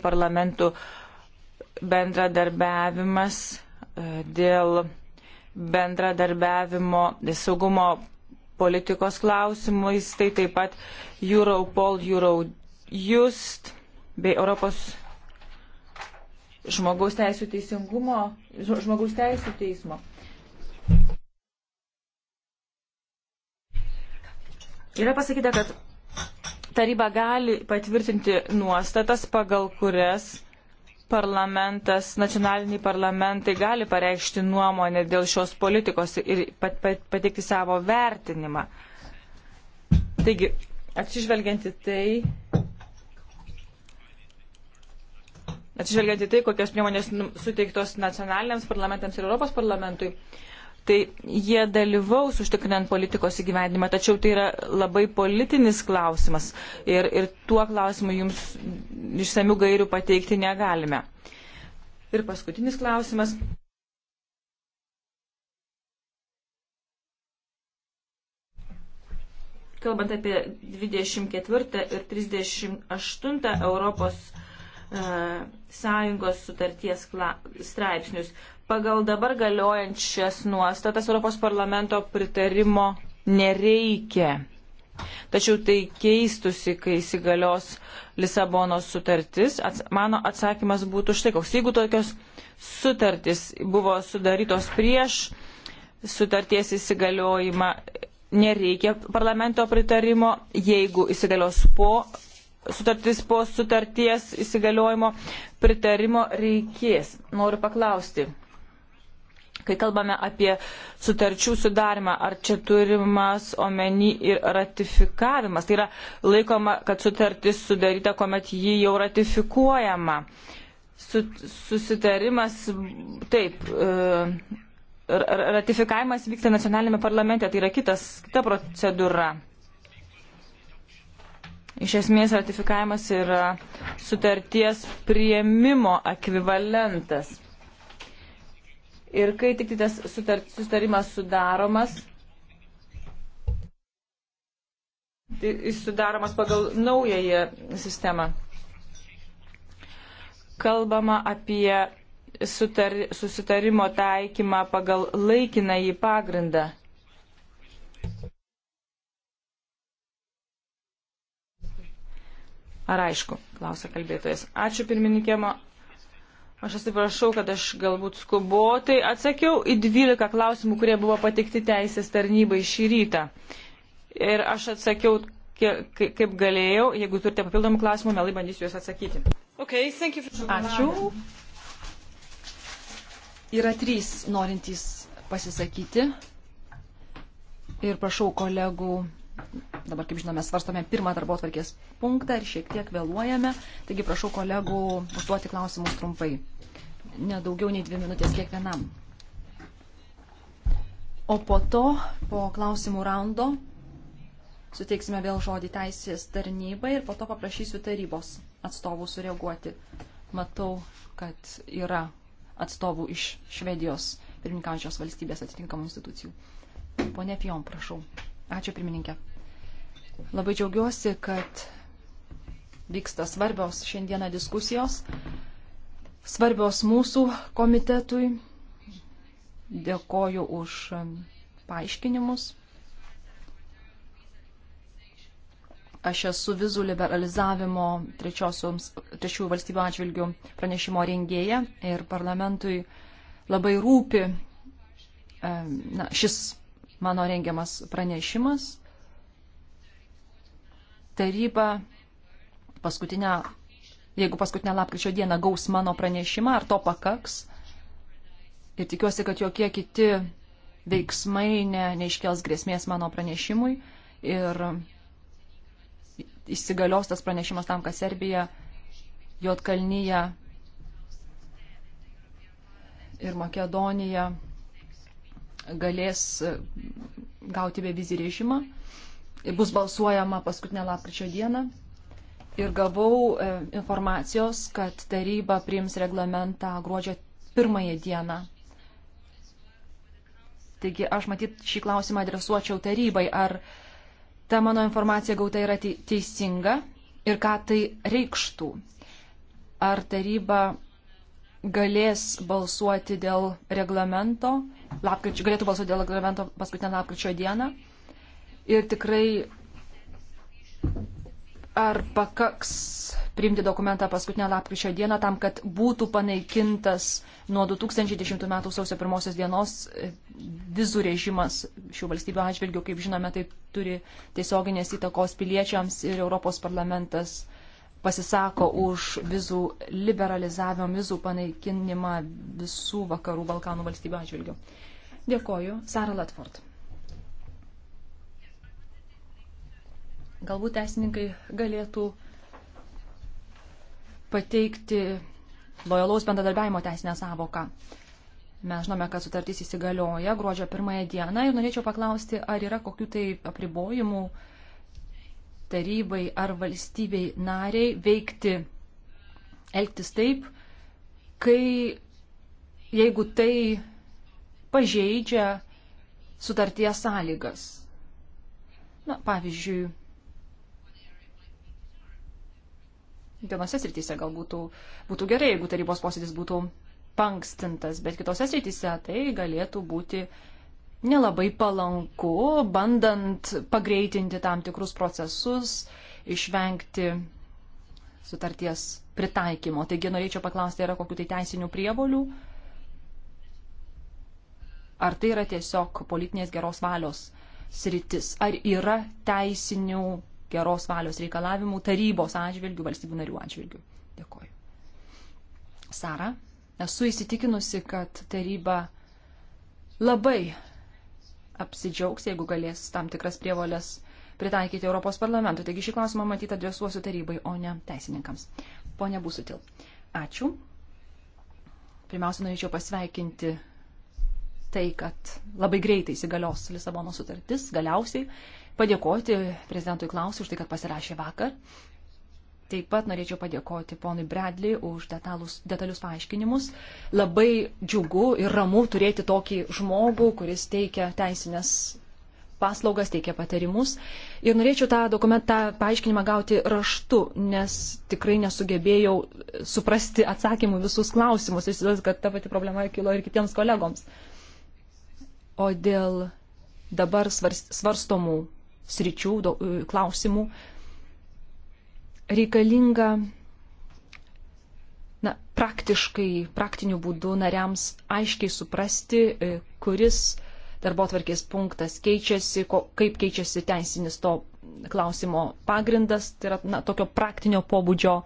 parlamentų bendradarbiavimas e, dėl bendradarbiavimo saugumo politikos klausimais, tai taip pat Europol, Eurojust bei Europos žmogaus teisų teisingumo, žmogaus teisų teismo. Yra pasakyta, kad taryba gali patvirtinti nuostatas, pagal kurias parlamentas, nacionaliniai parlamentai gali pareikšti nuomonę dėl šios politikos ir pat, pat, pateikti savo vertinimą. Taigi, atsižvelgianti tai, atsižvelgianti tai, kokios priemonės nu, suteiktos nacionaliniams parlamentams ir Europos parlamentui, uh, tai jie dalyvaus užtikrinant politikos įgyvendimą, tačiau tai yra labai politinis klausimas ir, ir tuo klausimu jums išsamių gairių pateikti negalime. Ir paskutinis klausimas. Kalbant apie 24 ir 38 Europos E, sąjungos sutarties straipsnius. Pagal dabar galiojančias nuostatas Europos parlamento pritarimo nereikia. Tačiau tai keistusi, kai įsigalios Lisabonos sutartis. Ats mano atsakymas būtų štai koks. Jeigu tokios sutartis buvo sudarytos prieš sutarties įsigaliojimą, nereikia parlamento pritarimo. Jeigu įsigalios po sutartis po sutarties įsigaliojimo pritarimo reikės. Noriu paklausti, kai kalbame apie sutarčių sudarimą, ar čia turimas omeny ir ratifikavimas. Tai yra laikoma, kad sutartis sudaryta, kuomet ji jau ratifikuojama. Su, susitarimas, taip, e, ratifikavimas vyksta nacionalinėme parlamente, tai yra kitas, kita procedūra. Iš esmės ratifikavimas yra sutarties prieimimo ekvivalentas. Ir kai tik tai tas sutarimas sudaromas, tai jis sudaromas pagal naująją sistemą. Kalbama apie sutar, susitarimo taikymą pagal laikinąjį pagrindą. Ar aišku, klausia kalbėtojas. Ačiū pirmininkėmo. Aš atsiprašau, kad aš galbūt skubotai atsakiau į 12 klausimų, kurie buvo patikti teisės tarnybai šį rytą. Ir aš atsakiau, kaip galėjau. Jeigu turite papildomų klausimų, melai bandysiu juos atsakyti. Okay, Ačiū. Yra trys norintys pasisakyti. Ir prašau kolegų Dabar, kaip žinome, svarstome pirmą darbo tvarkės punktą ir šiek tiek vėluojame. Taigi prašau kolegų užduoti klausimus trumpai. Nedaugiau nei dvi minutės kiekvienam. O po to, po klausimų raundo, suteiksime vėl žodį teisės tarnybai ir po to paprašysiu tarybos atstovų sureaguoti. Matau, kad yra atstovų iš Švedijos pirmininkaujančios valstybės atitinkamų institucijų. Pone Pion, prašau. Ačiū pirmininkė. Labai džiaugiuosi, kad vyksta svarbios šiandieną diskusijos, svarbios mūsų komitetui. Dėkoju už paaiškinimus. Aš esu vizų liberalizavimo trečiųjų valstybių atžvilgių pranešimo rengėja ir parlamentui labai rūpi na, šis mano rengiamas pranešimas taryba paskutinę, jeigu paskutinę lapkričio dieną gaus mano pranešimą, ar to pakaks. Ir tikiuosi, kad jokie kiti veiksmai ne, neiškels grėsmės mano pranešimui. Ir įsigalios tas pranešimas tam, kad Serbija, Jotkalnyje ir Makedonija galės gauti bevizį režimą bus balsuojama paskutinę lapkričio dieną. Ir gavau e, informacijos, kad taryba priims reglamentą gruodžio pirmąją dieną. Taigi aš matyt šį klausimą adresuočiau tarybai, ar ta mano informacija gauta yra teisinga ir ką tai reikštų. Ar taryba galės balsuoti dėl reglamento, lapkričio, galėtų balsuoti dėl reglamento paskutinę lapkričio dieną ir tikrai ar pakaks priimti dokumentą paskutinę lapkričio dieną tam, kad būtų panaikintas nuo 2010 m. sausio 1 dienos e, vizų režimas šių valstybių atžvilgių, kaip žinome, tai turi tiesioginės įtakos piliečiams ir Europos parlamentas pasisako už vizų liberalizavimą, vizų panaikinimą visų vakarų Balkanų valstybių atžvilgių. Dėkoju. Sara Latford. Galbūt teisininkai galėtų pateikti lojalaus bendradarbiavimo teisinę savoką. Mes žinome, kad sutartys įsigalioja gruodžio pirmąją dieną ir norėčiau paklausti, ar yra kokių tai apribojimų tarybai ar valstybei nariai veikti, elgtis taip, kai jeigu tai pažeidžia sutarties sąlygas. Na, pavyzdžiui, vienose srityse gal būtų, būtų gerai, jeigu tarybos posėdis būtų pankstintas, bet kitose srityse tai galėtų būti nelabai palanku, bandant pagreitinti tam tikrus procesus, išvengti sutarties pritaikymo. Taigi norėčiau paklausti, yra kokiu tai teisinių prievolių? Ar tai yra tiesiog politinės geros valios sritis? Ar yra teisinių geros valios reikalavimų tarybos atžvilgių, valstybių narių atžvilgių. Dėkoju. Sara, esu įsitikinusi, kad taryba labai apsidžiaugs, jeigu galės tam tikras prievolės pritaikyti Europos parlamentui. Taigi šį klausimą matyt adresuosiu tarybai, o ne teisininkams. Pone Busutil, ačiū. Pirmiausia, norėčiau pasveikinti tai, kad labai greitai įsigalios Lisabono sutartis galiausiai padėkoti prezidentui Klausui už tai, kad pasirašė vakar. Taip pat norėčiau padėkoti ponui Bradley už detalus, detalius paaiškinimus. Labai džiugu ir ramu turėti tokį žmogų, kuris teikia teisinės paslaugas, teikia patarimus. Ir norėčiau tą dokumentą, paaiškinimą gauti raštu, nes tikrai nesugebėjau suprasti atsakymų visus klausimus. Įsivaizduoju, kad ta pati problema kilo ir kitiems kolegoms. O dėl dabar svarstomų sričių, daug e, klausimų, reikalinga na, praktiškai, praktiniu būdu nariams aiškiai suprasti, e, kuris darbo atvarkės punktas keičiasi, ko, kaip keičiasi teisinis to klausimo pagrindas. Tai yra na, tokio praktinio pobūdžio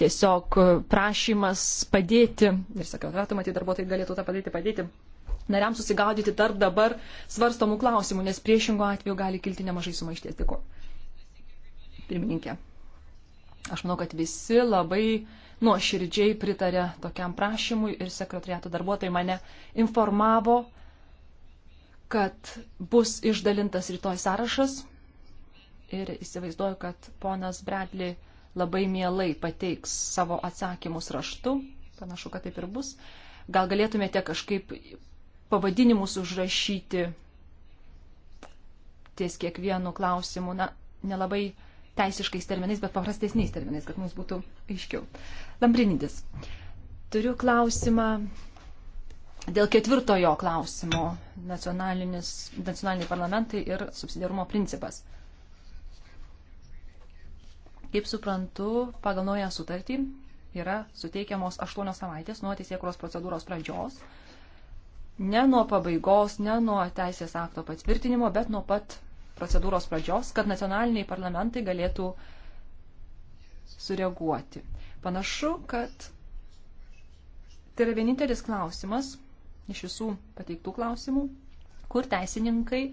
tiesiog prašymas padėti. Ir sakiau, tai matyti darbuotojai galėtų tą padaryti, padėti. padėti nariams susigaudyti tarp dabar svarstomų klausimų, nes priešingo atveju gali kilti nemažai sumaišties. Dėkuoju. Pirmininkė. Aš manau, kad visi labai nuoširdžiai pritarė tokiam prašymui ir sekretariato darbuotojai mane informavo, kad bus išdalintas rytoj sąrašas ir įsivaizduoju, kad ponas Bradley labai mielai pateiks savo atsakymus raštu. Panašu, kad taip ir bus. Gal galėtumėte kažkaip pavadinimus užrašyti ties kiekvienu klausimu, na, nelabai teisiškais terminais, bet paprastesniais terminais, kad mums būtų aiškiau. Lambrinidis, turiu klausimą dėl ketvirtojo klausimo - nacionaliniai parlamentai ir subsidiarumo principas. Kaip suprantu, pagal naują sutartį yra suteikiamos 8 savaitės nuo teisėkuros procedūros pradžios ne nuo pabaigos, ne nuo teisės akto patvirtinimo, bet nuo pat procedūros pradžios, kad nacionaliniai parlamentai galėtų sureaguoti. Panašu, kad tai yra vienintelis klausimas iš visų pateiktų klausimų, kur teisininkai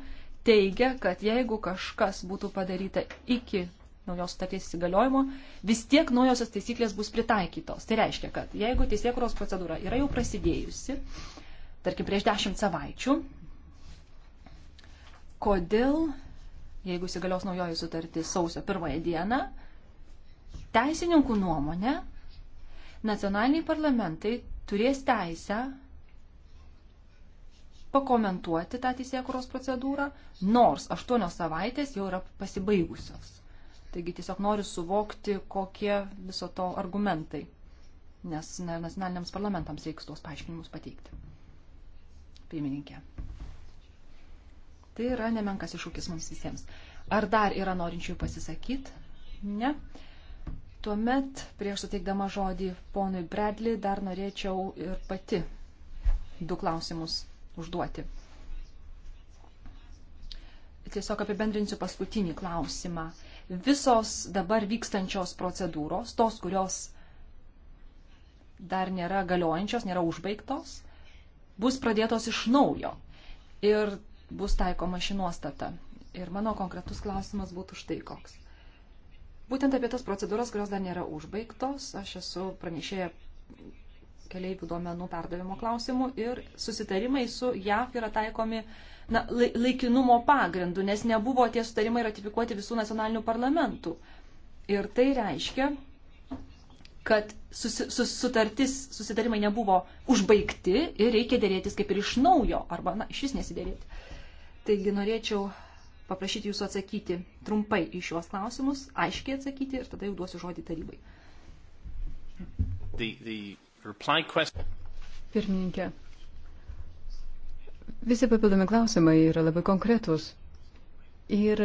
teigia, kad jeigu kažkas būtų padaryta iki naujos sutarties įsigaliojimo, vis tiek naujosios taisyklės bus pritaikytos. Tai reiškia, kad jeigu teisėkuros procedūra yra jau prasidėjusi, tarkim, prieš dešimt savaičių, kodėl, jeigu įsigalios naujoji sutartis sausio pirmąją dieną, teisininkų nuomonė, nacionaliniai parlamentai turės teisę pakomentuoti tą teisėkuros procedūrą, nors aštuonios savaitės jau yra pasibaigusios. Taigi tiesiog noriu suvokti, kokie viso to argumentai, nes nacionaliniams parlamentams reiks tuos paaiškinimus pateikti pirmininkė. Tai yra nemenkas iššūkis mums visiems. Ar dar yra norinčių pasisakyti? Ne. Tuomet, prieš suteikdama žodį ponui Bradley, dar norėčiau ir pati du klausimus užduoti. Tiesiog apibendrinsiu paskutinį klausimą. Visos dabar vykstančios procedūros, tos, kurios dar nėra galiojančios, nėra užbaigtos, bus pradėtos iš naujo ir bus taikoma ši nuostata. Ir mano konkretus klausimas būtų štai koks. Būtent apie tas procedūras, kurios dar nėra užbaigtos, aš esu pranešėję keliaivių duomenų perdavimo klausimų ir susitarimai su JAF yra taikomi na, laikinumo pagrindu, nes nebuvo tie sutarimai ratifikuoti visų nacionalinių parlamentų. Ir tai reiškia, kad susi, sus, sutartis, susitarimai nebuvo užbaigti ir reikia dėrėtis kaip ir iš naujo, arba na, iš vis nesidėrėti. Taigi norėčiau paprašyti jūsų atsakyti trumpai į šiuos klausimus, aiškiai atsakyti ir tada jau duosiu žodį tarybai. The, the Pirmininkė, visi papildomi klausimai yra labai konkretus. Ir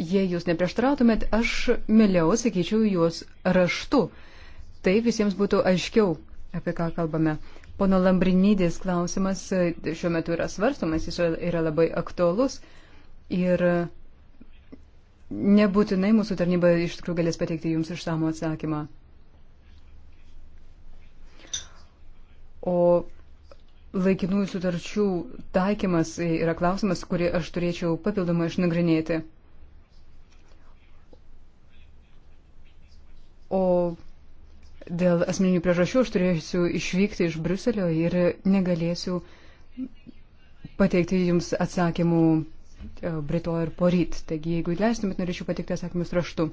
Jei jūs neprieštarautumėt, aš mieliau sakyčiau juos raštu. Tai visiems būtų aiškiau, apie ką kalbame. Pono Lambrinydės klausimas e, šiuo metu yra svarstomas, jis yra labai aktuolus ir nebūtinai mūsų tarnyba iš tikrųjų galės pateikti jums išsamų atsakymą. O laikinųjų sutarčių taikymas yra klausimas, kurį aš turėčiau papildomai išnagrinėti. o dėl asmeninių priežasčių aš turėsiu išvykti iš Bruselio ir negalėsiu pateikti jums atsakymų e, Brito ir poryt. Taigi, jeigu leistumėt, norėčiau pateikti atsakymus raštu.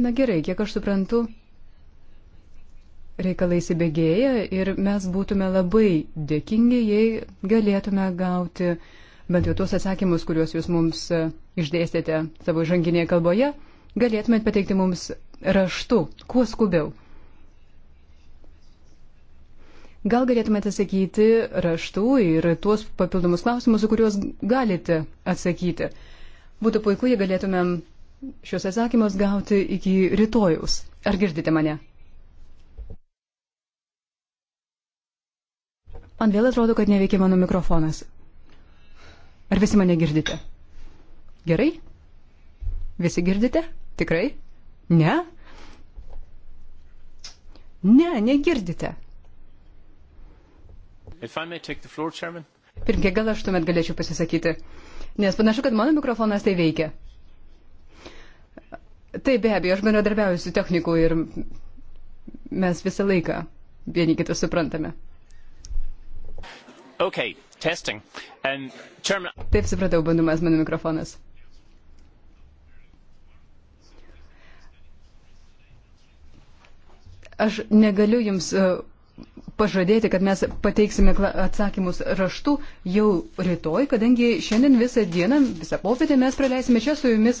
Na gerai, kiek aš suprantu, reikalai įsibėgėja ir mes būtume labai dėkingi, jei galėtume gauti bent jau tuos atsakymus, kuriuos jūs mums e, išdėstėte savo žanginėje kalboje galėtumėt pateikti mums raštu, kuo skubiau. Gal galėtumėte atsakyti raštu ir tuos papildomus klausimus, kuriuos galite atsakyti. Būtų puiku, jei galėtumėm šios atsakymus gauti iki rytojaus. Ar girdite mane? Man vėl atrodo, kad neveikia mano mikrofonas. Ar visi mane girdite? Gerai? Visi girdite? Tikrai? Ne? Ne, negirdite. Floor, chairman. Pirmie, gal aš tuomet galėčiau pasisakyti, nes panašu, kad mano mikrofonas tai veikia. Taip, be abejo, aš bendradarbiauju su techniku ir mes visą laiką vieni kitą suprantame. Okay, testing. And, chairman... Taip supratau, bandomas mano mikrofonas. Aš negaliu Jums e, pažadėti, kad mes pateiksime atsakymus raštu jau rytoj, kadangi šiandien visą dieną, visą popietę mes praleisime čia su Jumis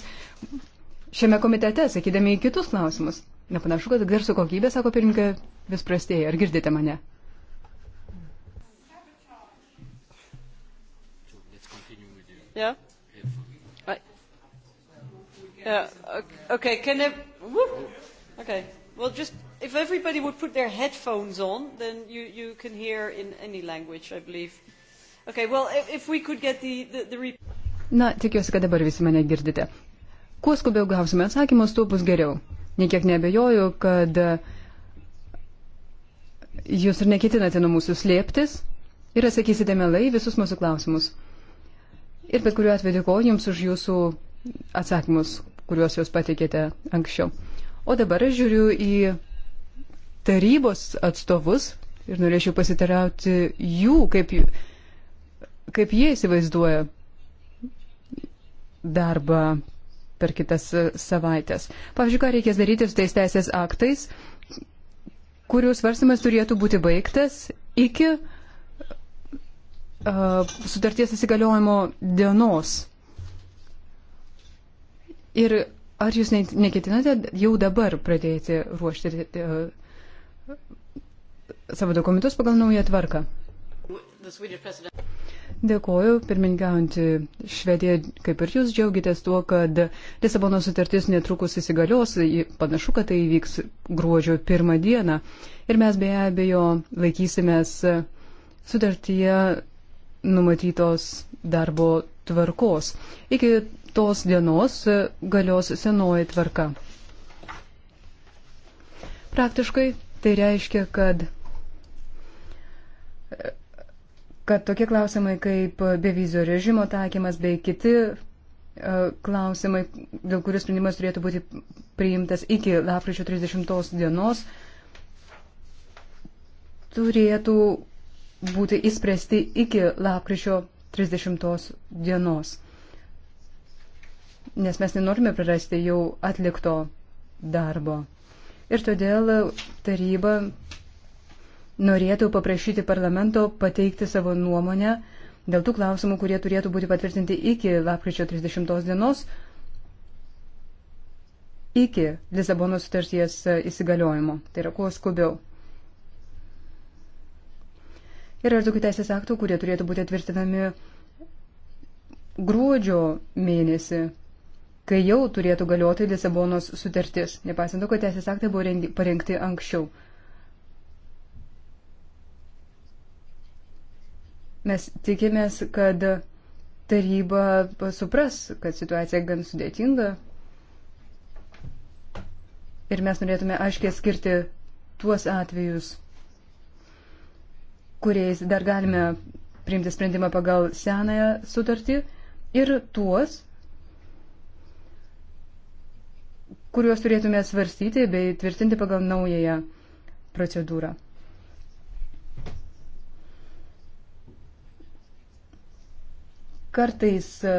šiame komitete, sakydami į kitus klausimus. Nepanašu, kad garso kokybė, sako pirmininkė, vis prastėja. Ar girdite mane? Yeah. Yeah. Okay. Can I? Whoop. Okay. Well, just if everybody would put their headphones on, then you, you can hear in any language, I believe. Okay, well, if, if we could get the, the, the... Na, tikiuosi, kad dabar visi mane girdite. Kuo skubiau gausime atsakymus, tuo bus geriau. Niekiek nebejoju, kad jūs ir neketinate nuo mūsų slėptis ir atsakysite melai visus mūsų klausimus. Ir bet kuriuo atveju dėkoju Jums už Jūsų atsakymus, kuriuos Jūs pateikėte anksčiau. O dabar aš žiūriu į tarybos atstovus ir norėčiau pasitarauti jų, kaip, kaip jie įsivaizduoja darbą per kitas savaitės. Pavyzdžiui, ką reikės daryti su tais teisės aktais, kurių svarstymas turėtų būti baigtas iki uh, sutarties įsigaliojimo dienos. Ir ar jūs neketinate jau dabar pradėti ruošti uh, savo dokumentus pagal naują tvarką. Dėkoju, pirmininkaujantį Švediją, kaip ir jūs džiaugitės tuo, kad Lisabono sutartis netrukus įsigalios, panašu, kad tai įvyks gruodžio pirmą dieną. Ir mes be abejo laikysimės sutartyje numatytos darbo tvarkos. Iki tos dienos galios senoji tvarka. Praktiškai Tai reiškia, kad, kad tokie klausimai kaip bevizio režimo taikymas bei kiti e, klausimai, dėl kurių sprendimas turėtų būti priimtas iki lapkričio 30 dienos, turėtų būti įspręsti iki lapkričio 30 dienos. Nes mes nenorime prarasti jau atlikto darbo ir todėl taryba norėtų paprašyti parlamento pateikti savo nuomonę dėl tų klausimų, kurie turėtų būti patvirtinti iki lapkričio 30 dienos, iki Lisabonos sutarties e, įsigaliojimo, tai yra kuo skubiau. Yra ir tokių teisės aktų, kurie turėtų būti atvirtinami gruodžio mėnesį kai jau turėtų galioti Lisabonos sutartis, nepaisant to, kad teisės aktai buvo rengi, parengti anksčiau. Mes tikimės, kad taryba supras, kad situacija gan sudėtinga ir mes norėtume aiškiai skirti tuos atvejus, kuriais dar galime priimti sprendimą pagal senąją sutartį ir tuos, kuriuos turėtume svarstyti bei tvirtinti pagal naująją procedūrą. Kartais e,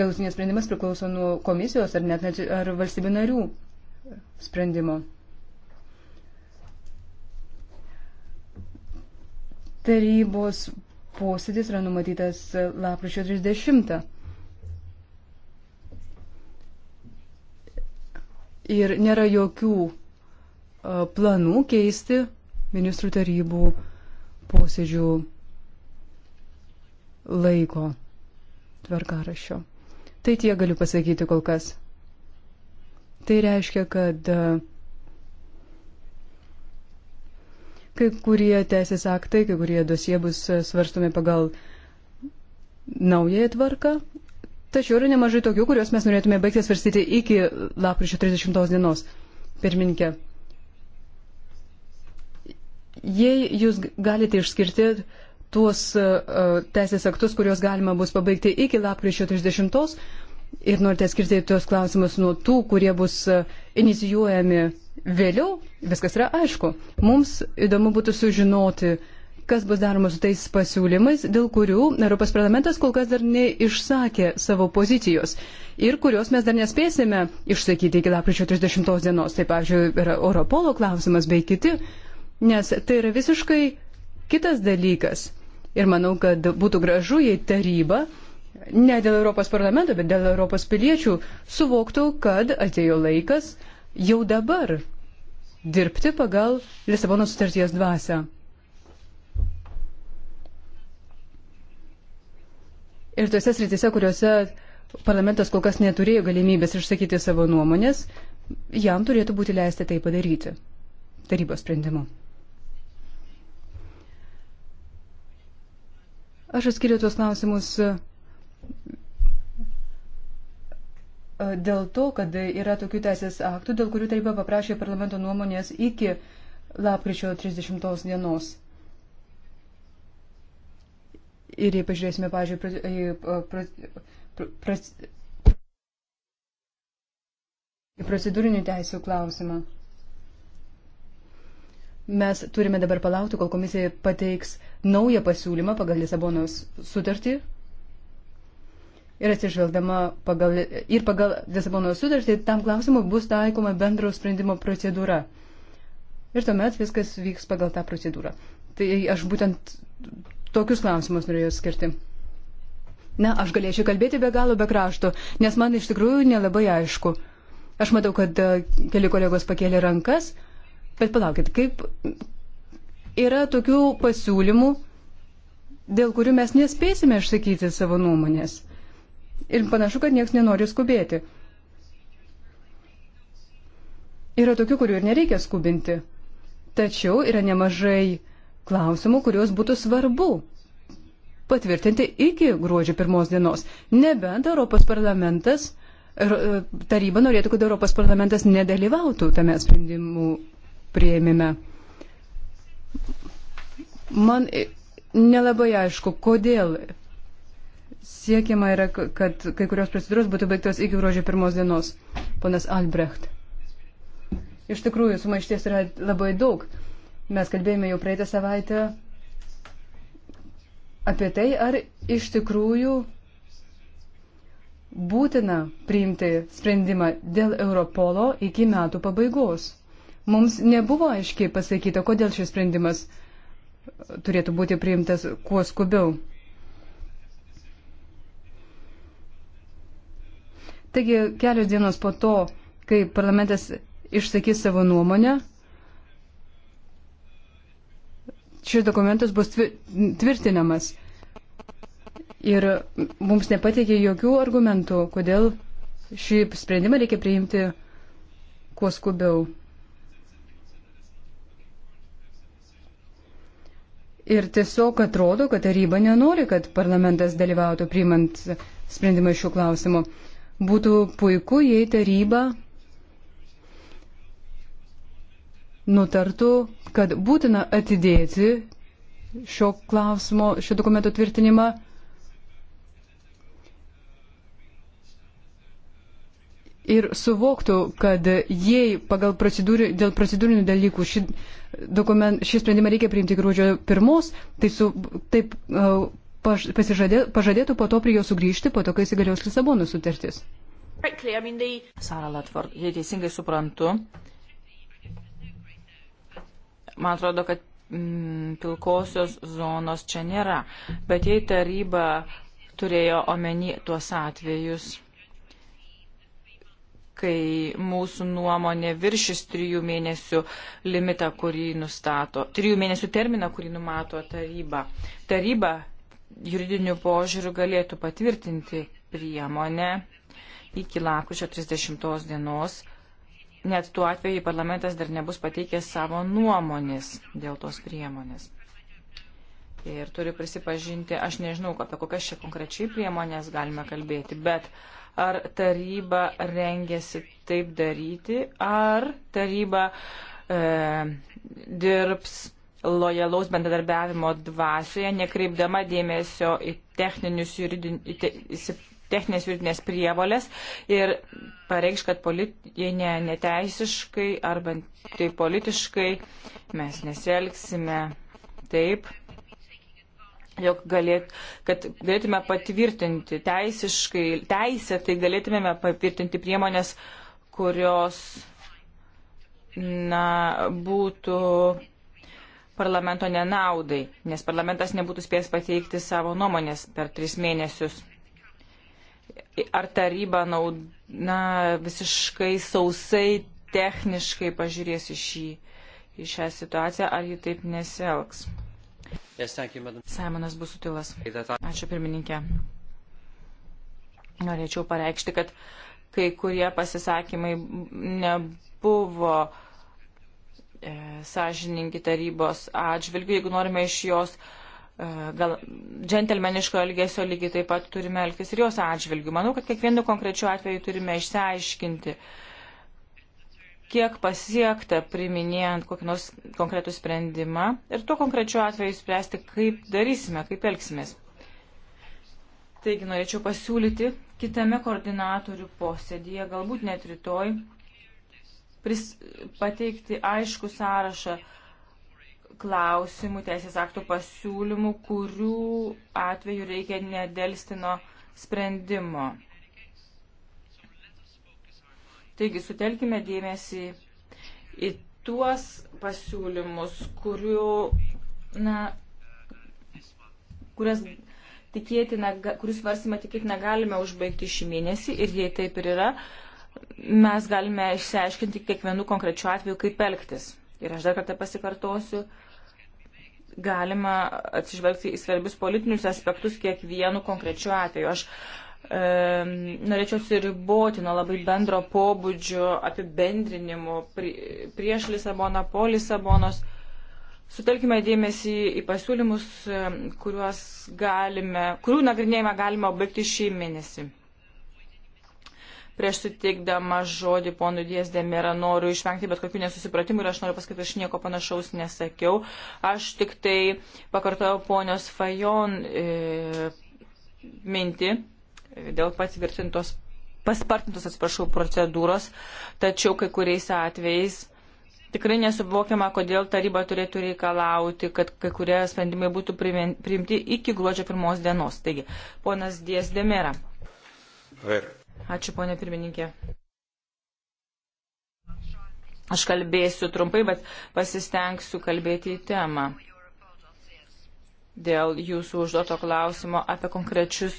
galutinės sprendimas priklauso nuo komisijos ar net ar valstybių narių sprendimo. Tarybos posėdis yra numatytas e, lapkričio 30. ir nėra jokių e, planų keisti ministrų tarybų posėdžių laiko tvarkarašio. Tai tie galiu pasakyti kol kas. Tai reiškia, kad e, kai kurie teisės aktai, kai kurie dosie bus svarstomi pagal naują tvarką, Tačiau yra nemažai tokių, kuriuos mes norėtume baigti svarstyti iki lapkričio 30 dienos. Pirminkė, jei jūs galite išskirti tuos uh, teisės aktus, kuriuos galima bus pabaigti iki lapkričio 30 ir norite skirti tuos klausimus nuo tų, kurie bus uh, inicijuojami vėliau, viskas yra aišku. Mums įdomu būtų sužinoti, uh, kas bus daroma su tais pasiūlymais, dėl kurių Europos parlamentas kol kas dar neišsakė savo pozicijos ir kurios mes dar nespėsime išsakyti iki lapkričio 30 dienos. Tai pavyzdžiui, yra Europolo klausimas bei kiti, nes tai yra visiškai kitas dalykas. Ir manau, kad būtų gražu, jei taryba ne dėl Europos parlamento, bet dėl Europos piliečių suvoktų, kad atėjo laikas jau dabar dirbti pagal Lisabono sutarties dvasę. Ir tose sritise, kuriuose parlamentas kol kas neturėjo galimybės išsakyti savo nuomonės, jam turėtų būti leisti tai padaryti tarybos sprendimu. Aš atskiriu tuos klausimus e, dėl to, kad yra tokių teisės aktų, dėl kurių taryba paprašė parlamento nuomonės iki lapkričio 30 dienos. Ir jei pažiūrėsime, pažiūrėjau, į procedūrinį teisų klausimą. Mes turime dabar palaukti, kol komisija pateiks naują pasiūlymą pagal Lisabonos sutartį ir atsižvelgdama pagal, ir pagal Lisabono sutartį, tam klausimui bus taikoma bendro sprendimo procedūra. Ir tuomet viskas vyks pagal tą procedūrą. Tai aš būtent tokius klausimus norėjau skirti. Na, aš galėčiau kalbėti be galo be krašto, nes man iš tikrųjų nelabai aišku. Aš matau, kad e, keli kolegos pakėlė rankas, bet palaukit, kaip yra tokių pasiūlymų, dėl kurių mes nespėsime išsakyti savo nuomonės. Ir panašu, kad niekas nenori skubėti. Yra tokių, kurių ir nereikia skubinti. Tačiau yra nemažai klausimų, kuriuos būtų svarbu patvirtinti iki gruodžio pirmos dienos. Nebent Europos parlamentas, er, e, taryba norėtų, kad Europos parlamentas nedalyvautų tame sprendimų prieimime. Man nelabai aišku, kodėl siekiama yra, kad kai kurios procedūros būtų baigtos iki gruodžio pirmos dienos. Ponas Albrecht. Iš tikrųjų, sumaišties yra labai daug. Mes kalbėjome jau praeitą savaitę apie tai, ar iš tikrųjų būtina priimti sprendimą dėl Europolo iki metų pabaigos. Mums nebuvo aiškiai pasakyta, kodėl šis sprendimas turėtų būti priimtas kuo skubiau. Taigi kelios dienos po to, kai parlamentas išsakys savo nuomonę, šis dokumentas bus tvirtinamas. Ir mums nepateikė jokių argumentų, kodėl šį sprendimą reikia priimti kuo skubiau. Ir tiesiog atrodo, kad taryba nenori, kad parlamentas dalyvautų priimant sprendimą šių klausimų. Būtų puiku, jei taryba nutartų, kad būtina atidėti šio klausimo, šio dokumento tvirtinimą. Ir suvoktų, kad jei pagal procedūrį, dėl procedūrinių dalykų šį, dokument, šį sprendimą reikia priimti gruodžio pirmos, tai su, taip uh, paž, pasižadė, pažadėtų po to prie jo sugrįžti, po to, kai įsigalios Lisabono sutartis. Sara Latvard, jei teisingai suprantu, uh, Man atrodo, kad mm, pilkosios zonos čia nėra. Bet jei taryba turėjo omeny tuos atvejus, kai mūsų nuomonė viršis trijų mėnesių limitą, kurį nustato, trijų mėnesių terminą, kurį numato taryba. Taryba juridinių požiūrių galėtų patvirtinti priemonę iki lakučio 30 dienos net tuo atveju parlamentas dar nebus pateikęs savo nuomonės dėl tos priemonės. Ir turiu prisipažinti, aš nežinau, apie kokias čia konkrečiai priemonės galime kalbėti, bet ar taryba rengėsi taip daryti, ar taryba e, dirbs lojalaus bendradarbiavimo dvasioje, nekreipdama dėmesio į techninius juridinius techninės juridinės prievolės ir pareikš, kad polit, jei ne, neteisiškai arba tai politiškai mes nesielgsime taip, jog galėt, kad galėtume patvirtinti teisiškai, teisę, tai galėtumėme patvirtinti priemonės, kurios na, būtų parlamento nenaudai, nes parlamentas nebūtų spės pateikti savo nuomonės per tris mėnesius ar taryba naud, na, visiškai sausai techniškai pažiūrės į, šį, į šią situaciją, ar ji taip nesielgs. Yes, you, Simonas bus sutilas. Ačiū pirmininkė. Norėčiau pareikšti, kad kai kurie pasisakymai nebuvo e, sąžiningi tarybos atžvilgių, jeigu norime iš jos e, E, gal džentelmeniško elgesio lygiai taip pat turime elgtis ir jos atžvilgių. Manau, kad kiekvienu konkrečiu atveju turime išsiaiškinti, kiek pasiekta priminėjant kokį nors konkretų sprendimą ir tuo konkrečiu atveju spręsti, kaip darysime, kaip elgsimės. Taigi norėčiau pasiūlyti kitame koordinatorių posėdėje, galbūt net rytoj, pris, pateikti aišku sąrašą klausimų, teisės aktų pasiūlymų, kurių atveju reikia nedelstino sprendimo. Taigi sutelkime dėmesį į tuos pasiūlymus, kurių, na, kurias tikėtina, kurius svarstymą tikėtina galime užbaigti šį mėnesį ir jei taip ir yra, mes galime išsiaiškinti kiekvienų konkrečių atvejų, kaip elgtis. Ir aš dar kartą pasikartosiu, galima atsižvelgti į svarbius politinius aspektus kiekvienu konkrečiu atveju. Aš e, norėčiau atsiriboti nuo labai bendro pobūdžio apibendrinimų prieš Lisaboną, po Lisabonos. Sutelkime dėmesį į pasiūlymus, kuriuos galime, kurių nagrinėjimą galima baigti šį mėnesį. Prieš suteikdama žodį ponui Diezdemėra noriu išvengti bet kokių nesusipratimų ir aš noriu pasakyti, aš nieko panašaus nesakiau. Aš tik tai pakartojau ponios Fajon e, mintį e, dėl patvirtintos, paspartintos, atsiprašau, procedūros, tačiau kai kuriais atvejais tikrai nesuvokiama, kodėl taryba turėtų reikalauti, kad kai kurie sprendimai būtų priimti iki gruodžio pirmos dienos. Taigi, ponas Dies Demera. A ver, Ačiū, ponė pirmininkė. Aš kalbėsiu trumpai, bet pasistengsiu kalbėti į temą dėl jūsų užduoto klausimo apie konkrečius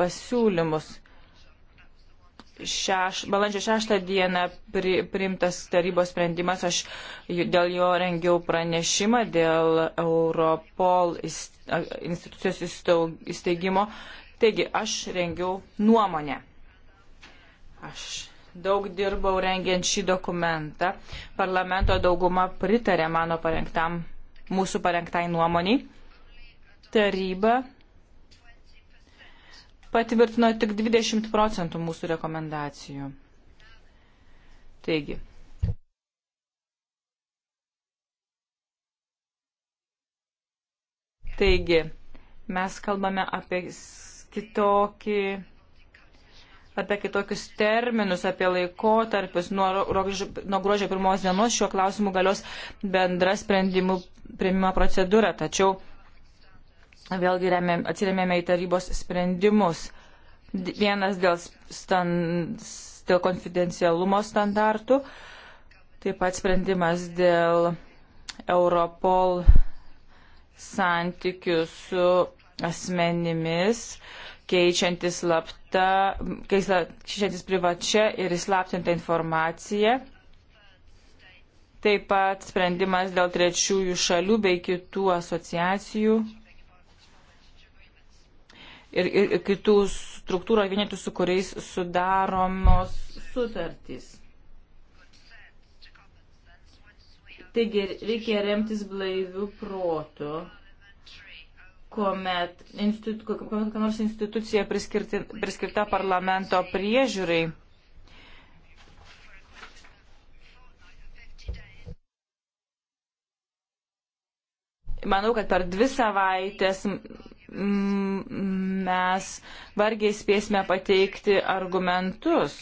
pasiūlymus. Šeš, balandžio 6 dieną pri, priimtas tarybos sprendimas, aš dėl jo rengiau pranešimą dėl Europol institucijos įsteigimo. Taigi, aš rengiau nuomonę Aš daug dirbau rengiant šį dokumentą. Parlamento dauguma pritarė mano parengtam, mūsų parengtai nuomoniai. Taryba patvirtino tik 20 procentų mūsų rekomendacijų. Taigi. Taigi, mes kalbame apie kitokį apie kitokius terminus, apie laikotarpius. Nuo, nuo gruodžio pirmos dienos šiuo klausimu galios bendra sprendimų prieimimo procedūra, tačiau vėlgi remėm, atsiremėme į tarybos sprendimus. Vienas dėl, stand, dėl konfidencialumo standartų, taip pat sprendimas dėl Europol santykių su asmenimis keičiantis slapta, keičiantis privačia ir įslaptinta informacija. Taip pat sprendimas dėl trečiųjų šalių bei kitų asociacijų ir, ir, ir kitų struktūrų ar vienetų, su kuriais sudaromos sutartys. Taigi reikia remtis blaivių protų kuomet, institu, kuomet kokia nors institucija priskirti, priskirta parlamento priežiūrai. Manau, kad per dvi savaitės mes vargiai spėsime pateikti argumentus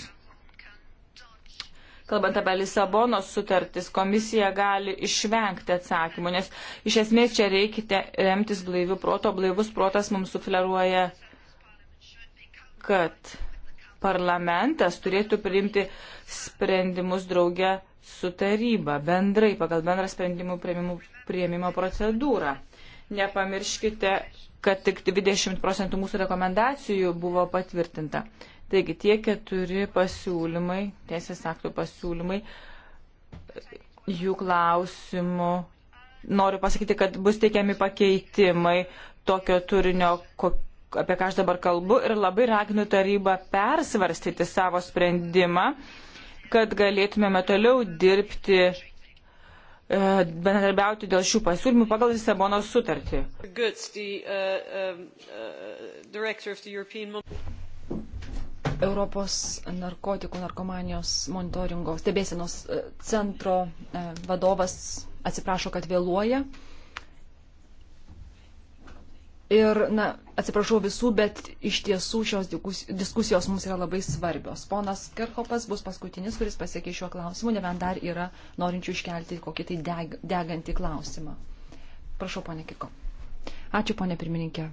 kalbant apie Lisabonos sutartis, komisija gali išvengti atsakymų, nes iš esmės čia reikite remtis blaivių proto, blaivus protas mums sufleruoja, kad parlamentas turėtų priimti sprendimus drauge su taryba, bendrai, pagal bendrą sprendimų prieimimo procedūrą. Nepamirškite, kad tik 20 procentų mūsų rekomendacijų buvo patvirtinta. Taigi tie keturi pasiūlymai, teisės aktų pasiūlymai, jų klausimų. Noriu pasakyti, kad bus teikiami pakeitimai tokio turinio, apie ką aš dabar kalbu, ir labai raginu tarybą persvarstyti savo sprendimą, kad galėtumėme toliau dirbti, e, bendradarbiauti dėl šių pasiūlymų pagal Lisabono sutartį. Goods, the, uh, um, uh, Europos narkotikų narkomanijos monitoringo stebėsienos e, centro e, vadovas atsiprašo, kad vėluoja. Ir, na, atsiprašau visų, bet iš tiesų šios diskusijos mums yra labai svarbios. Ponas Kerhopas bus paskutinis, kuris pasiekė šiuo klausimu, nebent dar yra norinčių iškelti kokį tai deg, degantį klausimą. Prašau, ponė Kiko. Ačiū, ponė pirmininkė.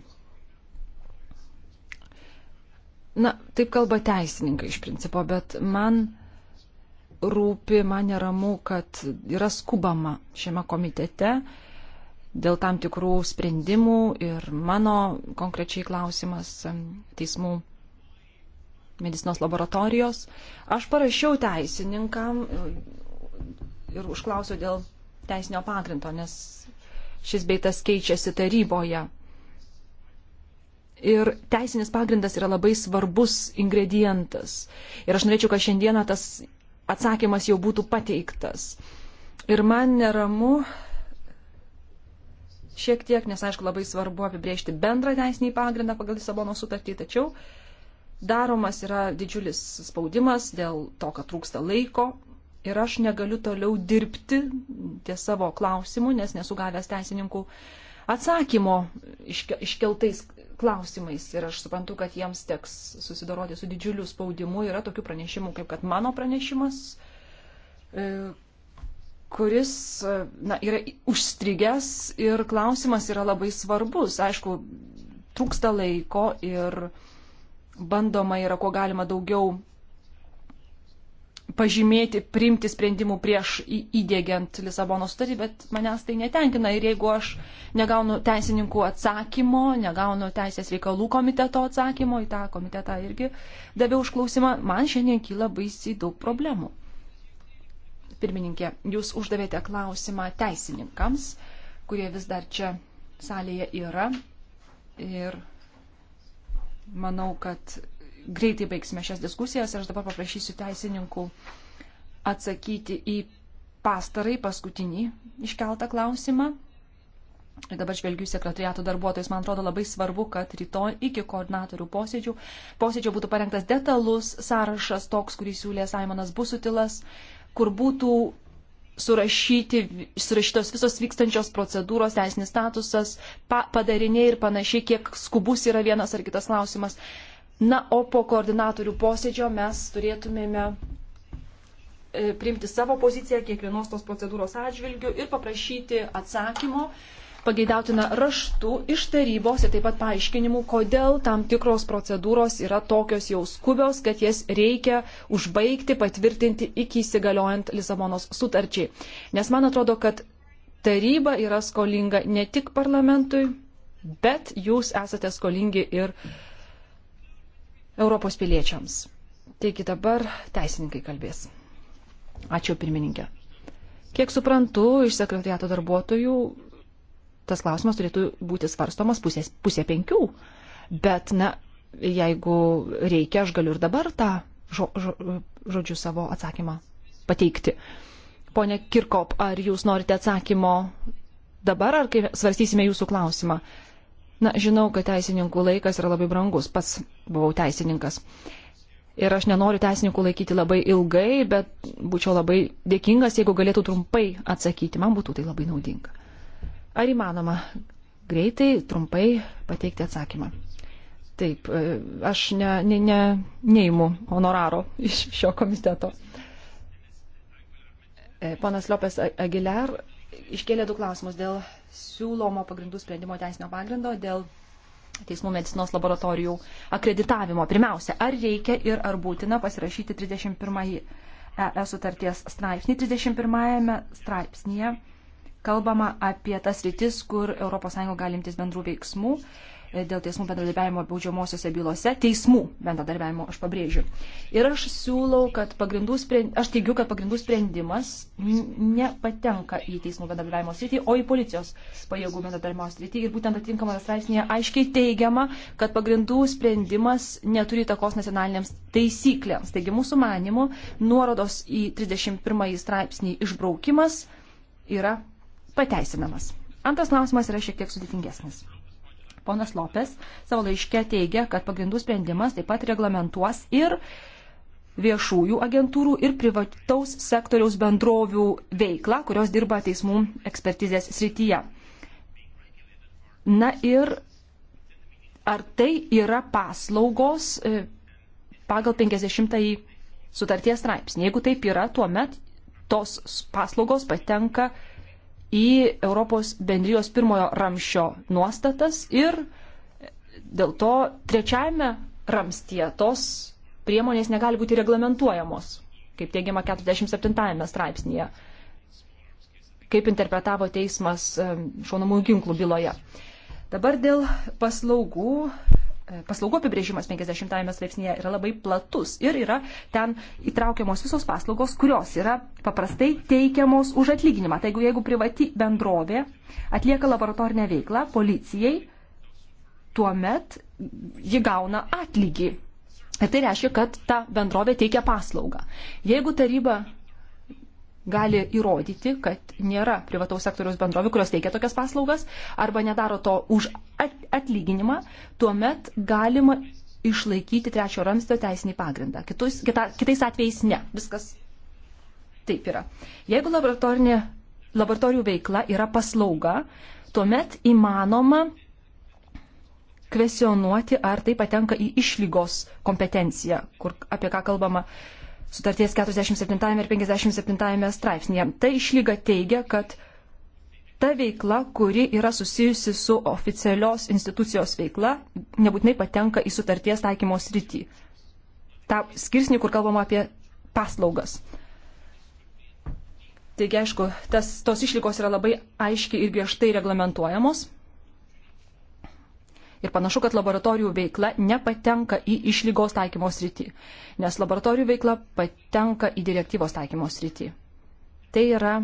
Na, taip kalba teisininkai iš principo, bet man rūpi, man neramu, kad yra skubama šiame komitete dėl tam tikrų sprendimų ir mano konkrečiai klausimas teismų medicinos laboratorijos. Aš parašiau teisininkam e, ir užklausiau dėl teisinio pagrindo, nes šis beitas keičiasi taryboje. Ir teisinis pagrindas yra labai svarbus ingredientas. Ir aš norėčiau, kad šiandieną tas atsakymas jau būtų pateiktas. Ir man neramu šiek tiek, nes aišku labai svarbu apibriežti bendrą teisinį pagrindą pagal Lisabono sutartį, tačiau daromas yra didžiulis spaudimas dėl to, kad trūksta laiko ir aš negaliu toliau dirbti ties savo klausimu, nes nesu gavęs teisininkų atsakymo iškeltais klausimais ir aš suprantu, kad jiems teks susidoroti su didžiuliu spaudimu. Yra tokių pranešimų, kaip kad mano pranešimas, e, kuris e, na, yra užstrigęs ir klausimas yra labai svarbus. Aišku, trūksta laiko ir bandoma yra, kuo galima daugiau pažymėti, priimti sprendimų prieš įdėgiant Lisabono sutartį, bet manęs tai netenkina. Ir jeigu aš negaunu teisininkų atsakymo, negaunu teisės reikalų komiteto atsakymo, į tą komitetą irgi daviau užklausimą, man šiandien kyla baisiai daug problemų. Pirmininkė, jūs uždavėte klausimą teisininkams, kurie vis dar čia salėje yra. Ir manau, kad greitai baigsime šias diskusijas ir aš dabar paprašysiu teisininkų atsakyti į pastarai paskutinį iškeltą klausimą. Ir dabar žvelgiu sekretariato darbuotojus. Man atrodo labai svarbu, kad rytoj iki koordinatorių posėdžių, posėdžio būtų parengtas detalus sąrašas toks, kurį siūlė Saimonas Busutilas, kur būtų surašyti, surašytos visos vykstančios procedūros, teisinis statusas, pa, padariniai ir panašiai, kiek skubus yra vienas ar kitas klausimas. Na, o po koordinatorių posėdžio mes turėtumėme e, priimti savo poziciją kiekvienos tos procedūros atžvilgių ir paprašyti atsakymo, pageidautina raštų iš tarybos ir taip pat paaiškinimų, kodėl tam tikros procedūros yra tokios jau skubios, kad jas reikia užbaigti, patvirtinti iki įsigaliojant Lisabonos sutarčiai. Nes man atrodo, kad taryba yra skolinga ne tik parlamentui, bet jūs esate skolingi ir parlamentui Europos piliečiams. Taigi dabar teisininkai kalbės. Ačiū pirmininkė. Kiek suprantu, iš sekretariato darbuotojų tas klausimas turėtų būti svarstomas pusės, pusė penkių. Bet, na, jeigu reikia, aš galiu ir dabar tą žo, žo, žodžiu savo atsakymą pateikti. Pone Kirkop, ar jūs norite atsakymo dabar, ar kai svarstysime jūsų klausimą? Na, žinau, kad teisininkų laikas yra labai brangus, pats buvau teisininkas. Ir aš nenoriu teisininkų laikyti labai ilgai, bet būčiau labai dėkingas, jeigu galėtų trumpai atsakyti, man būtų tai labai naudinga. Ar įmanoma greitai, trumpai pateikti atsakymą? Taip, e, aš ne, ne, ne, neimu honoraro iš šio komiteto. E, ponas Lopes Aguilar iškėlė du klausimus dėl siūlomo pagrindų sprendimo teisinio pagrindo dėl teismų medicinos laboratorijų akreditavimo. Pirmiausia, ar reikia ir ar būtina pasirašyti 31 ES sutarties straipsnį. 31 straipsnėje kalbama apie tas rytis, kur ES gali imtis bendrų veiksmų dėl teismų bendradarbiavimo baudžiamosiose bylose, teismų bendradarbiavimo, aš pabrėžiu. Ir aš siūlau, kad pagrindų sprendimas, aš teigiu, kad pagrindų sprendimas nepatenka į teismų bendradarbiavimo sritį, o į policijos pajėgų bendradarbiavimo sritį. Ir būtent atitinkamame straipsnėje aiškiai teigiama, kad pagrindų sprendimas neturi takos nacionalinėms taisyklėms. Taigi mūsų manimu, nuorodos į 31 straipsnį išbraukimas yra pateisinamas. Antras klausimas yra šiek tiek sudėtingesnis. Ponas Lopes savo laiške teigia, kad pagrindų sprendimas taip pat reglamentuos ir viešųjų agentūrų ir privataus sektoriaus bendrovių veiklą, kurios dirba teismų ekspertizės srityje. Na ir ar tai yra paslaugos e, pagal 50-ąjį sutarties straipsnį? Jeigu taip yra, tuomet tos paslaugos patenka į Europos bendrijos pirmojo ramščio nuostatas ir dėl to trečiajame ramstie tos priemonės negali būti reglamentuojamos, kaip teigiama 47 straipsnėje, kaip interpretavo teismas ehm, šaunamųjų ginklų byloje. Dabar dėl paslaugų E, paslaugų apibrėžimas 50-ame straipsnėje yra labai platus ir yra ten įtraukiamos visos paslaugos, kurios yra paprastai teikiamos už atlyginimą. Tai jeigu, jeigu privati bendrovė atlieka laboratorinę veiklą policijai, tuomet ji gauna atlygį. Ir tai reiškia, kad ta bendrovė teikia paslaugą. Jeigu taryba gali įrodyti, kad nėra privataus sektoriaus bendrovių, kurios teikia tokias paslaugas, arba nedaro to už atlyginimą, tuomet galima išlaikyti trečio ramstio teisinį pagrindą. Kitus, kita, kitais atvejais ne. Viskas taip yra. Jeigu laboratorijų veikla yra paslauga, tuomet įmanoma kvesionuoti, ar tai patenka į išlygos kompetenciją, kur, apie ką kalbama uh, sutarties 47 ir 57 straipsnėje. Ta išlyga teigia, kad ta veikla, kuri yra susijusi su oficialios institucijos veikla, nebūtinai patenka į sutarties taikymo sritį. Ta skirsnį, kur kalbama apie paslaugas. Taigi, aišku, tas, tos išlygos yra labai aiškiai ir griežtai reglamentuojamos. Ir panašu, kad laboratorijų veikla nepatenka į išlygos taikymo sritį, nes laboratorijų veikla patenka į direktyvos taikymo sritį. Tai yra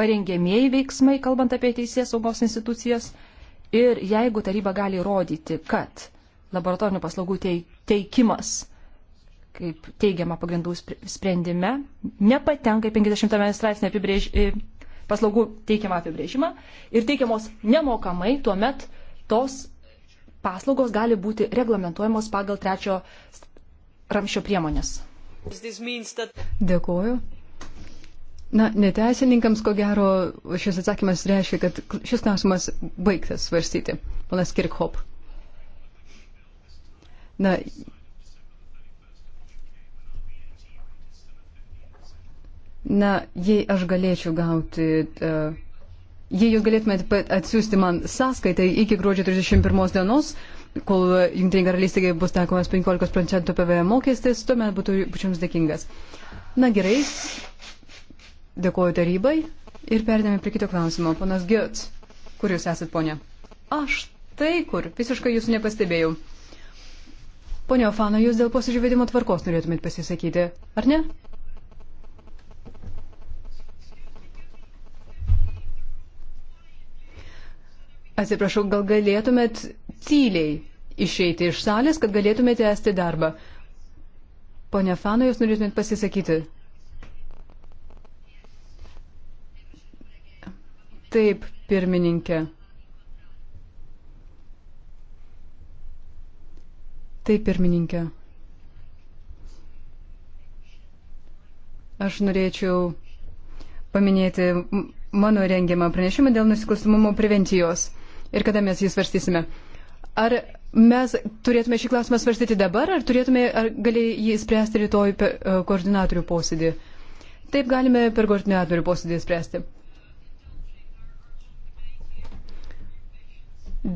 parengėmieji veiksmai, kalbant apie teisės saugos institucijas. Ir jeigu taryba gali įrodyti, kad laboratorinių paslaugų teikimas kaip teigiama pagrindų sprendime, nepatenka į 50 straipsnį apibrėž, paslaugų teikiamą apibrėžimą ir teikiamos nemokamai, tuomet tos paslaugos gali būti reglamentuojamos pagal trečio ramšio priemonės. Dėkuoju. Na, neteisininkams, ko gero, šis atsakymas reiškia, kad šis klausimas baigtas svarstyti. Panas Kirkhop. Na, Na, jei aš galėčiau gauti, uh, jei jūs galėtumėte atsiųsti man sąskaitai iki gruodžio 31 dienos, kol Junktinė karalystė bus taikomas 15 procentų PVM mokestis, tuomet būtų jums dėkingas. Na gerai, dėkoju tarybai ir perdėme prie kito klausimo. Ponas Götz, kur jūs esat, ponia? Aš tai kur, visiškai jūsų nepastebėjau. Pone Ofano, jūs dėl posėdžių vedimo tvarkos norėtumėt pasisakyti, ar ne? Atsiprašau, gal galėtumėt tyliai išeiti iš salės, kad galėtumėte esti darbą. Pone Fano, jūs norėtumėt pasisakyti? Taip, pirmininkė. Taip, pirmininkė. Aš norėčiau paminėti mano rengiamą pranešimą dėl nusikalstamumo prevencijos ir kada mes jį svarstysime. Ar mes turėtume šį klausimą svarstyti dabar, ar, turėtume, ar gali jį spręsti rytoj per e, koordinatorių posėdį? Taip galime per koordinatorių posėdį spręsti.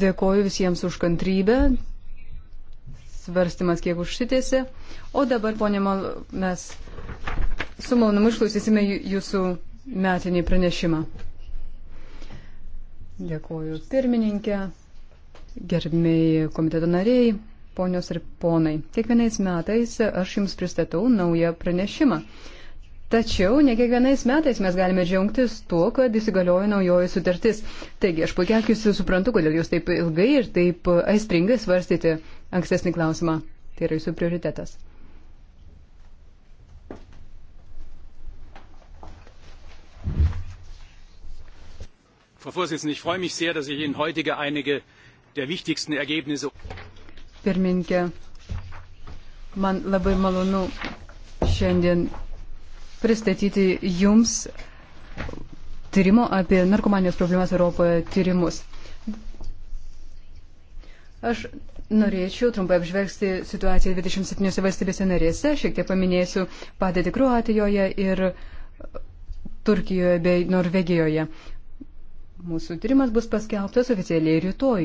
Dėkoju visiems už kantrybę. Svarstymas kiek užsitėsi. O dabar, ponė, mes su malonumu išklausysime jūsų metinį pranešimą. Dėkuoju pirmininkė, gerbėjai komiteto nariai, ponios ir ponai. Kiekvienais metais aš jums pristatau naują pranešimą. Tačiau ne kiekvienais metais mes galime džiaugtis tuo, kad įsigaliojo naujoji sutartis. Taigi aš puikiai jūs suprantu, kodėl jūs taip ilgai ir taip aistringai svarstyti ankstesnį klausimą. Tai yra jūsų prioritetas. Frau Vorsitzende, ich freue mich sehr, dass ich Ihnen heutige einige der wichtigsten Ergebnisse. Pirmininkė, man labai malonu šiandien pristatyti Jums tyrimo apie narkomanijos problemas Europoje tyrimus. Aš norėčiau trumpai apžvelgti situaciją 27 valstybėse narėse, šiek tiek paminėsiu padėtį Kroatijoje ir Turkijoje bei Norvegijoje. Mūsų tyrimas bus paskelbtas oficialiai rytoj.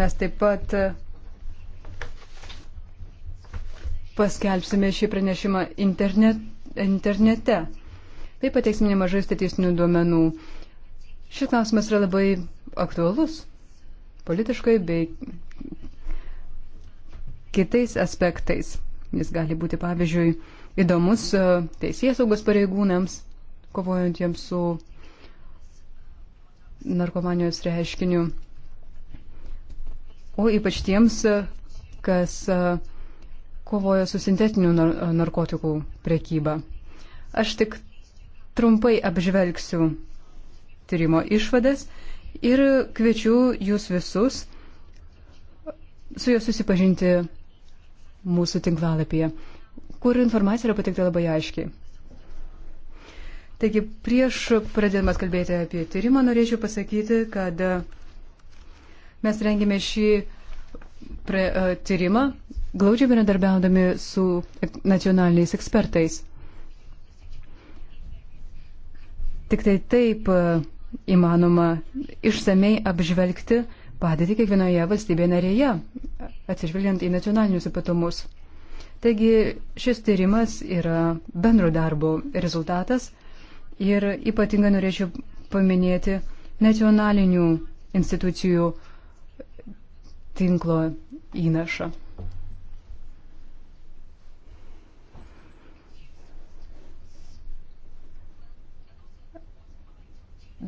Mes taip pat paskelbsime šį pranešimą internet, internete. Taip pateiksime nemažai statistinių duomenų. Šis klausimas yra labai aktualus politiškai bei kitais aspektais. Jis gali būti, pavyzdžiui, įdomus e, teisės saugos pareigūnams, kovojant jiems su narkomanijos reiškiniu, o ypač tiems, kas e, kovoja su sintetiniu narkotikų prekyba. Aš tik trumpai apžvelgsiu tyrimo išvadas ir kviečiu jūs visus su juo susipažinti mūsų tinklalapyje, kur informacija yra pateikta labai aiškiai. Taigi, prieš pradėdamas kalbėti apie tyrimą, norėčiau pasakyti, kad e, mes rengėme šį pre, tyrimą glaudžiai bendradarbiaudami su nacionaliniais ekspertais. Tik tai taip e, įmanoma išsamei apžvelgti padėtį kiekvienoje valstybėje narėje, atsižvelgiant į nacionalinius ypatumus. Taigi šis tyrimas yra bendro darbo rezultatas Ir ypatingai norėčiau paminėti nacionalinių institucijų tinklo įnašą.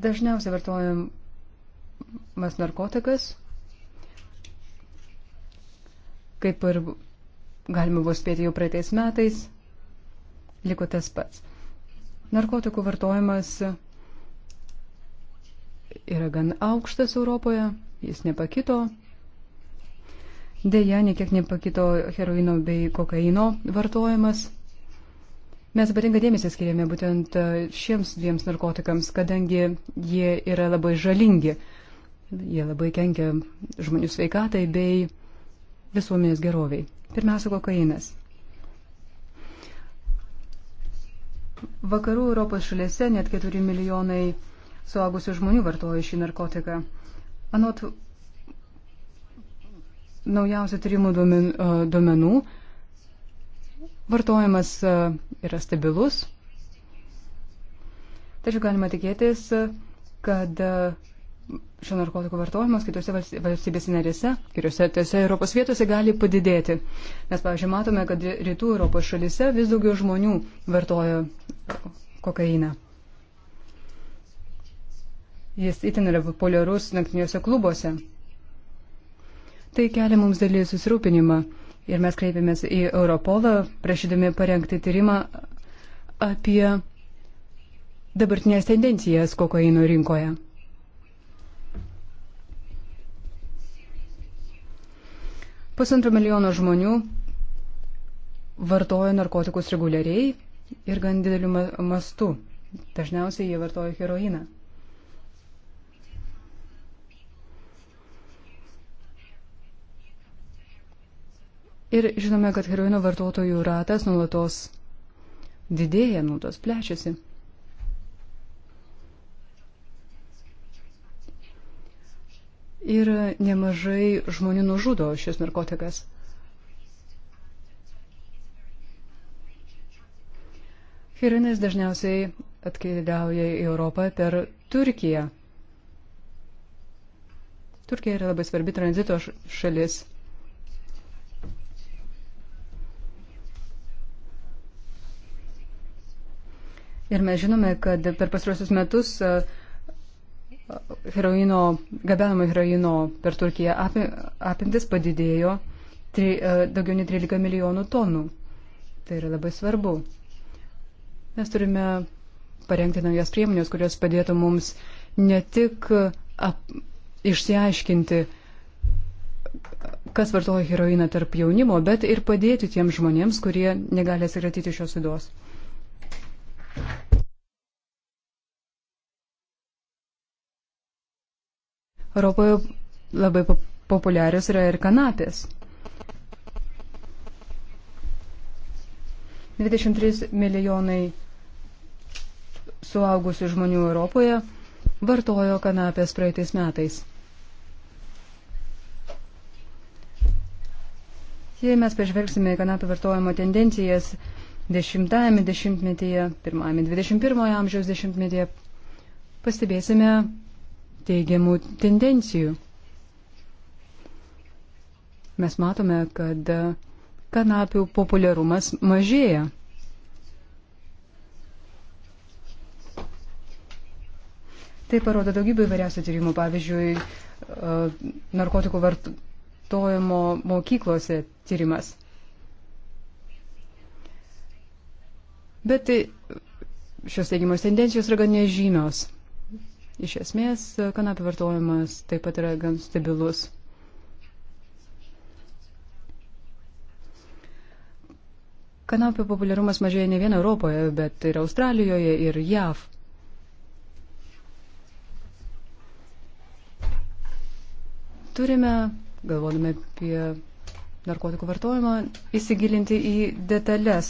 Dažniausiai vartojamas narkotikas, kaip ir galima buvo spėti jau praeitais metais, liko tas pats. Narkotikų vartojimas yra gan aukštas Europoje, jis nepakito. Deja, niekiek nepakito heroino bei kokaino vartojimas. Mes ypatingą dėmesį skiriame būtent šiems dviems narkotikams, kadangi jie yra labai žalingi. Jie labai kenkia žmonių sveikatai bei visuomenės geroviai. Pirmiausia, kokainas. Vakarų Europos šalyse net 4 milijonai suaugusių žmonių vartoja šį narkotiką. Anot naujausių tyrimų duomenų, vartojimas yra stabilus, tačiau galima tikėtis, kad šio narkotiko vartojimas kitose valstybėse narėse, kitose tose Europos vietose gali padidėti. Mes, pavyzdžiui, matome, kad rytų Europos šalise vis daugiau žmonių vartoja kokainą. Jis itin yra populiarus naktiniuose klubuose. Tai kelia mums dalį susirūpinimą ir mes kreipėmės į Europolą, prašydami parengti tyrimą apie dabartinės tendencijas kokaino rinkoje. Pusantro milijono žmonių vartoja narkotikus reguliariai ir gan dideliu mastu. Dažniausiai jie vartoja heroiną. Ir žinome, kad heroino vartotojų ratas nulatos didėja, nulatos plečiasi. Ir nemažai žmonių nužudo šis narkotikas. Hirinas dažniausiai atkeliauja į Europą per Turkiją. Turkija yra labai svarbi tranzito šalis. Ir mes žinome, kad per pasruosius metus heroino, gabenamo heroino per Turkiją apimtis padidėjo tri, daugiau nei 13 milijonų tonų. Tai yra labai svarbu. Mes turime parengti naujas priemonės, kurios padėtų mums ne tik ap, išsiaiškinti, kas vartoja heroiną tarp jaunimo, bet ir padėti tiems žmonėms, kurie negali atsikratyti šios įdos. Europoje labai populiarios yra ir kanapės. 23 milijonai suaugusių žmonių Europoje vartojo kanapės praeitais metais. Jei mes pažvelgsime į kanapių vartojimo tendencijas 10-ame dešimtmetyje, 1-ame 21-ojo amžiaus dešimtmetyje, pastebėsime teigiamų tendencijų. Mes matome, kad kanapių populiarumas mažėja. Tai parodo daugybę įvairiausių tyrimų, pavyzdžiui, e, narkotikų vartojimo mokyklose tyrimas. Bet tai šios teigiamos tendencijos yra gan nežymios. Iš esmės, kanapio vartojimas taip pat yra gan stabilus. Kanapio populiarumas mažėja ne vien Europoje, bet ir Australijoje ir JAV. Turime, galvodami apie narkotikų vartojimą, įsigilinti į detalės.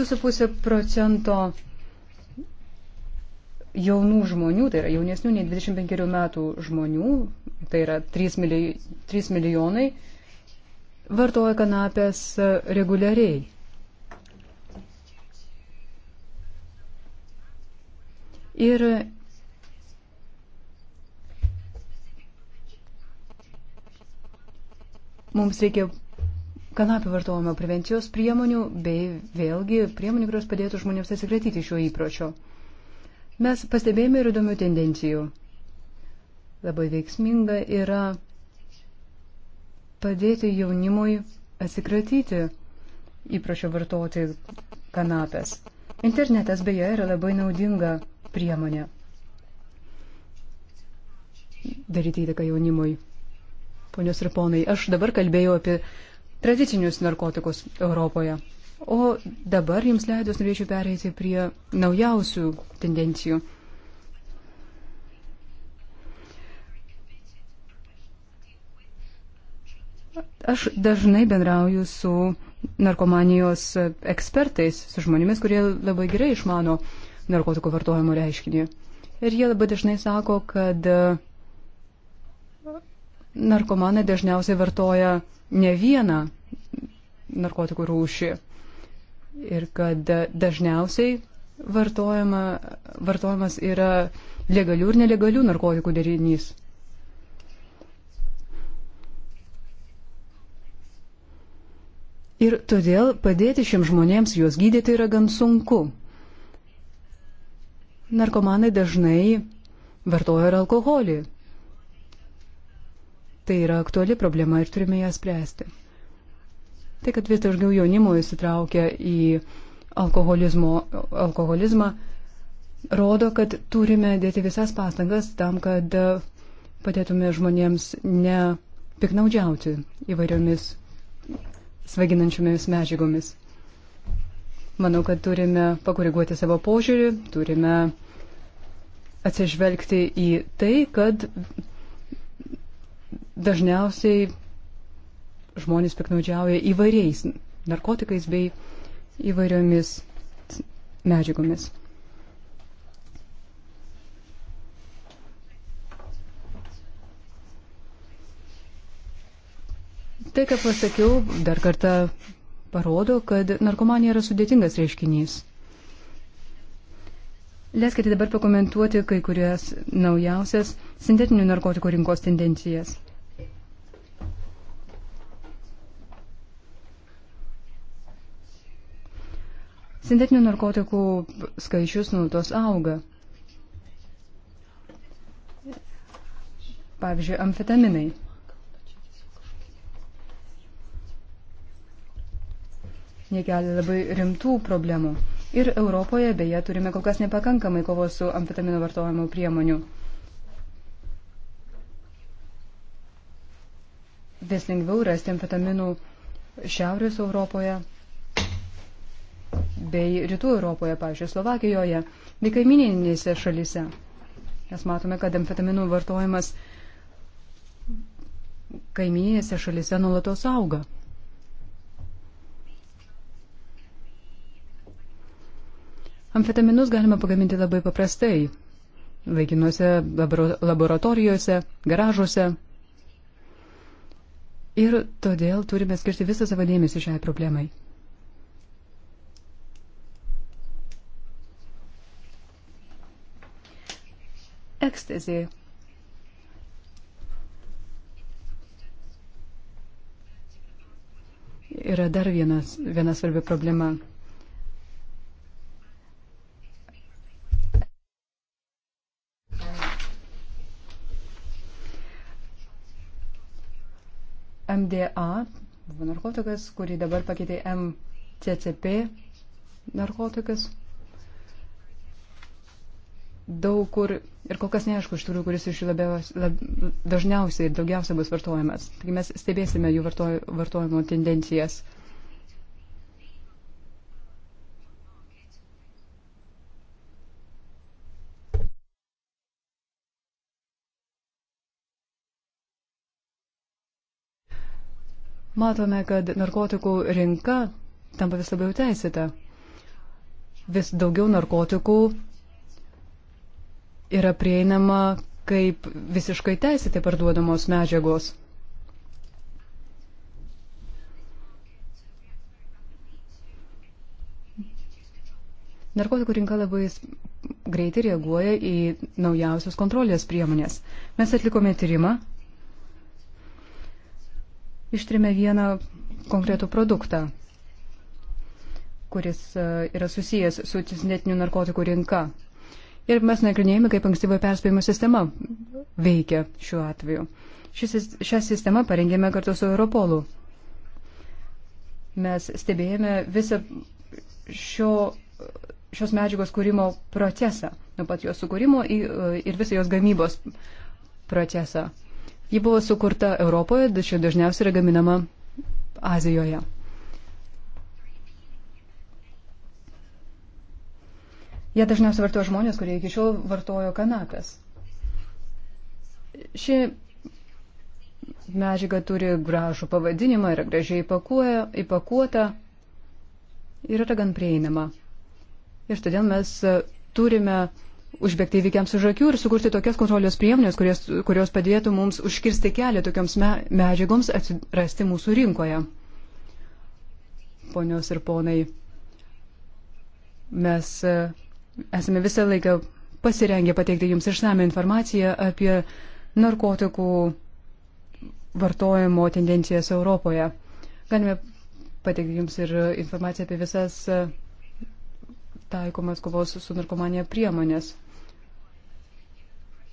Du su pusė procento jaunų žmonių, tai yra jaunesnių nei 25 metų žmonių, tai yra 3, milij, 3 milijonai, vartoja kanapės reguliariai. Ir mums reikia kanapių vartojimo prevencijos priemonių bei vėlgi priemonių, kurios padėtų žmonėms atsikratyti šio įpročio. Mes pastebėjome ir įdomių tendencijų. Labai veiksminga yra padėti jaunimui atsikratyti įpročio vartoti kanapės. Internetas beje yra labai naudinga priemonė daryti įtaką jaunimui. Ponios ir ponai, aš dabar kalbėjau apie tradicinius narkotikus Europoje. O dabar jums leidus norėčiau pereiti prie naujausių tendencijų. Aš dažnai bendrauju su narkomanijos ekspertais, su žmonėmis, kurie labai gerai išmano uh, narkotikų vartojimo reiškinį. Ir jie labai dažnai sako, kad e, narkomanai dažniausiai vartoja ne vieną narkotikų rūšį ir kad e, dažniausiai vartojama, vartojamas yra legalių ir nelegalių narkotikų derinys. Ir todėl padėti šiems žmonėms juos gydyti yra gan sunku narkomanai dažnai vartoja ir alkoholį. Tai yra aktuali problema ir turime ją spręsti. Tai, kad vis daugiau jaunimo įsitraukia į alkoholizmą, rodo, kad turime dėti visas pastangas tam, kad padėtume žmonėms nepiknaudžiauti įvairiomis svaginančiomis medžiagomis. Manau, kad turime pakoreguoti savo požiūrį, turime atsižvelgti į tai, kad dažniausiai žmonės piknaudžiauja įvairiais narkotikais bei įvairiomis medžiagomis. Tai, ką pasakiau, dar kartą parodo, kad narkomanija yra sudėtingas reiškinys. Leiskite dabar pakomentuoti kai kurias naujausias sintetinių narkotikų rinkos tendencijas. Sintetinių narkotikų skaičius nuolatos auga. Pavyzdžiui, amfetaminai. Jie kelia labai rimtų problemų. Ir Europoje beje turime kol kas nepakankamai kovos su amfetamino vartojimo priemonių. Vis lengviau rasti amfetaminų Šiaurės Europoje bei Rytų Europoje, pavyzdžiui, Slovakijoje, bei kaimininėse šalyse. Mes matome, kad amfetaminų vartojimas kaimininėse šalyse nulatos auga. Amfetaminus galima pagaminti labai paprastai - laikinuose laboratorijose, garažuose. Ir todėl turime skirti visą savo dėmesį šiai problemai. Ekstazija. yra dar vienas, viena svarbi problema. MDA buvo narkotikas, kurį dabar pakeitė MCCP narkotikas. Daug kur ir kol kas neaišku iš tikrųjų, kuris iš jų labiaus, lab, dažniausiai ir daugiausiai bus vartojamas. Taigi mes stebėsime jų vartoj, vartojimo tendencijas. Uh, matome, kad narkotikų rinka tampa vis labiau teisėta. Vis daugiau narkotikų yra prieinama kaip visiškai teisėtai parduodamos medžiagos. Narkotikų rinka labai greitai reaguoja į naujausios kontrolės priemonės. Mes atlikome tyrimą ištrėmė vieną konkretų produktą, kuris e, yra susijęs su cinetinių narkotikų rinka. Ir mes nagrinėjame, kaip ankstyvojo perspėjimo sistema veikia šiuo atveju. Šis, šią sistemą parengėme kartu su Europolu. Mes stebėjome visą šio, šios medžiagos kūrimo procesą, nuo pat jos sukūrimo e, ir visą jos gamybos procesą. Ji buvo sukurta Europoje, tačiau dažniausiai yra gaminama Azijoje. Jie dažniausiai vartoja žmonės, kurie iki šiol vartojo kanapės. Ši medžiaga turi gražų pavadinimą, yra gražiai įpakuoja, įpakuota ir yra gan prieinama. Ir todėl mes turime užbėgti įvykiams už akių ir sukurti tokias kontrolės priemonės, kurios, kurios padėtų mums užkirsti kelią tokioms me, medžiagoms atsirasti mūsų rinkoje. Ponios ir ponai, mes e, esame visą laiką pasirengę pateikti jums išsame informaciją apie narkotikų vartojimo tendencijas Europoje. Galime pateikti jums ir informaciją apie visas e, taikomas kovos su narkomanija priemonės.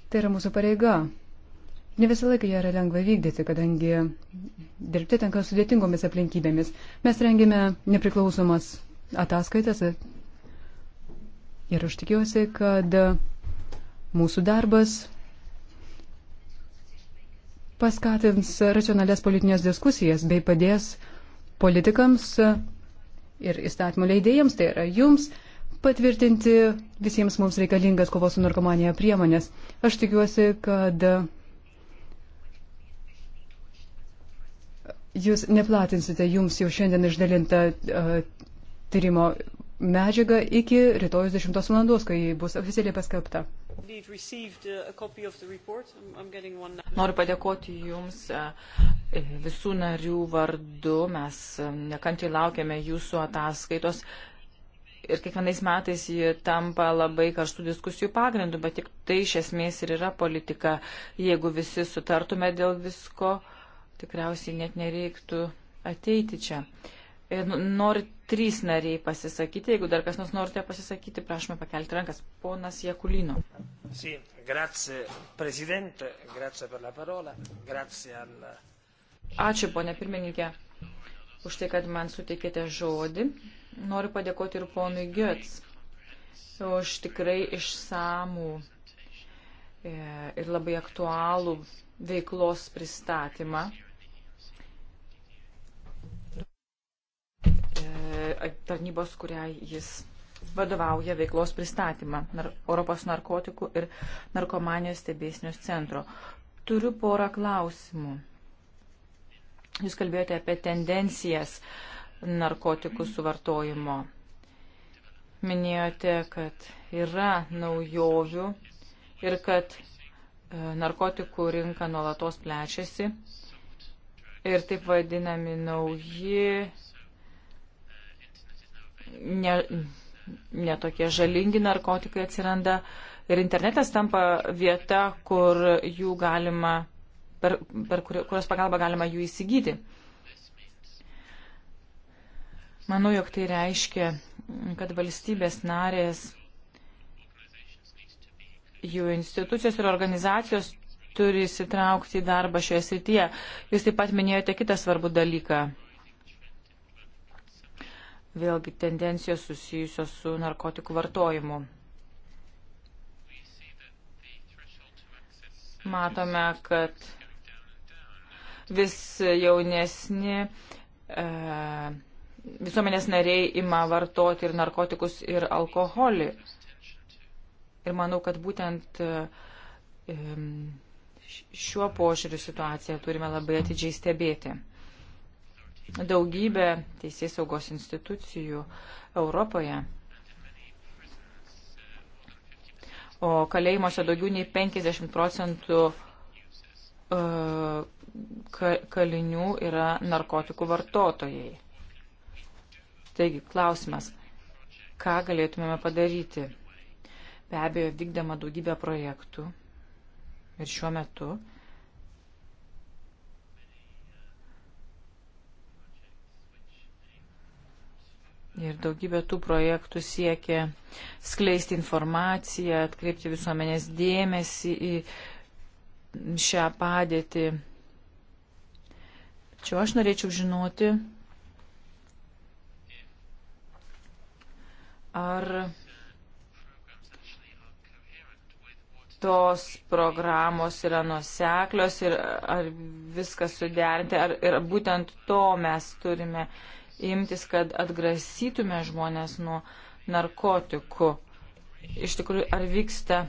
Tai yra mūsų pareiga. Ne visą laiką ją yra lengva vykdyti, kadangi dirbti tenka sudėtingomis aplinkybėmis. Mes rengėme nepriklausomas ataskaitas ir aš tikiuosi, kad mūsų darbas paskatins racionalias politinės diskusijas bei padės politikams ir įstatymų leidėjams, tai yra jums, patvirtinti visiems mums reikalingas kovos su narkomanija priemonės. Aš tikiuosi, kad jūs neplatinsite jums jau šiandien išdalintą uh, tyrimo medžiagą iki rytojus 10 valandos, kai bus oficialiai paskelbta. Noriu padėkoti Jums visų narių vardu. Mes nekantriai laukiame Jūsų ataskaitos ir kiekvienais metais ji tampa labai karštų diskusijų pagrindu, bet tik tai iš esmės ir yra politika. Jeigu visi sutartume dėl visko, tikriausiai net nereiktų ateiti čia. Nu, nori trys nariai pasisakyti, jeigu dar kas nors norite pasisakyti, prašome pakelti rankas. Ponas Jekulino. Sì, grazie Presidente, grazie per la parola, grazie al... Ačiū, ponė pirmininkė, už tai, kad man suteikėte žodį. Noriu padėkoti ir ponui Götz už tikrai išsamų e, ir labai aktualų veiklos pristatymą. E, tarnybos, kuriai jis vadovauja veiklos pristatymą Europos narkotikų ir narkomanijos stebėsnios centro. Turiu porą klausimų. Jūs kalbėjote apie tendencijas. Uh, narkotikų suvartojimo. Minėjote, kad yra naujovių ir kad e, narkotikų rinka nuolatos plečiasi ir taip vadinami nauji, netokie ne, ne žalingi narkotikai atsiranda ir internetas tampa vieta, kur jų galima, per, per kur, kurios pagalba galima jų įsigyti. Uh, Manau, jog tai reiškia, kad valstybės narės, jų institucijos ir organizacijos turi įsitraukti į darbą šioje srityje. Jūs taip pat minėjote kitą svarbų dalyką. Vėlgi tendencijos susijusios su narkotikų vartojimu. Matome, kad vis jaunesni e, visuomenės nariai ima vartoti ir narkotikus, ir alkoholį. Ir manau, kad būtent šiuo požiūriu situaciją turime labai atidžiai stebėti. Daugybė teisės saugos institucijų Europoje, o kalėjimuose daugiau nei 50 procentų e, kalinių yra narkotikų vartotojai. Taigi, klausimas, ką galėtumėme padaryti? Be abejo, vykdama daugybę projektų ir šiuo metu Ir daugybė tų projektų siekia skleisti informaciją, atkreipti visuomenės dėmesį į šią padėtį. Čia aš norėčiau žinoti, Ar tos programos yra nuseklios ir ar viskas suderinti, ar ir būtent to mes turime imtis, kad atgrasytume žmonės nuo narkotikų. Iš tikrųjų, ar vyksta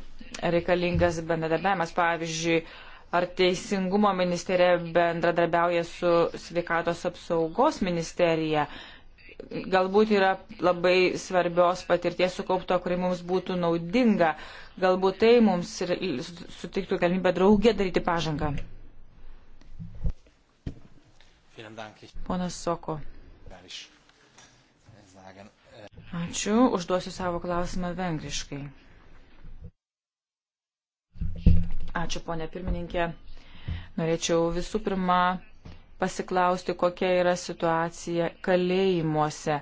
reikalingas bendradarbiavimas, pavyzdžiui, ar Teisingumo ministerija bendradarbiauja su sveikatos apsaugos ministerija, galbūt yra labai svarbios patirties sukaupto, kuri mums būtų naudinga. Galbūt tai mums sutiktų galimybę draugė daryti pažangą. Ponas Soko. Äh, Ačiū, užduosiu savo klausimą vengriškai. Ačiū, ponė pirmininkė. Norėčiau visų pirma pasiklausti, kokia yra situacija kalėjimuose.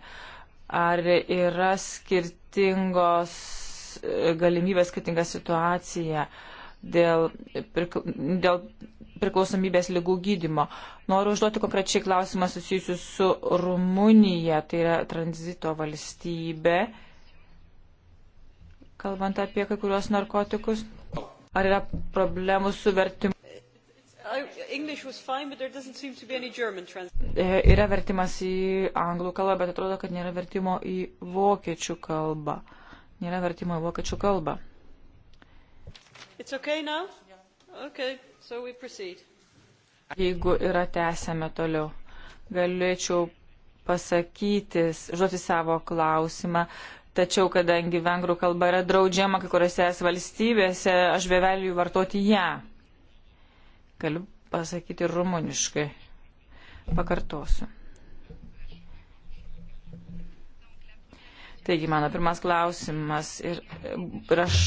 Ar yra skirtingos e, galimybės, skirtinga situacija dėl, prikla, dėl priklausomybės lygų gydimo. Noriu užduoti konkrečiai klausimą susijusiu su Rumunija, tai yra tranzito valstybė, kalbant apie kai kurios narkotikus. Ar yra problemų su vertimu? E, yra vertimas į anglų kalbą, bet atrodo, kad nėra vertimo į vokiečių kalbą. Nėra vertimo į vokiečių kalbą. Okay now? okay, so Jeigu yra tęsiame toliau, galėčiau pasakyti, žodžiu savo klausimą, tačiau kadangi vengrų kalba yra draudžiama kai kuriuose valstybėse, aš beveliu vartoti ją. Ja Galiu pasakyti rumuniškai. Pakartosiu. Taigi mano pirmas klausimas ir, ir aš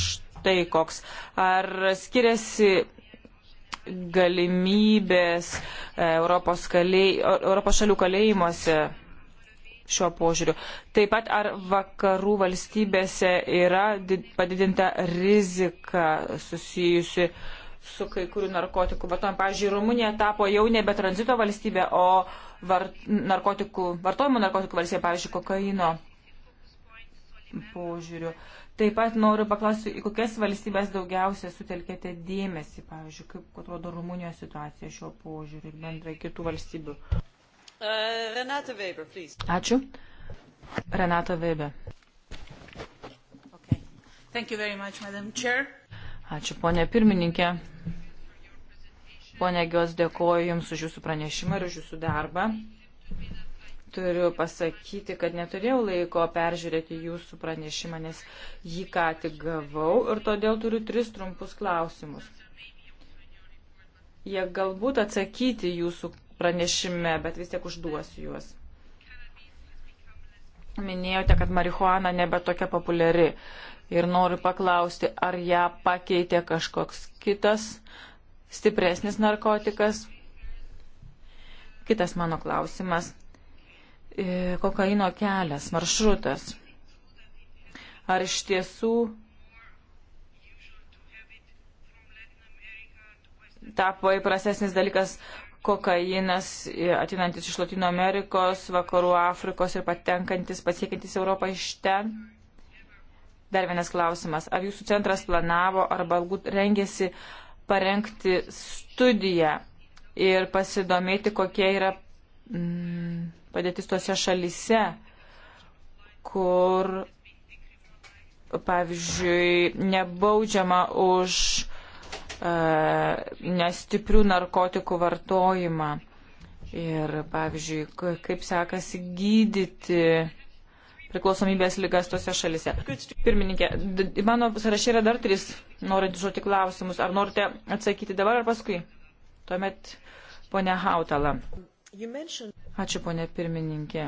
tai koks. Ar skiriasi galimybės e, Europos, kalėj, Europos šalių kalėjimuose šiuo požiūriu. Taip pat ar vakarų valstybėse yra padidinta rizika susijusi uh, su kai kurių narkotikų vartojimu. Pavyzdžiui, Rumunija tapo jau nebe tranzito valstybė, o var, narkotikų, vartojimo narkotikų valstybė, pavyzdžiui, kokaino požiūriu. Taip pat noriu paklausti, į kokias valstybės daugiausia sutelkėte dėmesį, pavyzdžiui, kaip atrodo Rumunijos situacija šiuo požiūriu ir bendrai kitų valstybių. Uh, Renata Weber, please. Ačiū. Renata Weber. Okay. Thank you very much, Madam Chair. Ačiū, ponė pirmininkė. Pone Gios, dėkoju Jums už Jūsų pranešimą ir už Jūsų darbą. Turiu pasakyti, kad neturėjau laiko peržiūrėti Jūsų pranešimą, nes jį ką tik gavau ir todėl turiu tris trumpus klausimus. Jie galbūt atsakyti Jūsų pranešime, bet vis tiek užduosiu juos. Minėjote, kad marihuana nebe tokia populiari ir noriu paklausti, ar ją pakeitė kažkoks kitas stipresnis narkotikas. Kitas mano klausimas. E, kokaino kelias, maršrutas. Ar iš tiesų tapo įprastesnis dalykas kokainas atinantis iš Latino Amerikos, Vakarų Afrikos ir patenkantis, pasiekintis Europą iš ten? Dar vienas klausimas. Ar jūsų centras planavo arba galbūt rengėsi parengti studiją ir pasidomėti, kokie yra mm, padėtis tose šalise, kur, pavyzdžiui, nebaudžiama už e, nestiprių narkotikų vartojimą. Ir, pavyzdžiui, kaip sekasi gydyti priklausomybės lygas tose šalise. Pirmininkė, mano sąrašė yra dar trys norintys žodžiu klausimus. Ar norite atsakyti dabar ar paskui? Tuomet ponia Hautala. Ačiū ponia pirmininkė.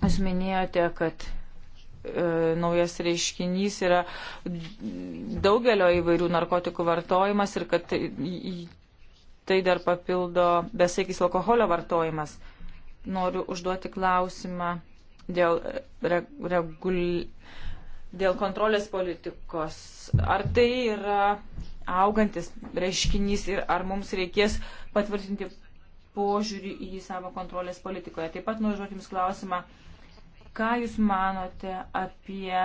Jūs minėjote, kad e, naujas reiškinys yra daugelio įvairių narkotikų vartojimas ir kad tai, tai dar papildo besaikis alkoholio vartojimas. Noriu užduoti klausimą dėl, regul, dėl kontrolės politikos. Ar tai yra augantis reiškinys ir ar mums reikės patvirtinti požiūrį į savo kontrolės politikoje. Taip pat noriu jums klausimą, ką Jūs manote apie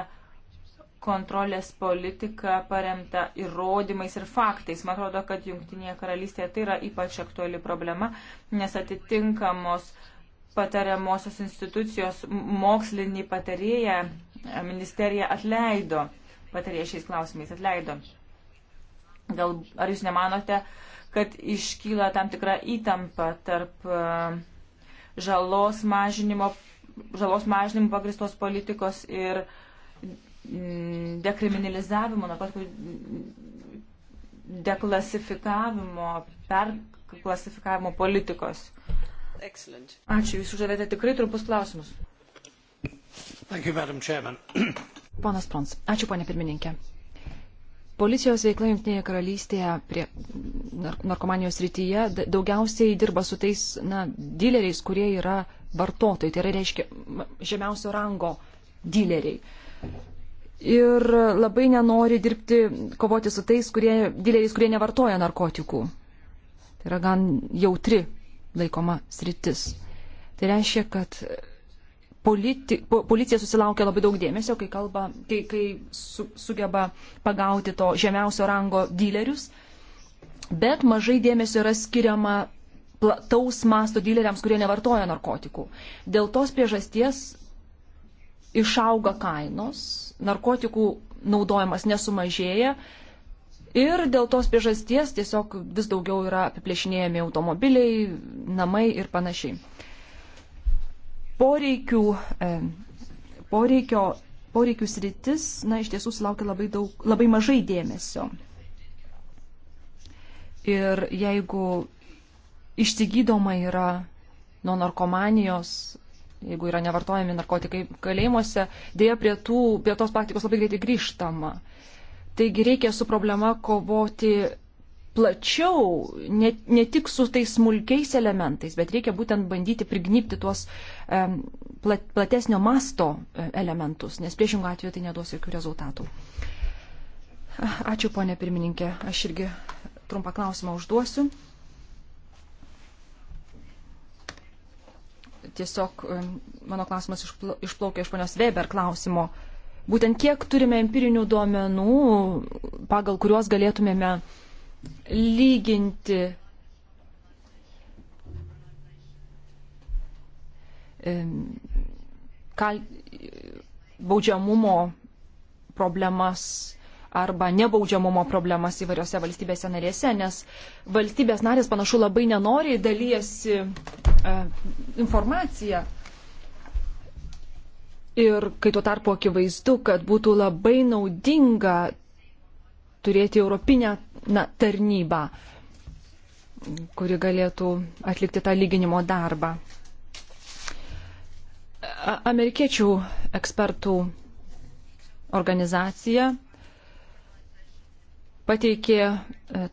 kontrolės politiką paremta įrodymais ir faktais. Man atrodo, kad Junktinėje karalystėje tai yra ypač aktuali problema, nes atitinkamos uh, patariamosios institucijos mokslinį patarėją e, ministerija atleido, patarėja šiais klausimais atleido. Gal, ar jūs nemanote, kad iškyla tam tikra įtampa tarp e, žalos mažinimo, žalos mažinimo pagristos politikos ir dekriminalizavimo, na, paskui deklasifikavimo, perklasifikavimo politikos? Excellent. Ačiū, jūs uždavėte tikrai trumpus klausimus. Thank you, Madam Chairman. Ponas Prons. Ačiū, ponė pirmininkė. Policijos veikla Junktinėje karalystėje prie narkomanijos rytyje daugiausiai dirba su tais na, dileriais, kurie yra vartotojai, tai yra reiškia žemiausio rango dileriai. Ir labai nenori dirbti, kovoti su tais kurie, dileriais, kurie nevartoja narkotikų. Tai yra gan jautri laikoma sritis. Tai reiškia, kad politi, po, policija susilaukia labai daug dėmesio, kai, kalba, kai, kai su, sugeba pagauti to žemiausio rango dilerius, bet mažai dėmesio yra skiriama plataus masto dileriams, kurie nevartoja narkotikų. Dėl tos priežasties išauga kainos, narkotikų naudojimas nesumažėja, Ir dėl tos priežasties tiesiog vis daugiau yra apiplėšinėjami automobiliai, namai ir panašiai. Poreikių, e, poreikio, poreikių sritis, na, iš tiesų sulaukia labai, daug, labai mažai dėmesio. Ir jeigu išsigydoma yra nuo narkomanijos, jeigu yra nevartojami narkotikai kalėjimuose, dėja prie, tų, prie tos praktikos labai greitai grįžtama. Uh, Taigi reikia su problema kovoti plačiau, ne, ne tik su tais smulkiais elementais, bet reikia būtent bandyti prignybti tuos um, plat, platesnio masto e, elementus, nes priešingų atveju tai neduos jokių rezultatų. Ačiū, ponė pirmininkė. Aš irgi trumpą klausimą užduosiu. Tiesiog mano klausimas išplaukė iš ponios Weber klausimo. Uh, Būtent kiek turime empirinių duomenų, pagal kuriuos galėtumėme lyginti kal, baudžiamumo problemas arba nebaudžiamumo problemas įvairiose valstybėse narėse, nes valstybės narės panašu labai nenoriai dalyjasi e, informaciją Ir kai tuo tarpu akivaizdu, kad būtų labai naudinga turėti europinę na, tarnybą, kuri galėtų atlikti tą lyginimo darbą. Amerikiečių ekspertų organizacija pateikė e,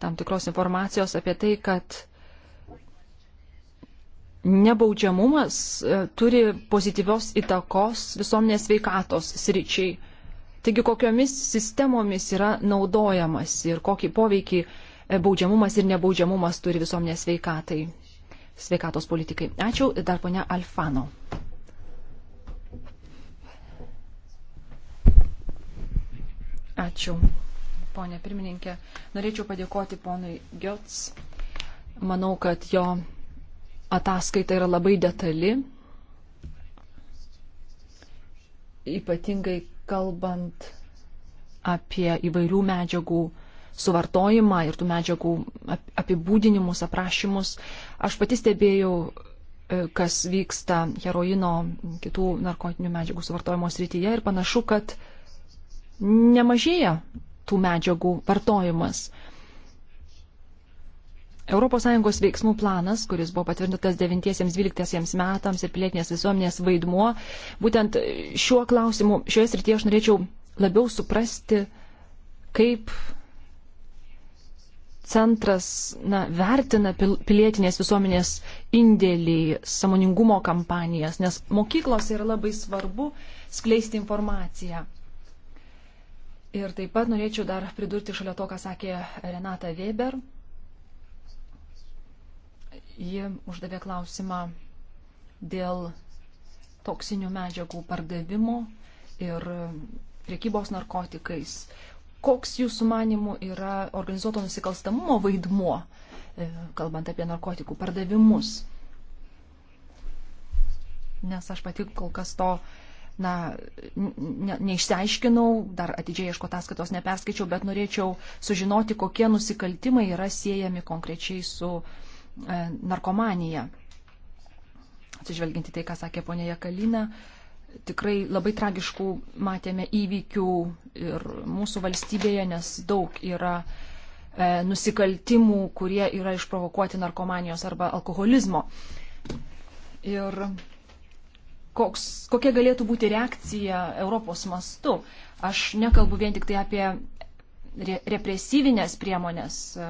tam tikros informacijos apie tai, kad nebaudžiamumas e, turi pozityvios įtakos visuomenės veikatos sričiai. Taigi kokiomis sistemomis yra naudojamas ir kokį poveikį e, baudžiamumas ir nebaudžiamumas turi visuomenės veikatai, sveikatos politikai. Ačiū dar ponia Alfano. Ačiū, ponė pirmininkė. Norėčiau padėkoti ponui Giots. Manau, kad jo ataskaita yra labai detali, ypatingai kalbant apie įvairių medžiagų suvartojimą ir tų medžiagų apibūdinimus, aprašymus. Aš pati stebėjau, e, kas vyksta heroino, kitų narkotinių medžiagų suvartojimo srityje ir panašu, kad nemažėja tų medžiagų vartojimas. ES veiksmų planas, kuris buvo patvirtintas 9-12 metams ir pilietinės visuomenės vaidmuo, būtent šiuo klausimu, šioje srityje aš norėčiau labiau suprasti, kaip centras na, vertina pilietinės visuomenės indėlį, samoningumo kampanijas, nes mokyklos yra labai svarbu skleisti informaciją. Ir taip pat norėčiau dar pridurti šalia to, ką sakė Renata Weber Ji uždavė klausimą dėl toksinių medžiagų pardavimo ir priekybos narkotikais. Koks jūsų manimų yra organizuoto nusikalstamumo vaidmuo, e, kalbant apie narkotikų pardavimus? Nes aš pati kol kas to na, ne, neišsiaiškinau, dar atidžiai ieško ataskaitos neperskaičiau, bet norėčiau sužinoti, kokie nusikaltimai yra siejami konkrečiai su uh, E, narkomaniją. Atsižvelginti tai, ką sakė ponė Jekalina, tikrai labai tragiškų matėme įvykių ir mūsų valstybėje, nes daug yra e, nusikaltimų, kurie yra išprovokuoti narkomanijos arba alkoholizmo. Ir koks, kokia galėtų būti reakcija Europos mastu? Aš nekalbu vien tik tai apie re, represyvinės priemonės, e,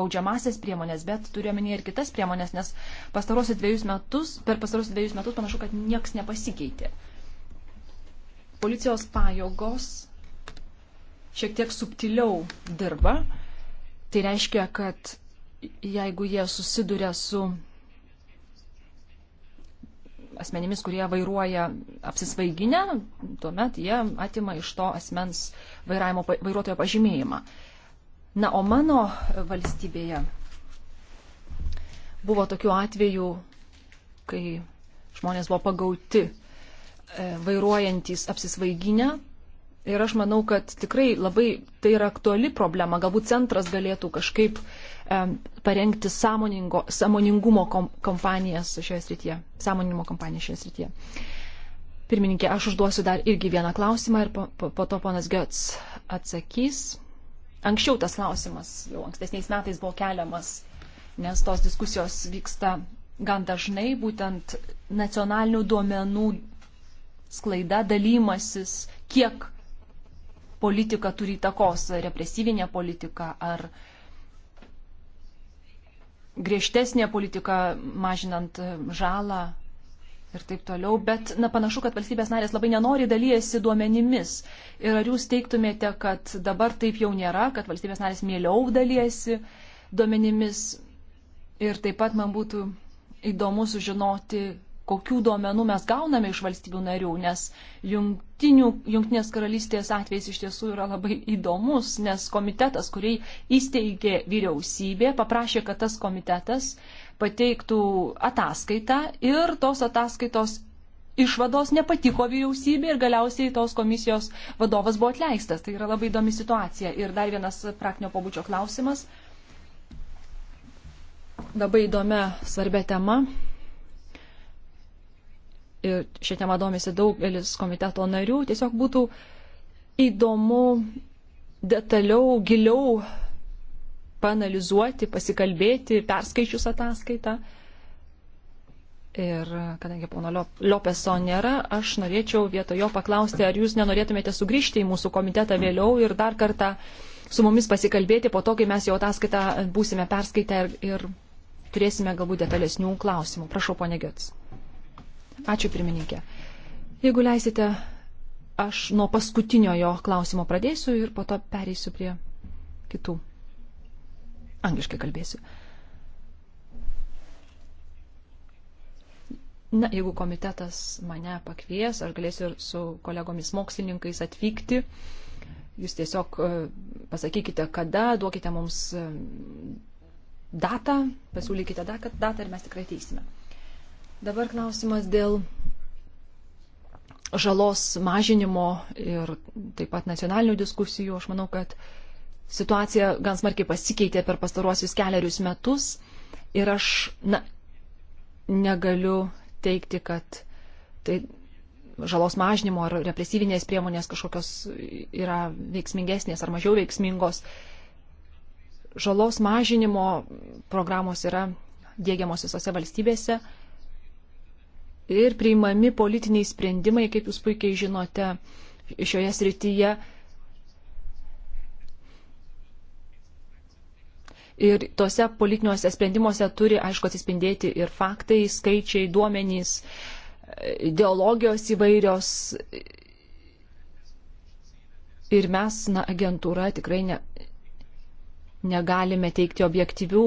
baudžiamasias priemonės, bet turiuomenį ir kitas priemonės, nes pastarosius dviejus metus, per pastarosius dviejus metus panašu, kad nieks nepasikeitė. Policijos pajėgos šiek tiek subtiliau dirba. Tai reiškia, kad jeigu jie susiduria su asmenimis, kurie vairuoja apsisvaiginę, tuomet jie atima iš to asmens vairuotojo pažymėjimą. Na, o mano valstybėje buvo tokių atvejų, kai žmonės buvo pagauti e, vairuojantys apsisvaiginę. Ir aš manau, kad tikrai labai tai yra aktuali problema. Galbūt centras galėtų kažkaip uh, parengti sąmoningumo kompanijas šioje srityje, sąmoningumo kompaniją šioje srityje. Pirmininkė, aš užduosiu dar irgi vieną klausimą ir po, po, po to ponas Götz atsakys. Anksčiau tas klausimas, jau ankstesniais metais buvo keliamas, nes tos diskusijos vyksta gan dažnai, būtent nacionalinių duomenų sklaida, dalymasis, kiek politika turi įtakos represyvinė politika ar uh, griežtesnė politika, mažinant e, žalą ir taip toliau, bet na, panašu, kad valstybės narės labai nenori dalyjasi duomenimis. Ir ar jūs teiktumėte, kad dabar taip jau nėra, kad valstybės narės mieliau dalyjasi duomenimis? Ir taip pat man būtų įdomu sužinoti, kokių duomenų mes gauname iš valstybių narių, nes Junktinės karalystės atvejs iš tiesų yra labai įdomus, nes komitetas, kurį įsteigė vyriausybė, paprašė, kad tas komitetas pateiktų ataskaitą ir tos ataskaitos išvados nepatiko vyriausybė ir galiausiai tos komisijos vadovas buvo atleistas. Tai yra labai įdomi situacija. Ir dar vienas praktinio pobūdžio klausimas. Labai įdomia svarbia tema ir šią temą domisi daugelis komiteto narių, tiesiog būtų įdomu detaliau, giliau panalizuoti, pasikalbėti, perskaičius ataskaitą. Ir kadangi pono Lopeso nėra, aš norėčiau vietojo paklausti, ar jūs nenorėtumėte sugrįžti į mūsų komitetą vėliau ir dar kartą su mumis pasikalbėti po to, kai mes jau ataskaitą būsime perskaitę ir, ir turėsime galbūt detalesnių klausimų. Prašau, ponė Gets. Ačiū pirmininkė. Jeigu leisite, aš nuo paskutinio jo klausimo pradėsiu ir po to pereisiu prie kitų. Angliškai kalbėsiu. Na, jeigu komitetas mane pakvies, aš galėsiu ir su kolegomis mokslininkais atvykti. Jūs tiesiog e, pasakykite, kada, duokite mums e, datą, pasiūlykite datą ir mes tikrai teisime. Dabar klausimas dėl žalos mažinimo ir taip pat nacionalinių diskusijų. Aš manau, kad situacija gan smarkiai pasikeitė per pastaruosius keliarius metus ir aš na, negaliu teikti, kad tai žalos mažinimo ar represyvinės priemonės kažkokios yra veiksmingesnės ar mažiau veiksmingos. Žalos mažinimo programos yra dėgiamos visose valstybėse ir priimami politiniai sprendimai, kaip jūs puikiai žinote, šioje srityje. Ir tose politiniuose sprendimuose turi, aišku, atsispindėti ir faktai, skaičiai, duomenys, ideologijos įvairios. Ir mes, na, agentūra tikrai ne, negalime teikti objektyvių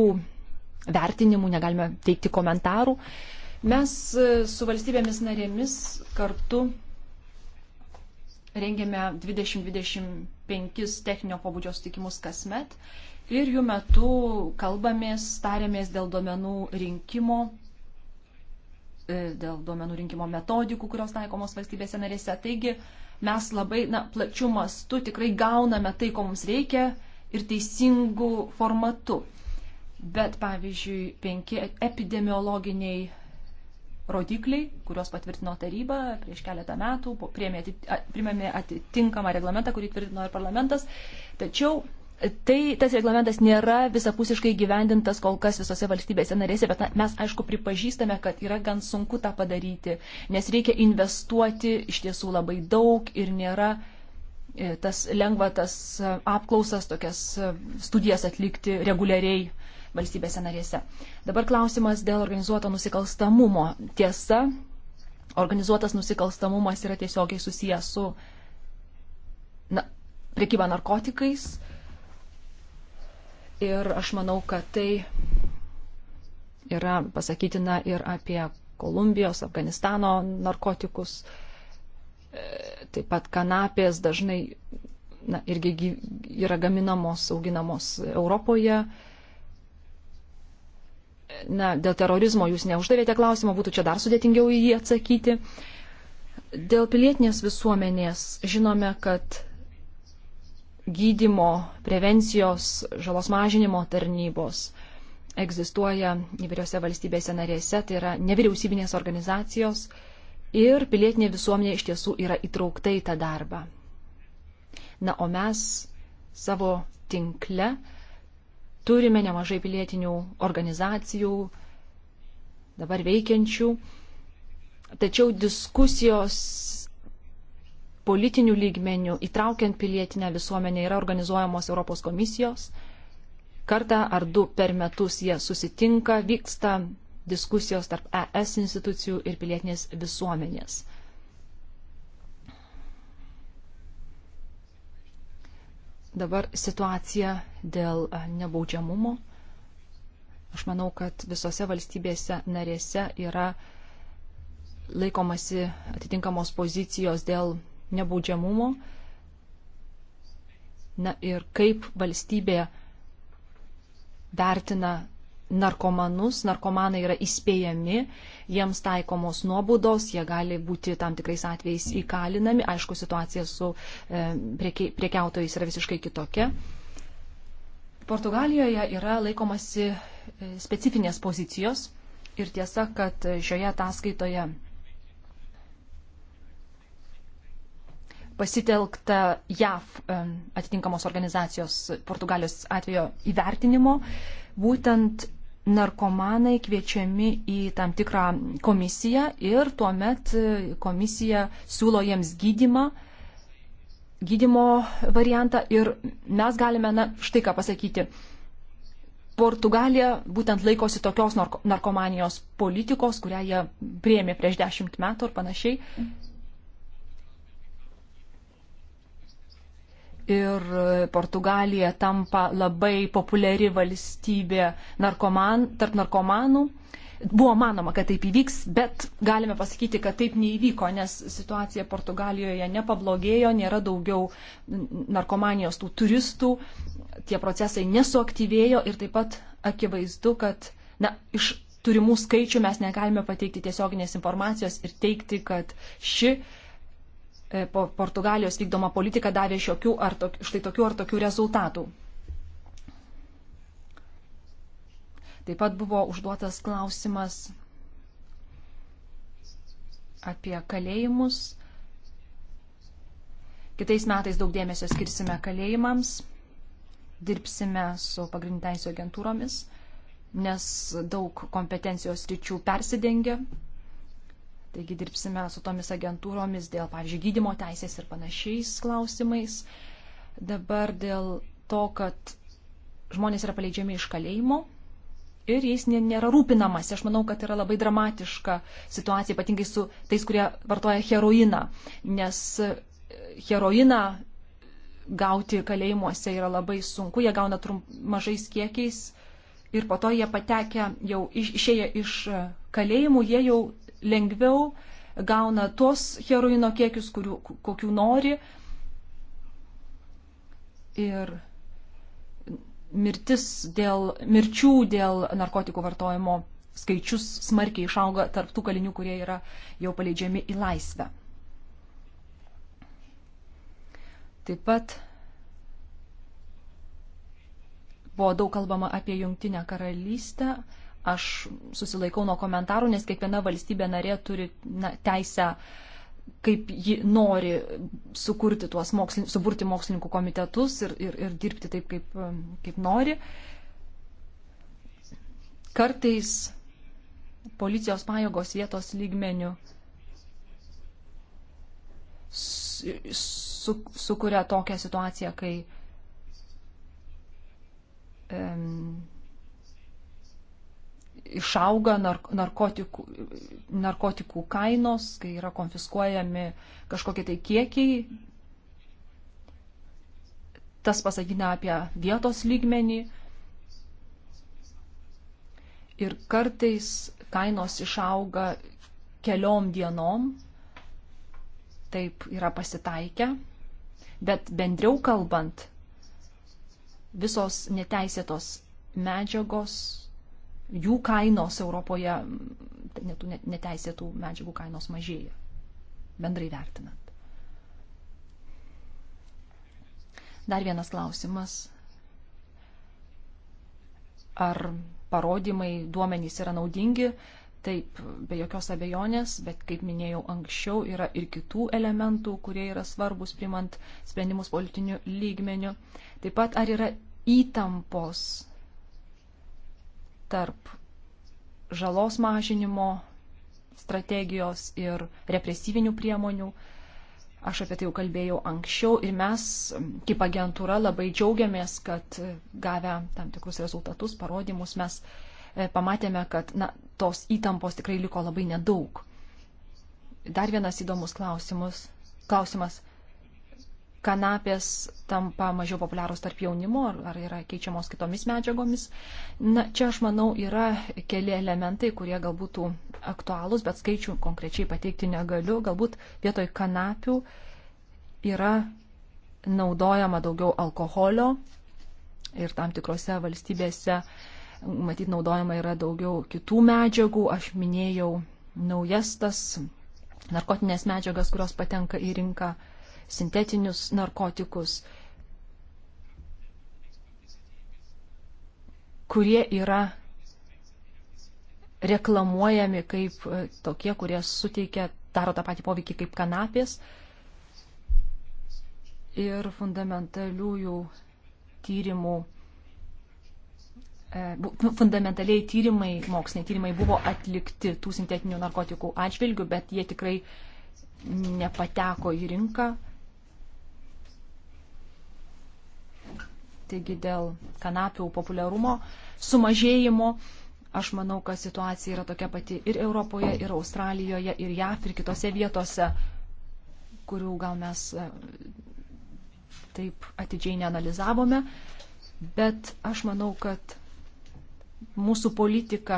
vertinimų, negalime teikti komentarų. Uh, Mes e, su valstybėmis narėmis kartu rengiame 20-25 techninio pobūdžio sutikimus kasmet ir jų metu kalbamės, tarėmės dėl duomenų rinkimo, e, dėl duomenų rinkimo metodikų, kurios taikomos valstybėse narėse. Taigi mes labai na, plačių mastų tikrai gauname tai, ko mums reikia ir teisingų formatų. Bet pavyzdžiui, penki epidemiologiniai rodikliai, kuriuos patvirtino taryba prieš keletą metų, priėmėme atitinkamą reglamentą, kurį tvirtino ir parlamentas. Tačiau e, tai, tas reglamentas nėra visapusiškai gyvendintas kol kas visose valstybėse narėse, bet na, mes aišku pripažįstame, kad yra gan sunku tą padaryti, nes reikia investuoti iš tiesų labai daug ir nėra e, tas lengva tas e, apklausas, tokias studijas atlikti reguliariai valstybėse narėse. Dabar klausimas dėl organizuoto nusikalstamumo. Tiesa, organizuotas nusikalstamumas yra tiesiogiai susijęs su na, prekyba narkotikais. Ir aš manau, kad tai yra pasakytina ir apie Kolumbijos, Afganistano narkotikus, e, taip pat kanapės dažnai na, irgi yra gaminamos, auginamos Europoje na, dėl terorizmo jūs neuždavėte klausimą, būtų čia dar sudėtingiau į jį atsakyti. Dėl pilietinės visuomenės žinome, kad gydimo, prevencijos, žalos mažinimo tarnybos egzistuoja įvairiose valstybėse narėse, tai yra nevyriausybinės organizacijos ir pilietinė visuomenė iš tiesų yra įtraukta į tą darbą. Na, o mes savo tinkle turime nemažai pilietinių organizacijų, dabar veikiančių. Tačiau diskusijos politinių lygmenių, įtraukiant pilietinę visuomenę, yra organizuojamos Europos komisijos. Kartą ar du per metus jie susitinka, vyksta diskusijos tarp ES institucijų ir pilietinės visuomenės. Dabar situacija dėl e, nebaudžiamumo. Aš manau, kad visose valstybėse narėse yra laikomasi atitinkamos pozicijos dėl nebaudžiamumo. Na ir kaip valstybė vertina narkomanus, narkomanai yra įspėjami, jiems taikomos nuobudos, jie gali būti tam tikrais atvejais įkalinami, aišku, situacija su e, priekiautojais yra visiškai kitokia. Portugalijoje yra laikomasi e, specifinės pozicijos ir tiesa, kad šioje ataskaitoje pasitelkta JAF e, atitinkamos organizacijos Portugalijos atvejo įvertinimo, būtent narkomanai kviečiami į tam tikrą komisiją ir tuomet e, komisija siūlo jiems gydimą, gydimo variantą ir mes galime, na, štai ką pasakyti. Portugalija būtent laikosi tokios narkomanijos politikos, kurią jie priemė prieš dešimt metų ir panašiai. ir e, Portugalija tampa labai populiari valstybė narkoman, tarp narkomanų. Buvo manoma, kad taip įvyks, bet galime pasakyti, kad taip neįvyko, nes situacija Portugalijoje nepablogėjo, nėra daugiau narkomanijos tų turistų, tie procesai nesuaktyvėjo ir taip pat akivaizdu, kad na, iš turimų skaičių mes negalime pateikti tiesioginės informacijos ir teikti, kad ši E, po Portugalijos vykdoma politika davė šiokių ar tok, štai tokių ar tokių rezultatų. Taip pat buvo užduotas klausimas apie kalėjimus. Kitais metais daug dėmesio skirsime kalėjimams, dirbsime su pagrindinėmis agentūromis, nes daug kompetencijos ryčių persidengia Taigi dirbsime su tomis agentūromis dėl, pavyzdžiui, gydimo teisės ir panašiais klausimais. Dabar dėl to, kad žmonės yra paleidžiami iš kalėjimo ir jais nėra rūpinamasi. Aš manau, kad yra labai dramatiška situacija, ypatingai su tais, kurie vartoja heroiną, nes e, heroiną gauti kalėjimuose yra labai sunku, jie gauna trump, mažais kiekiais ir po to jie patekę, jau iš, išėję iš e, kalėjimų, jie jau lengviau gauna tuos heroino kiekius, kurių, kokių nori. Ir mirtis dėl, mirčių dėl narkotikų vartojimo skaičius smarkiai išauga tarp tų kalinių, kurie yra jau paleidžiami į laisvę. Taip pat buvo daug kalbama apie Jungtinę karalystę, Aš susilaikau nuo komentarų, nes kiekviena valstybė narė turi na, teisę, kaip ji nori sukurti tuos mokslin, suburti mokslininkų komitetus ir, ir, ir dirbti taip, kaip, kaip nori. Kartais policijos pajėgos vietos lygmenių sukuria su, su tokią situaciją, kai um, išauga narkotikų, narkotikų kainos, kai yra konfiskuojami kažkokie tai kiekiai. Tas pasakyna apie vietos lygmenį. Ir kartais kainos išauga keliom dienom. Taip yra pasitaikę. Bet bendriau kalbant, visos neteisėtos medžiagos jų kainos Europoje, tai netų neteisėtų medžiagų kainos mažėja, bendrai vertinant. Dar vienas klausimas. Ar parodymai, duomenys yra naudingi? Taip, be jokios abejonės, bet kaip minėjau anksčiau, yra ir kitų elementų, kurie yra svarbus primant sprendimus politiniu lygmeniu. Taip pat, ar yra įtampos tarp žalos mažinimo strategijos ir represyvinių priemonių. Aš apie tai jau kalbėjau anksčiau ir mes kaip agentūra labai džiaugiamės, kad gavę tam tikrus rezultatus, parodymus, mes e, pamatėme, kad na, tos įtampos tikrai liko labai nedaug. Dar vienas įdomus klausimus, klausimas kanapės tampa mažiau populiarūs tarp jaunimo ar yra keičiamos kitomis medžiagomis. Na, čia aš manau yra keli elementai, kurie galbūt aktualūs, bet skaičių konkrečiai pateikti negaliu. Galbūt vietoj kanapių yra naudojama daugiau alkoholio ir tam tikrose valstybėse, matyt, naudojama yra daugiau kitų medžiagų. Aš minėjau naujas tas narkotinės medžiagas, kurios patenka į rinką sintetinius narkotikus, kurie yra reklamuojami kaip e, tokie, kurie suteikia, daro tą patį poveikį kaip kanapės. Ir fundamentaliųjų tyrimų, e, fundamentaliai tyrimai, moksliniai tyrimai buvo atlikti tų sintetinių narkotikų atžvilgių, bet jie tikrai nepateko į rinką Taigi dėl kanapių populiarumo sumažėjimo aš manau, kad situacija yra tokia pati ir Europoje, ir Australijoje, ir JAF, ir kitose vietose, kurių gal mes e, taip atidžiai neanalizavome. Bet aš manau, kad mūsų politika,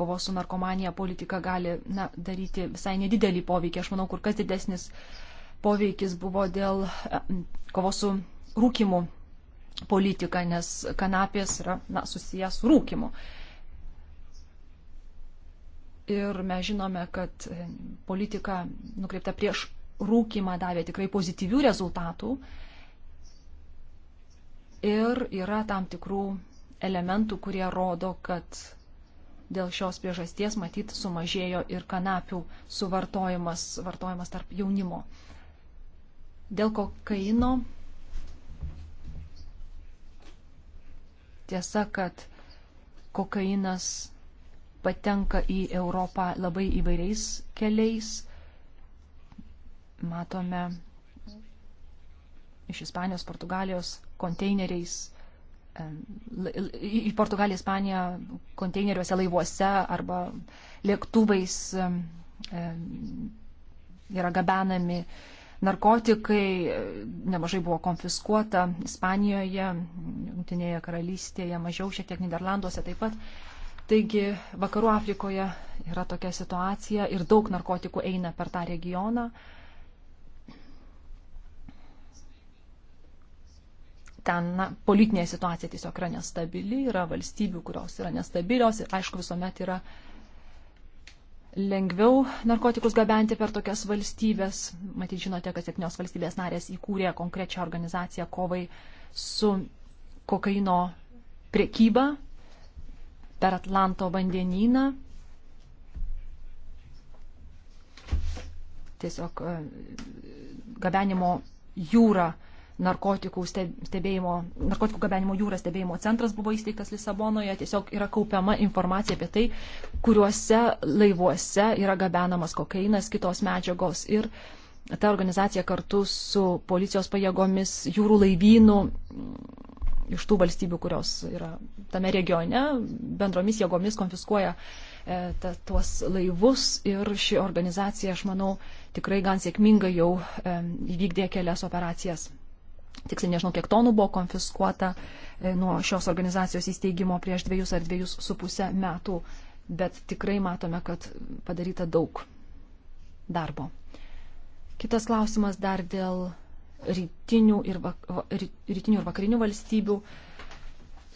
kovos su narkomanija politika gali na, daryti visai nedidelį poveikį. Aš manau, kur kas didesnis poveikis buvo dėl e, kovos su rūkimų politiką, nes kanapės yra na, susijęs su rūkimu. Ir mes žinome, kad politika nukreipta prieš rūkimą davė tikrai pozityvių rezultatų ir yra tam tikrų elementų, kurie rodo, kad dėl šios priežasties matyt sumažėjo ir kanapių suvartojimas vartojimas tarp jaunimo. Dėl kokaino tiesa, kad kokainas patenka į Europą labai įvairiais keliais. Matome iš Ispanijos, Portugalijos konteineriais į Portugaliją, Ispaniją konteineriuose laivuose arba lėktuvais yra gabenami narkotikai, e, nemažai buvo konfiskuota Ispanijoje, Junktinėje karalystėje, mažiau šiek tiek Niderlanduose taip pat. Taigi vakarų Afrikoje yra tokia situacija ir daug narkotikų eina per tą regioną. Ten na, politinė situacija tiesiog yra nestabili, yra valstybių, kurios yra nestabilios ir aišku visuomet yra uh, lengviau narkotikus gabenti per tokias valstybės. Matyt, žinote, kad septynios valstybės narės įkūrė konkrečią organizaciją kovai su kokaino priekyba per Atlanto vandenyną. Tiesiog e, gabenimo jūra narkotikų, stebėjimo, narkotikų gabenimo jūra stebėjimo centras buvo įsteigtas Lisabonoje, tiesiog yra kaupiama informacija apie tai, kuriuose laivuose yra gabenamas kokainas, kitos medžiagos ir ta organizacija kartu su policijos pajėgomis, jūrų laivynų mm, iš tų valstybių, kurios yra tame regione, bendromis jėgomis konfiskuoja e, ta, tuos laivus ir ši organizacija, aš manau, tikrai gan sėkmingai jau įvykdė kelias operacijas tiksliai nežinau, kiek tonų buvo konfiskuota e, nuo šios organizacijos įsteigimo prieš dviejus ar dviejus su pusę metų, bet tikrai matome, kad padaryta daug darbo. Kitas klausimas dar dėl rytinių ir, va, rytinių ir vakarinių valstybių.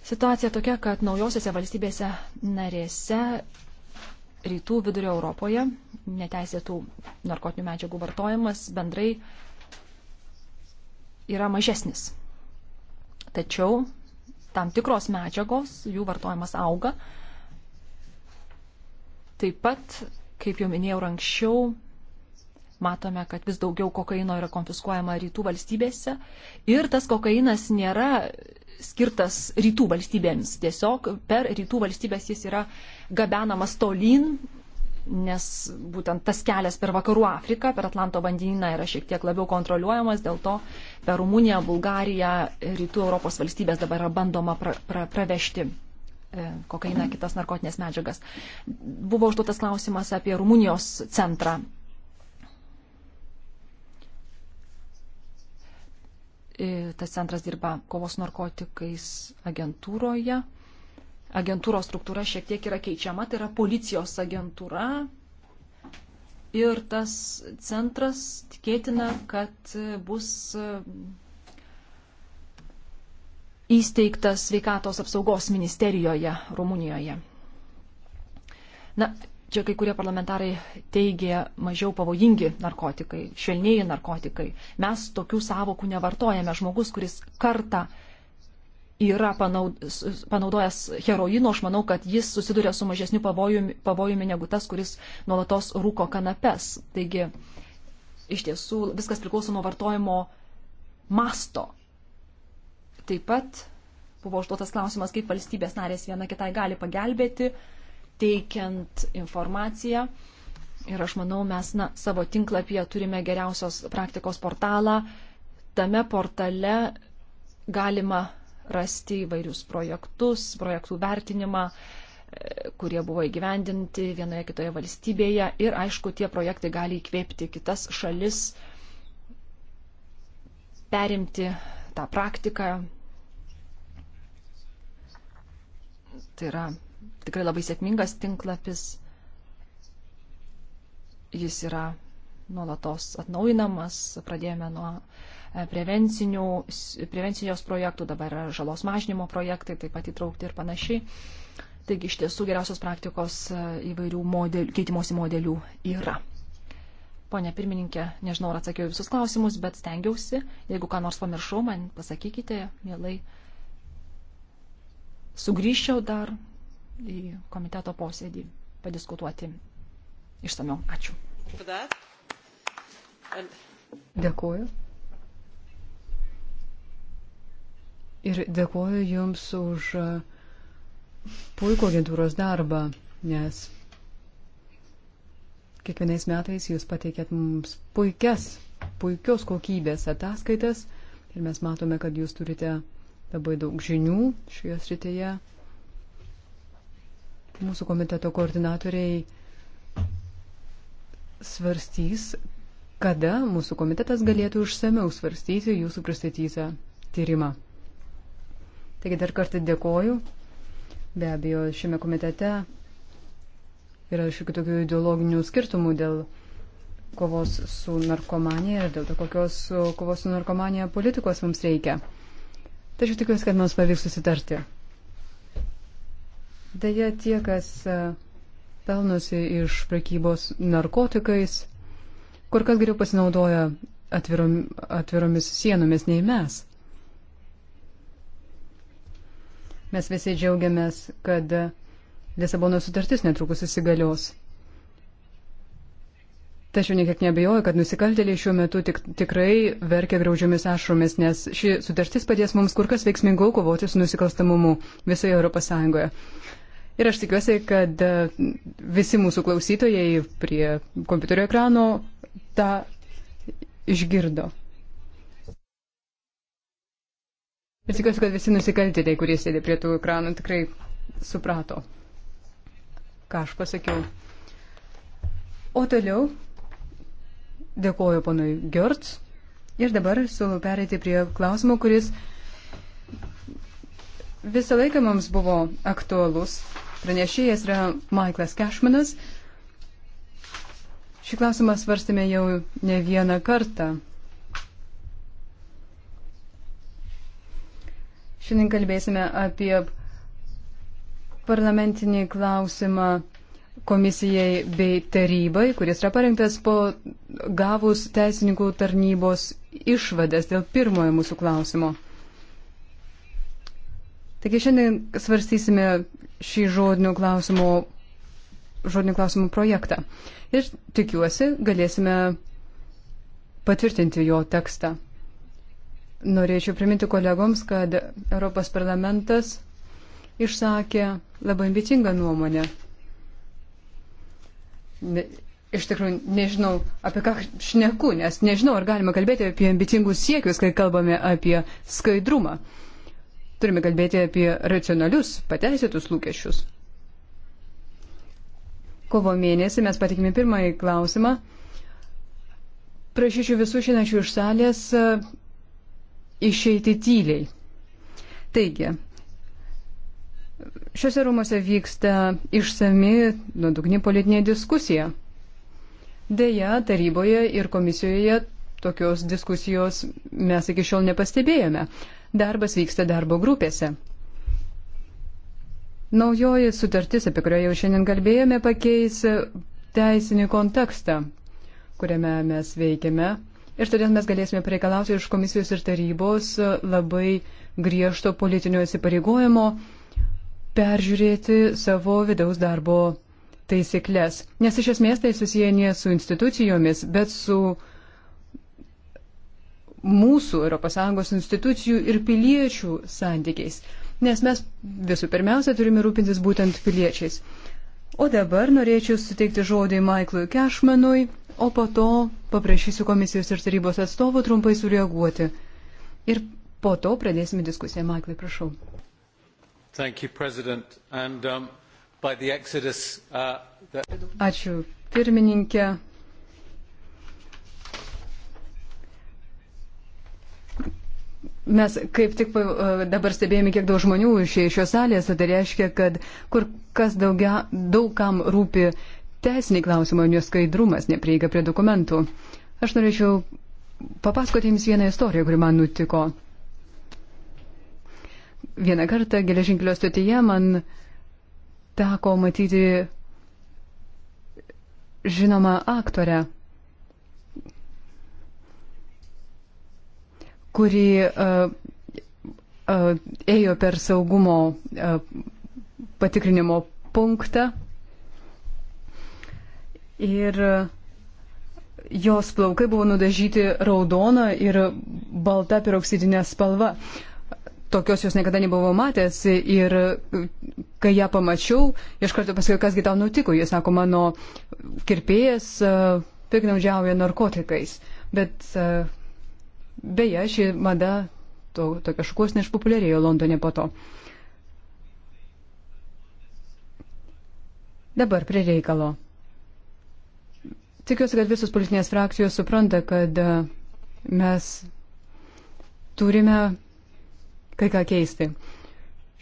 Situacija tokia, kad naujosiose valstybėse narėse rytų vidurio Europoje neteisėtų narkotinių medžiagų vartojimas bendrai yra mažesnis. Tačiau tam tikros medžiagos, jų vartojimas auga. Taip pat, kaip jau minėjau anksčiau, matome, kad vis daugiau kokaino yra konfiskuojama rytų valstybėse ir tas kokainas nėra skirtas rytų valstybėms. Tiesiog per rytų valstybės jis yra gabenamas tolyn nes būtent tas kelias per vakarų Afriką, per Atlanto vandenyną yra šiek tiek labiau kontroliuojamas, dėl to per Rumuniją, Bulgariją, rytų Europos valstybės dabar yra bandoma pra, pra, pravežti e, kokainą, kitas narkotinės medžiagas. Buvo užduotas klausimas apie Rumunijos centrą. E, tas centras dirba kovos narkotikais agentūroje, agentūros struktūra šiek tiek yra keičiama, tai yra policijos agentūra. Ir tas centras tikėtina, kad bus e, įsteigtas sveikatos apsaugos ministerijoje Rumunijoje. Na, čia kai kurie parlamentarai teigia mažiau pavojingi narkotikai, švelnėjai narkotikai. Mes tokių savokų nevartojame. Žmogus, kuris kartą yra panaudojęs heroino, aš manau, kad jis susiduria su mažesniu pavojumi, pavojumi negu tas, kuris nuolatos rūko kanapes. Taigi, iš tiesų, viskas priklauso nuo vartojimo masto. Taip pat buvo užduotas klausimas, kaip valstybės narės viena kitai gali pagelbėti, teikiant informaciją. Ir aš manau, mes na, savo tinklapyje turime geriausios praktikos portalą. Tame portale galima rasti įvairius projektus, projektų vertinimą, e, kurie buvo įgyvendinti vienoje kitoje valstybėje. Ir aišku, tie projektai gali įkvėpti kitas šalis perimti tą praktiką. Tai yra tikrai labai sėkmingas tinklapis. Jis yra nuolatos atnaujinamas. Pradėjome nuo prevencijos projektų, dabar yra žalos mažinimo projektai, taip pat įtraukti ir panašiai. Taigi iš tiesų geriausios praktikos e, įvairių modelių, keitimosi modelių yra. Pone pirmininkė, nežinau, ar atsakiau visus klausimus, bet stengiausi. Jeigu ką nors pamiršau, man pasakykite, mielai sugrįžčiau dar į komiteto posėdį padiskutuoti išsamiau. Ačiū. Dėkuoju. ir dėkoju Jums už e, puikų agentūros darbą, nes kiekvienais metais Jūs pateikėt mums puikias, puikios kokybės ataskaitas ir mes matome, kad Jūs turite labai daug žinių šioje srityje. Mūsų komiteto koordinatoriai svarstys, kada mūsų komitetas galėtų išsameu svarstyti jūsų pristatytą tyrimą. Taigi dar kartą dėkoju. Be abejo, šiame komitete yra šiokių tokių ideologinių skirtumų dėl kovos su narkomanija ir dėl to, kokios kovos su narkomanija politikos mums reikia. Tačiau tikiuosi, kad mums pavyks susitarti. Deja, tie, kas e, pelnosi iš prekybos narkotikais, kur kas geriau pasinaudoja atvirom, atviromis sienomis nei mes. Mes visi džiaugiamės, kad Lisabono sutartis netrukus įsigalios. Tačiau niekiek nebejoju, kad nusikaltėliai šiuo metu tik, tikrai verkia graudžiomis ašromis, nes ši sutartis padės mums kur kas veiksmingiau kovoti su nusikalstamumu visoje Europos Sąjungoje. Ir aš tikiuosi, kad e, visi mūsų klausytojai prie kompiuterio ekrano tą išgirdo. Ir tikiuosi, kad visi nusikaltėliai, kurie sėdė prie tų ekranų, tikrai suprato, ką aš pasakiau. O toliau dėkoju ponui Gertz ir dabar siūlau perėti prie klausimo, kuris visą laiką mums buvo aktualus. Pranešėjas yra Michaelas Cashmanas. Šį klausimą svarstėme jau ne vieną kartą. Šiandien kalbėsime apie parlamentinį klausimą komisijai bei tarybai, kuris yra parengtas po gavus teisininkų tarnybos išvadas dėl pirmojo mūsų klausimo. Taigi šiandien svarstysime šį žodinių klausimų, žodinių klausimų projektą ir tikiuosi galėsime patvirtinti jo tekstą. Norėčiau priminti kolegoms, kad Europos parlamentas išsakė labai ambicingą nuomonę. Iš tikrųjų, nežinau, apie ką šneku, nes nežinau, ar galima kalbėti apie ambicingus siekius, kai kalbame apie skaidrumą. Turime kalbėti apie racionalius, pateisėtus lūkesčius. Kovo mėnesį mes patikime pirmąjį klausimą. Prašyčiau visų šiandien iš salės išeiti tyliai. Taigi, šiuose rūmose vyksta išsami, nuodugni politinė diskusija. Deja, taryboje ir komisijoje tokios diskusijos mes iki šiol nepastebėjome. Darbas vyksta darbo grupėse. Naujoji sutartis, apie kurią jau šiandien kalbėjome, pakeis teisinį kontekstą, kuriame mes veikiame Ir todėl mes galėsime pareikalauti iš komisijos ir tarybos labai griežto politinio įsipareigojimo peržiūrėti savo vidaus darbo taisyklės. Nes iš esmės tai susiję ne su institucijomis, bet su mūsų ES institucijų ir piliečių santykiais. Nes mes visų pirmiausia turime rūpintis būtent piliečiais. O dabar norėčiau suteikti žodį Michaelui Cashmanui, o po to paprašysiu komisijos ir tarybos atstovų trumpai sureaguoti. Ir po to pradėsime diskusiją. Maiklai, prašau. Thank you, President. And, um, by the exodus, uh, the... Ačiū, pirmininkė. Mes kaip tik uh, dabar stebėjome, kiek daug žmonių išėjo iš šios salės, tai reiškia, kad kur kas daugia, daug kam rūpi uh, teisiniai klausimai, neskaidrumas, neprieiga prie dokumentų. Aš norėčiau papasakoti Jums vieną istoriją, kuri man nutiko. Vieną kartą geležinkelio stotyje man teko matyti žinomą aktorę, kuri uh, uh, ėjo per saugumo uh, patikrinimo punktą ir jos plaukai buvo nudažyti raudona ir balta piroksidinė spalva. Tokios jos niekada nebuvo matęs ir kai ją pamačiau, iš karto pasakiau, kasgi tau nutiko. Jis sako, mano kirpėjas e, piknaudžiauja narkotikais. Bet e, beje, ši mada, to, tokia šukos neišpopuliarėjo Londone po to. Dabar prie reikalo. Tikiuosi, kad visos politinės frakcijos supranta, kad e, mes turime kai ką keisti.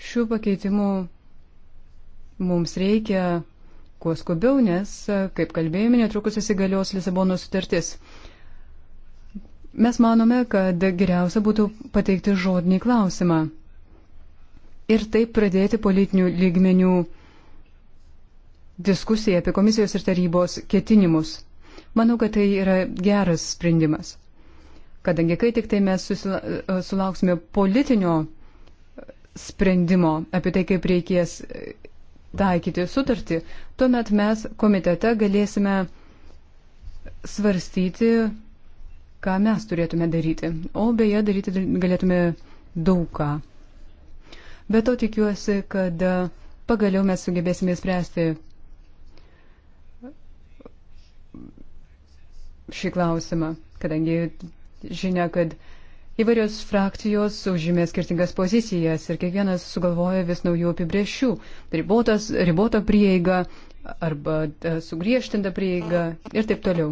Šių pakeitimų mums reikia kuo skubiau, nes, e, kaip kalbėjome, netrukus įsigalios Lisabono sutartis. Mes manome, kad geriausia būtų pateikti žodinį klausimą ir taip pradėti politinių lygmenių diskusiją apie komisijos ir tarybos ketinimus. Manau, kad tai yra geras sprendimas, kadangi kai tik tai mes e, sulauksime politinio sprendimo apie tai, kaip reikės e, taikyti sutartį, tuomet mes komitete galėsime svarstyti, ką mes turėtume daryti. O beje, daryti galėtume daug ką. Bet to tikiuosi, kad e, pagaliau mes sugebėsime spręsti šį klausimą, kadangi žinia, kad įvairios frakcijos užimė skirtingas pozicijas ir kiekvienas sugalvoja vis naujų apibriešių. Ribotas, ribota prieiga arba e, sugriežtinta prieiga ir taip toliau.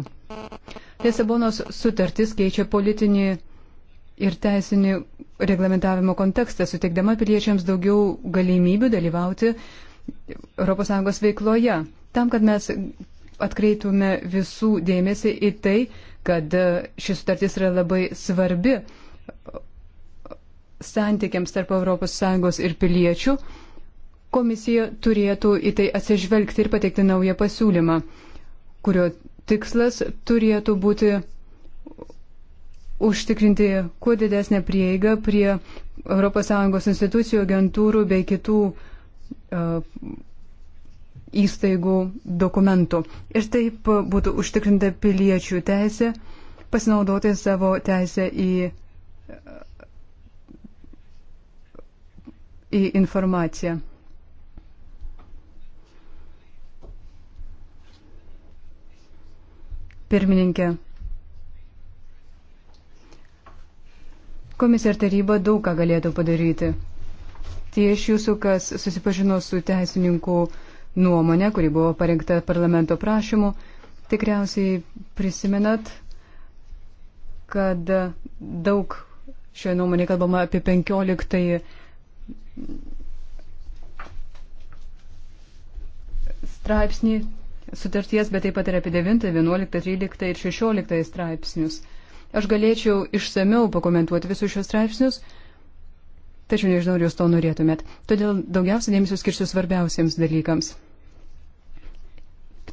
Lisabonos sutartis keičia politinį ir teisinį reglamentavimo kontekstą, suteikdama piliečiams daugiau galimybių dalyvauti ES veikloje. Tam, kad mes atkreiptume visų dėmesį į tai, kad šis sutartis yra labai svarbi santykiams tarp ES ir piliečių, komisija turėtų į tai atsižvelgti ir pateikti naują pasiūlymą, kurio tikslas turėtų būti užtikrinti kuo didesnę prieigą prie ES institucijų, agentūrų bei kitų uh, įstaigų dokumentų. Ir taip būtų užtikrinta piliečių teisė pasinaudoti savo teisę į, į informaciją. Pirmininkė. Komisija ir taryba daug ką galėtų padaryti. Tie iš jūsų, kas susipažino su teisininku uh, nuomonę, kuri buvo parengta parlamento prašymu. Tikriausiai prisimenat, kad daug šioje nuomonėje kalbama apie 15 straipsnį sutarties, bet taip pat ir apie 9, 11, 13 ir 16 straipsnius. Aš galėčiau išsameu pakomentuoti visus šios straipsnius, tačiau nežinau, ar jūs to norėtumėt. Todėl daugiausia dėmesio skirsiu svarbiausiams dalykams.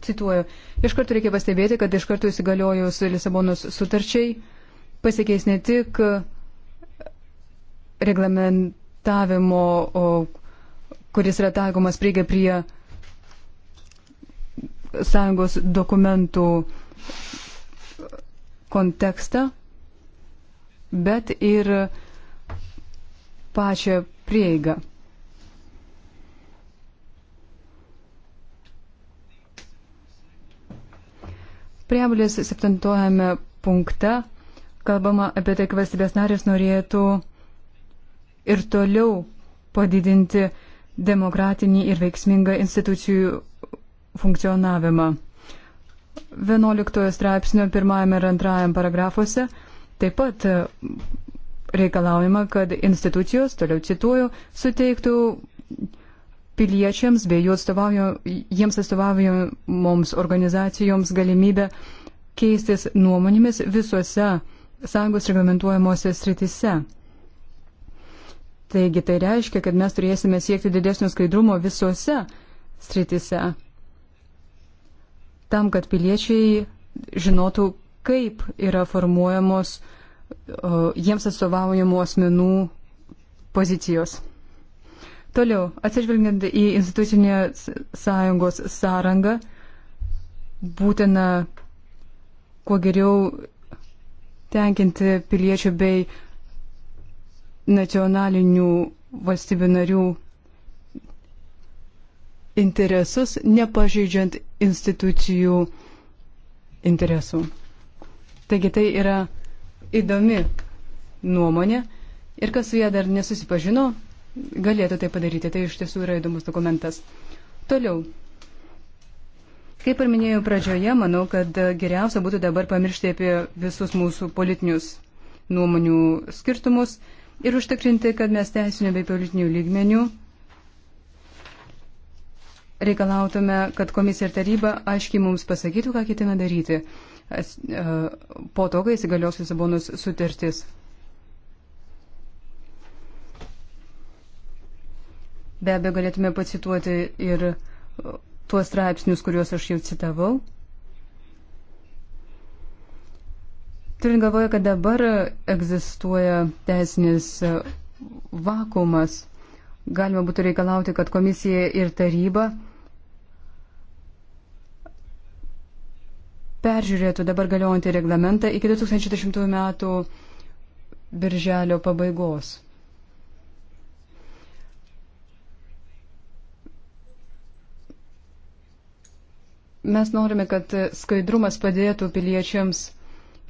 Cituoju, iš karto reikia pastebėti, kad iš karto įsigaliojus Lisabonos sutarčiai pasikeis ne tik reglamentavimo, kuris yra taikomas prieiga prie sąjungos dokumentų kontekstą, bet ir pačią prieigą. Preambulės septintojame punkte kalbama apie tai, kad valstybės narės norėtų ir toliau padidinti demokratinį ir veiksmingą institucijų funkcionavimą. 11 straipsnio pirmajame ir antrajame paragrafuose taip pat reikalaujama, kad institucijos, toliau cituoju, suteiktų piliečiams bei jų atstovauja, jiems atstovaujamoms organizacijoms galimybę keistis nuomonėmis visuose sąjungos reglamentuojamuose sritise. Taigi tai reiškia, kad mes turėsime siekti didesnio skaidrumo visuose sritise, tam, kad piliečiai žinotų, kaip yra formuojamos jiems atstovaujamų asmenų pozicijos. Toliau, atsižvelgiant į institucinės sąjungos sąrangą, būtina kuo geriau tenkinti piliečių bei nacionalinių valstybių narių interesus, nepažeidžiant institucijų interesų. Taigi tai yra įdomi nuomonė ir kas su ją dar nesusipažino, galėtų tai padaryti. Tai iš tiesų yra įdomus dokumentas. Toliau. Kaip ir minėjau pradžioje, manau, kad geriausia būtų dabar pamiršti apie visus mūsų politinius nuomonių skirtumus ir užtikrinti, kad mes teisinių bei politinių lygmenių reikalautume, kad komisija ir taryba aiškiai mums pasakytų, ką ketina daryti e, po to, kai įsigalios Lisabonos sutartis. Be abejo, galėtume pacituoti ir uh, tuos straipsnius, kuriuos aš jau citavau. Turint galvoje, kad dabar egzistuoja teisinis uh, vakumas, galima būtų reikalauti, kad komisija ir taryba peržiūrėtų dabar galiojantį reglamentą iki 2010 metų birželio pabaigos. Mes norime, kad skaidrumas padėtų piliečiams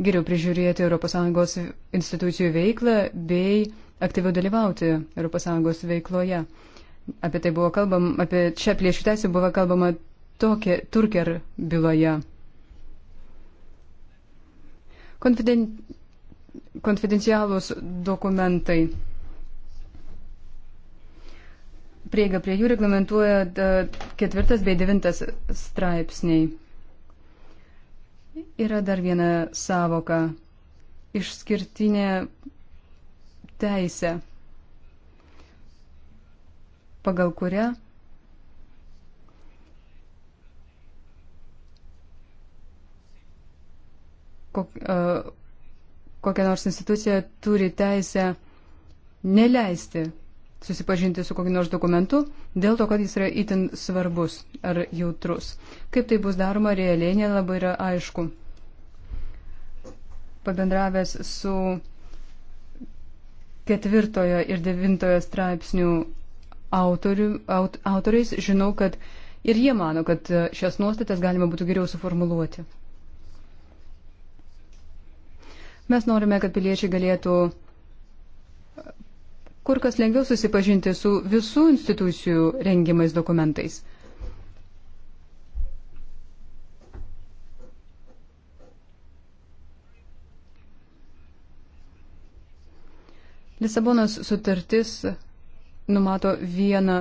geriau prižiūrėti ES institucijų veiklą bei aktyviau dalyvauti ES veikloje. Apie tai buvo kalbama, apie čia plėšytęsi buvo kalbama tokia, Turker byloje. Konfiden, konfidencialūs dokumentai. Prieiga prie jų reglamentuoja ketvirtas bei devintas straipsniai. Yra dar viena savoka - išskirtinė teisė, pagal kurią kok, uh, kokia nors institucija turi teisę neleisti susipažinti su kokiu nors dokumentu dėl to, kad jis yra itin svarbus ar jautrus. Kaip tai bus daroma realiai nelabai yra aišku. Pabendravęs su ketvirtojo ir devintojo straipsnių autorių, aut, autoriais žinau, kad ir jie mano, kad šias nuostatas galima būtų geriau suformuluoti. Mes norime, kad piliečiai galėtų kur kas lengviau susipažinti su visų institucijų rengimais dokumentais. Lisabonos sutartis numato vieną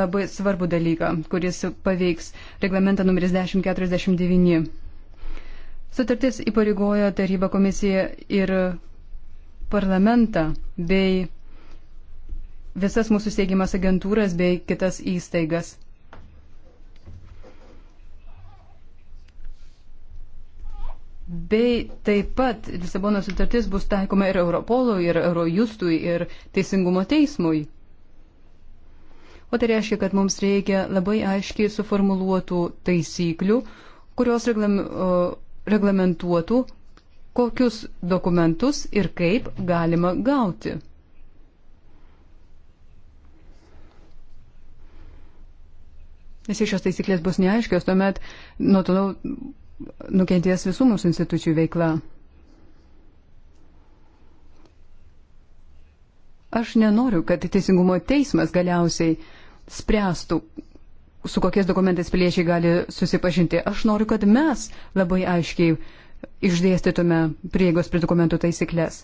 labai svarbų dalyką, kuris paveiks reglamentą numeris 1049. Sutartis įpareigoja tarybą komisiją ir parlamentą bei visas mūsų steigiamas agentūras bei kitas įstaigas. Bei taip pat Lisabono sutartis bus taikoma ir Europolui, ir Eurojustui, ir Teisingumo teismui. O tai reiškia, kad mums reikia labai aiškiai suformuluotų taisyklių, kurios reglam, reglamentuotų, kokius dokumentus ir kaip galima gauti. Nes jei šios taisyklės bus neaiškios, tuomet nuo toliau nukentės visų mūsų institucijų veikla. Aš nenoriu, kad Teisingumo teismas galiausiai spręstų, su kokiais dokumentais piliečiai gali susipažinti. Aš noriu, kad mes labai aiškiai išdėstytume prieigos prie dokumentų taisyklės.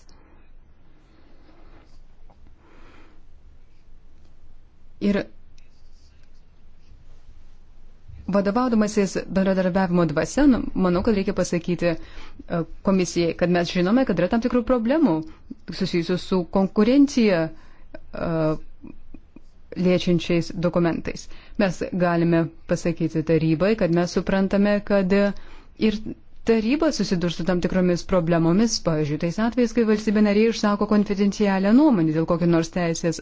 Ir Vadovaudamasis bendradarbiavimo dvasia, nu, manau, kad reikia pasakyti e, komisijai, kad mes žinome, kad yra tam tikrų problemų susijusių su konkurencija e, liečiančiais dokumentais. Mes galime pasakyti tarybai, kad mes suprantame, kad ir taryba susidurs su tam tikromis problemomis, pavyzdžiui, tais atvejais, kai valstybė nariai išsako konfidencialią nuomonę dėl kokio nors teisės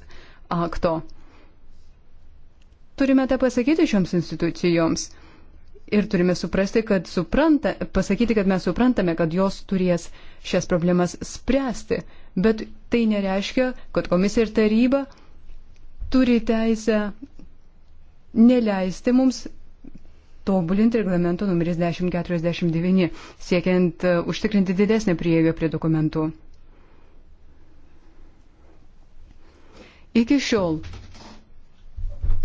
akto turime tą pasakyti šioms institucijoms. Ir turime suprasti, kad supranta, pasakyti, kad mes suprantame, kad jos turės šias problemas spręsti. Bet tai nereiškia, kad komisija ir taryba turi teisę neleisti mums tobulinti reglamento numeris 1049, siekiant e, užtikrinti didesnę prieigą prie dokumentų. Iki šiol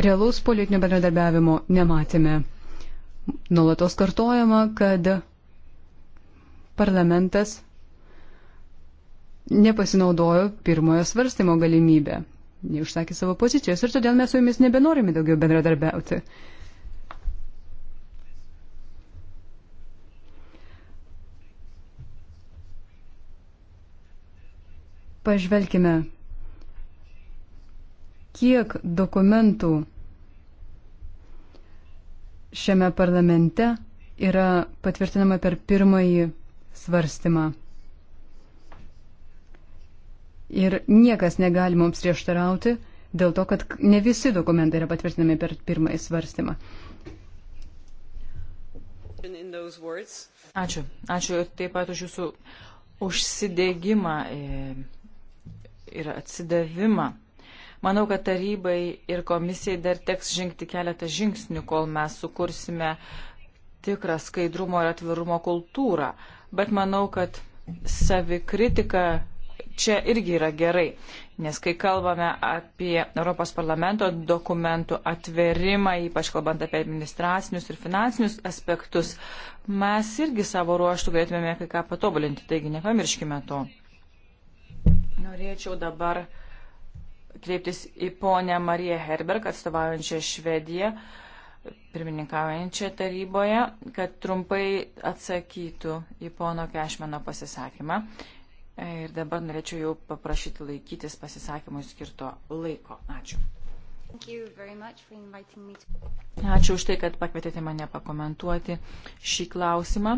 realaus politinio bendradarbiavimo nematėme. Nulatos kartojama, kad parlamentas nepasinaudojo pirmojo svarstymo galimybę, neužsakė savo pozicijos ir todėl mes su jumis nebenorime daugiau bendradarbiauti. Pažvelkime kiek dokumentų šiame parlamente yra patvirtinama per pirmąjį svarstymą. Ir niekas negali mums prieštarauti dėl to, kad ne visi dokumentai yra patvirtinami per pirmąjį svarstymą. Ačiū. Ačiū taip pat už jūsų užsidėgymą e, ir atsidavimą. Manau, kad tarybai ir komisijai dar teks žingti keletą žingsnių, kol mes sukursime tikrą skaidrumo ir atvirumo kultūrą. Bet manau, kad savikritika čia irgi yra gerai, nes kai kalbame apie Europos parlamento dokumentų atverimą, ypač kalbant apie administracinius ir finansinius aspektus, mes irgi savo ruoštų galėtumėme kai ką patobulinti, taigi nepamirškime to. Norėčiau dabar uh, kreiptis į ponę Mariją Herberg, atstovaujančią Švediją, pirmininkaujančią taryboje, kad trumpai atsakytų į pono Kešmeno pasisakymą. Ir dabar norėčiau jau paprašyti laikytis pasisakymui skirto laiko. Ačiū. Ačiū už tai, kad pakvietėte mane pakomentuoti šį klausimą.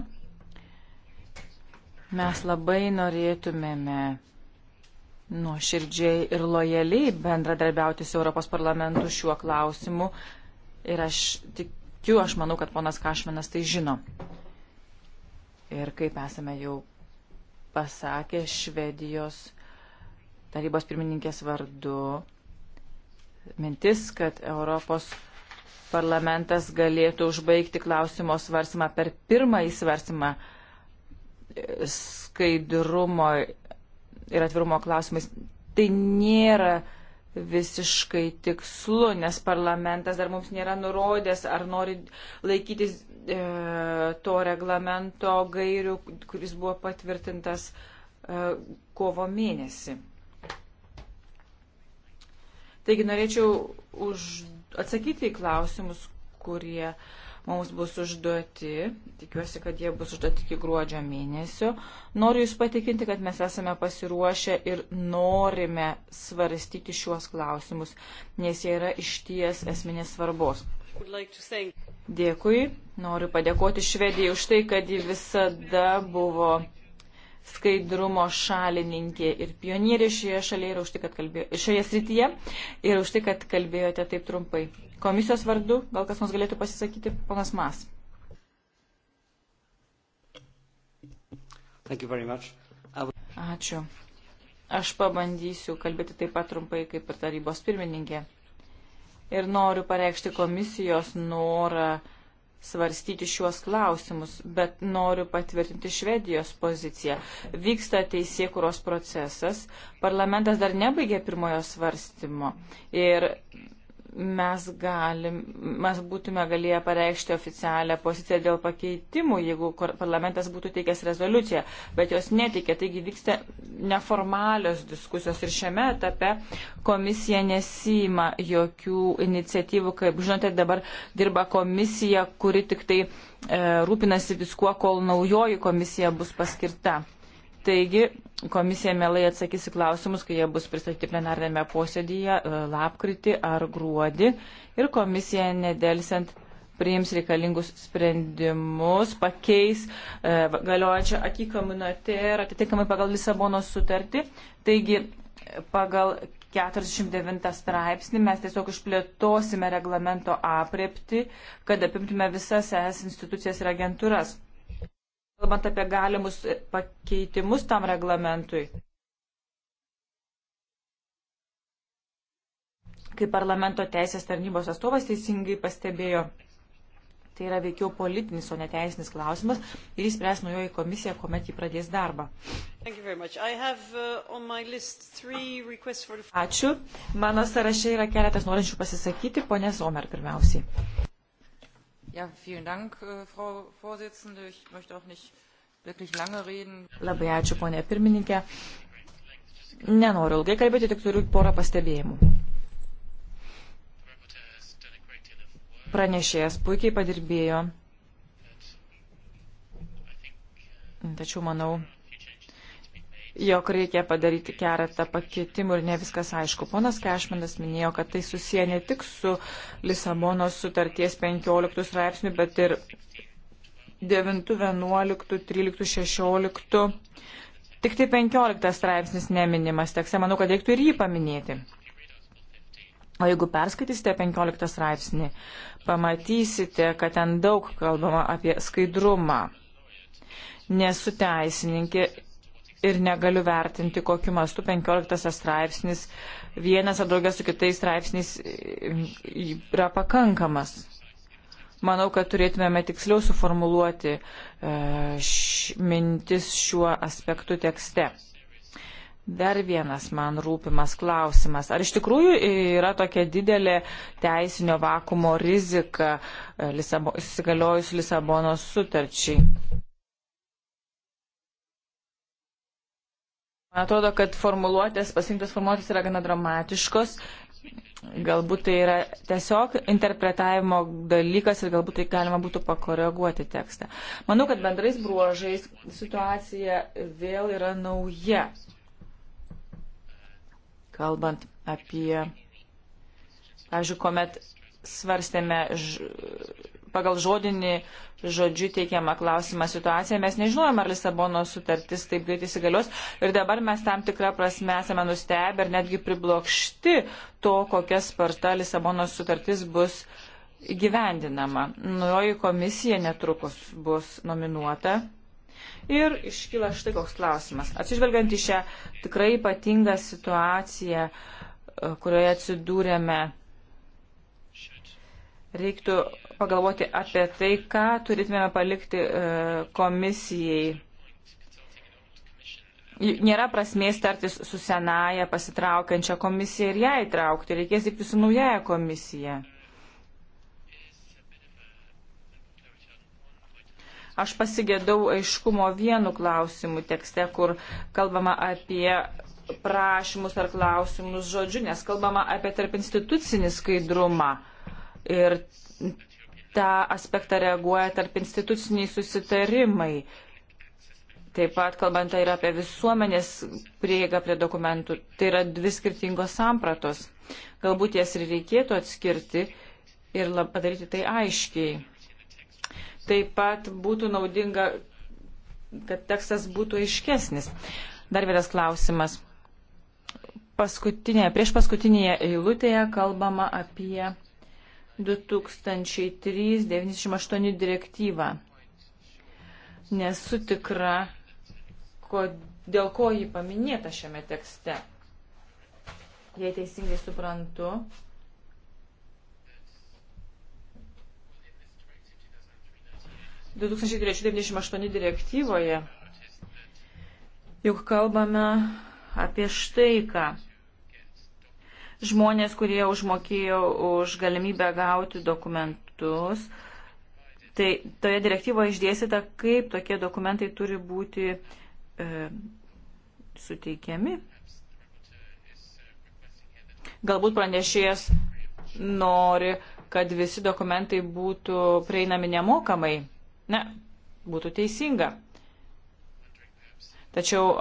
Mes labai norėtumėme nuoširdžiai ir lojaliai bendradarbiauti su Europos parlamentu šiuo klausimu. Ir aš tikiu, aš manau, kad ponas Kašmenas tai žino. Ir kaip esame jau pasakę Švedijos tarybos pirmininkės vardu, mintis, kad Europos parlamentas galėtų užbaigti klausimo svarsimą per pirmąjį svarsimą skaidrumo ir atvirumo klausimais. Tai nėra visiškai tikslu, nes parlamentas dar mums nėra nurodęs, ar nori laikytis e, to reglamento gairių, kuris buvo patvirtintas e, kovo mėnesį. Taigi norėčiau už, atsakyti į klausimus, kurie uh, mums bus užduoti, tikiuosi, kad jie bus užduoti iki gruodžio mėnesio. Noriu Jūs patikinti, kad mes esame pasiruošę ir norime svarstyti šiuos klausimus, nes jie yra išties esminės svarbos. Dėkui, noriu padėkoti Švedijai už tai, kad ji visada buvo skaidrumo šalininkė ir pionierė šioje šalyje ir už tai, kad kalbėjo, šioje srityje ir už tai, kad kalbėjote taip trumpai. Komisijos vardu, gal kas nors galėtų pasisakyti, ponas Mas. Ačiū. Aš pabandysiu kalbėti taip pat trumpai kaip ir tarybos pirmininkė. Ir noriu pareikšti komisijos norą svarstyti šiuos klausimus, bet noriu patvirtinti Švedijos poziciją. Vyksta teisėkuros procesas, parlamentas dar nebaigė pirmojo svarstymo ir mes, galim, mes būtume galėję pareikšti oficialią poziciją dėl pakeitimų, jeigu parlamentas būtų teikęs rezoliuciją, bet jos netikė. Taigi vyksta neformalios diskusijos ir šiame etape komisija nesima jokių iniciatyvų. Kaip žinote, dabar dirba komisija, kuri tik tai e, rūpinasi viskuo, kol naujoji komisija bus paskirta. Taigi, komisija mielai atsakys į klausimus, kai jie bus pristatyti plenarnėme posėdyje e, lapkritį ar gruodį. Ir komisija nedelsiant priims reikalingus sprendimus, pakeis e, galiojančią akikominote ir atitinkamai pagal Lisabono sutartį. Taigi, pagal 49 straipsnį mes tiesiog išplėtosime reglamento apriepti, kad apimtume visas es institucijas ir agentūras kalbant apie galimus pakeitimus tam reglamentui. Kaip parlamento teisės tarnybos atstovas teisingai pastebėjo, tai yra veikiau politinis, o ne teisinis klausimas ir jis spręs naujoji komisija, kuomet jį pradės darbą. Uh, Ačiū. Mano sąraše yra keletas norinčių pasisakyti. Pone Zomer pirmiausiai. Ja, vielen Dank, äh, Frau Vorsitzende. Ich möchte auch nicht wirklich lange reden. Labai ačiū, ponė pirmininkė. Nenoriu ilgai kalbėti, tik turiu porą pastebėjimų. Pranešėjas puikiai padirbėjo, tačiau manau, jog reikia padaryti keletą pakeitimų ir ne viskas aišku. Ponas Kešminas minėjo, kad tai susiję ne tik su Lisabonos sutarties 15 straipsniu, bet ir 9, 11, 13, 16. Tik tai 15 straipsnis neminimas tekste, manau, kad reiktų ir jį paminėti. O jeigu perskaitysite 15 straipsnį, pamatysite, kad ten daug kalbama apie skaidrumą. Nesu teisininkė ir negaliu vertinti, kokiu mastu 15 straipsnis vienas ar daugias su kitais straipsnis e, yra pakankamas. Manau, kad turėtumėme tiksliau suformuluoti e, š, mintis šiuo aspektu tekste. Dar vienas man rūpimas klausimas. Ar iš tikrųjų yra tokia didelė teisinio vakumo rizika e, įsigaliojus Lisabonos sutarčiai? Atrodo, kad formuluotės, pasirinktos formuluotės yra gana dramatiškos. Galbūt tai yra tiesiog interpretavimo dalykas ir galbūt tai galima būtų pakoreguoti tekstą. Manau, kad bendrais bruožais situacija vėl yra nauja. Kalbant apie, pavyzdžiui, kuomet svarstėme ž pagal žodinį žodžių teikiamą klausimą situaciją. Mes nežinojame, ar Lisabono sutartis taip greit įsigalios ir dabar mes tam tikrą prasme esame nustebę ir netgi priblokšti to, kokia sparta Lisabono sutartis bus gyvendinama. Nuoji komisija netrukus bus nominuota. Ir iškyla štai koks klausimas. Atsižvelgiant į šią tikrai ypatingą situaciją, e, kurioje atsidūrėme, reiktų pagalvoti apie tai, ką turėtume palikti e, komisijai. Nėra prasmės tartis su senaja pasitraukiančia komisija ir ją įtraukti. Reikės dirbti su naujaja komisija. Aš pasigėdau aiškumo vienu klausimu tekste, kur kalbama apie prašymus ar klausimus žodžiu, nes kalbama apie tarp institucinį skaidrumą. Ir tą aspektą reaguoja tarp instituciniai susitarimai. Taip pat kalbant ir apie visuomenės prieigą prie dokumentų, tai yra dvi skirtingos sampratos. Galbūt jas ir reikėtų atskirti ir lab, padaryti tai aiškiai. Taip pat būtų naudinga, kad tekstas būtų aiškesnis. Dar vienas klausimas. Paskutinėje, prieš paskutinėje eilutėje kalbama apie 2003-98 direktyvą. Nesu tikra, ko, dėl ko jį paminėta šiame tekste. Jei teisingai suprantu, direktyvoje juk kalbame apie štai ką žmonės, kurie užmokėjo už galimybę gauti dokumentus. Tai toje direktyvoje išdėsita, kaip tokie dokumentai turi būti e, suteikiami. Galbūt pranešėjas nori, kad visi dokumentai būtų prieinami nemokamai. Ne, būtų teisinga. Tačiau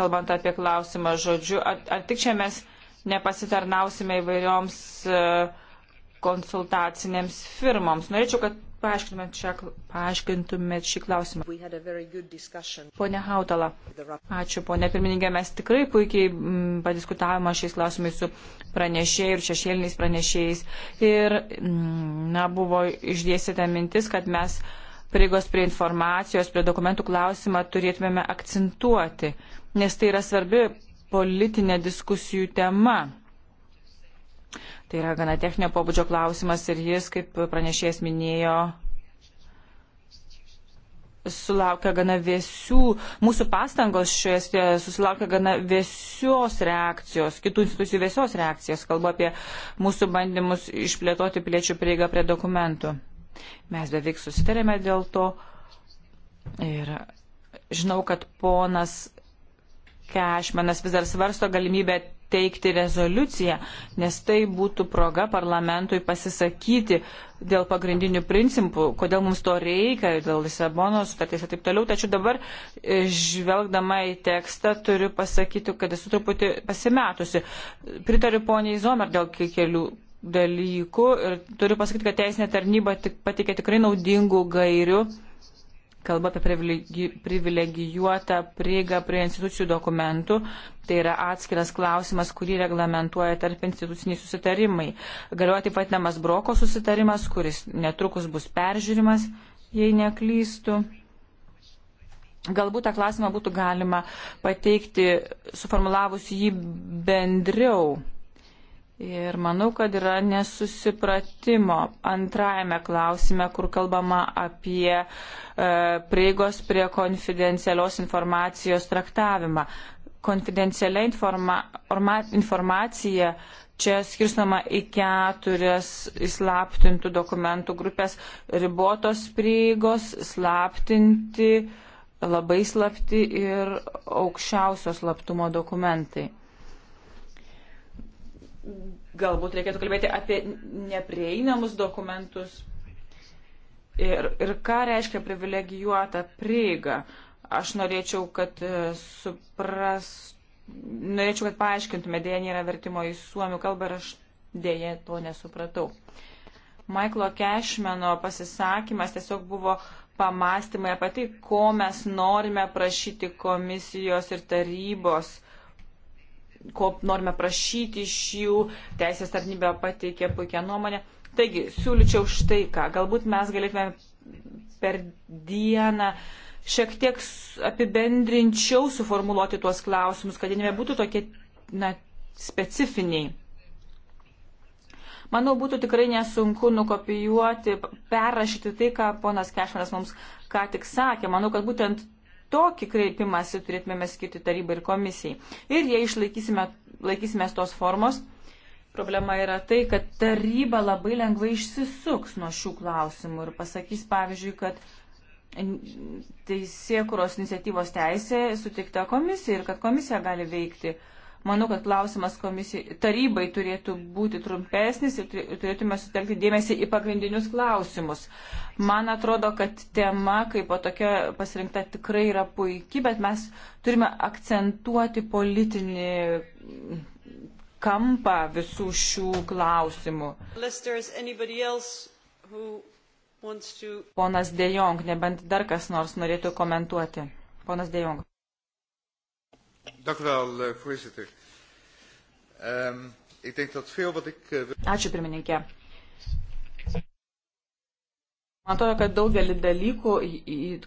kalbant apie klausimą žodžiu, ar, ar tik čia mes nepasitarnausime įvairioms e, konsultacinėms firmoms. Norėčiau, kad paaiškintumėt, čia, paaiškintumėt šį klausimą. Pone Hautala, ačiū, pone pirmininkė, mes tikrai puikiai m, mm, padiskutavome šiais klausimais su pranešėjai ir šešėliniais pranešėjais. Ir m, mm, na, buvo išdėsite mintis, kad mes prieigos prie informacijos, prie dokumentų klausimą turėtumėme akcentuoti nes tai yra svarbi politinė diskusijų tema. Tai yra gana techninio pobūdžio klausimas ir jis, kaip pranešėjas minėjo, sulaukia gana vėsių, mūsų pastangos šioje susilaukia gana vėsios reakcijos, kitų institucijų vėsios reakcijos, kalbu apie mūsų bandymus išplėtoti piliečių prieigą prie dokumentų. Mes beveik susitarėme dėl to ir žinau, kad ponas Kešmenas vis dar svarsto galimybę teikti rezoliuciją, nes tai būtų proga parlamentui pasisakyti dėl pagrindinių principų, kodėl mums to reikia, dėl Lisabonos sutarties ir taip toliau. Tačiau dabar, e, žvelgdama į tekstą, turiu pasakyti, kad esu truputį pasimetusi. Pritariu poniai Zomer dėl kelių dalykų ir turiu pasakyti, kad teisinė tarnyba tik, patikė tikrai naudingų gairių kalba apie privilegijuotą prieigą prie institucijų dokumentų. Tai yra atskiras klausimas, kurį reglamentuoja tarp instituciniai susitarimai. Galioja taip pat namas broko susitarimas, kuris netrukus bus peržiūrimas, jei neklystų. Galbūt tą klausimą būtų galima pateikti, suformulavus jį bendriau Ir manau, kad yra nesusipratimo antrajame klausime, kur kalbama apie e, prieigos prie konfidencialios informacijos traktavimą. Konfidencialia informa, orma, informacija čia skirstama į keturias įslaptintų dokumentų grupės - ribotos prieigos, slaptinti, labai slapti ir aukščiausios slaptumo dokumentai galbūt reikėtų kalbėti apie neprieinamus dokumentus ir, ir ką reiškia privilegijuota prieiga. Aš norėčiau, kad e, supras, norėčiau, kad paaiškintume, dėja nėra vertimo į suomių kalbą ir aš dėja to nesupratau. Maiklo Kešmeno pasisakymas tiesiog buvo pamastymai apie tai, ko mes norime prašyti komisijos ir tarybos ko norime prašyti iš jų, teisės tarnybė pateikė puikią nuomonę. Taigi, siūlyčiau štai ką, galbūt mes galėtume per dieną šiek tiek apibendrinčiau suformuluoti tuos klausimus, kad jie nebūtų tokie na, specifiniai. Manau, būtų tikrai nesunku nukopijuoti, perrašyti tai, ką ponas Kešmanas mums ką tik sakė. Manau, kad būtent tokį kreipimąsi turėtumėme skirti tarybai ir komisijai. Ir jei išlaikysime laikysimės tos formos, problema yra tai, kad taryba labai lengvai išsisuks nuo šių klausimų ir pasakys, pavyzdžiui, kad teisėkuros iniciatyvos teisė sutikta komisija ir kad komisija gali veikti. Uh, Manau, kad klausimas komisijai, tarybai turėtų būti trumpesnis ir turėtume sutelkti dėmesį į pagrindinius klausimus. Man atrodo, kad tema kaip po tokia pasirinkta tikrai yra puikiai, bet mes turime akcentuoti politinį kampą visų šių klausimų. Ponas Dejong, nebent dar kas nors norėtų komentuoti. Ponas Dejong. Dank u wel, eh, voorzitter. Um, ik denk dat veel wat ik... Uh... Ačiū, pirmininkė. Man atrodo, kad daugelį dalykų,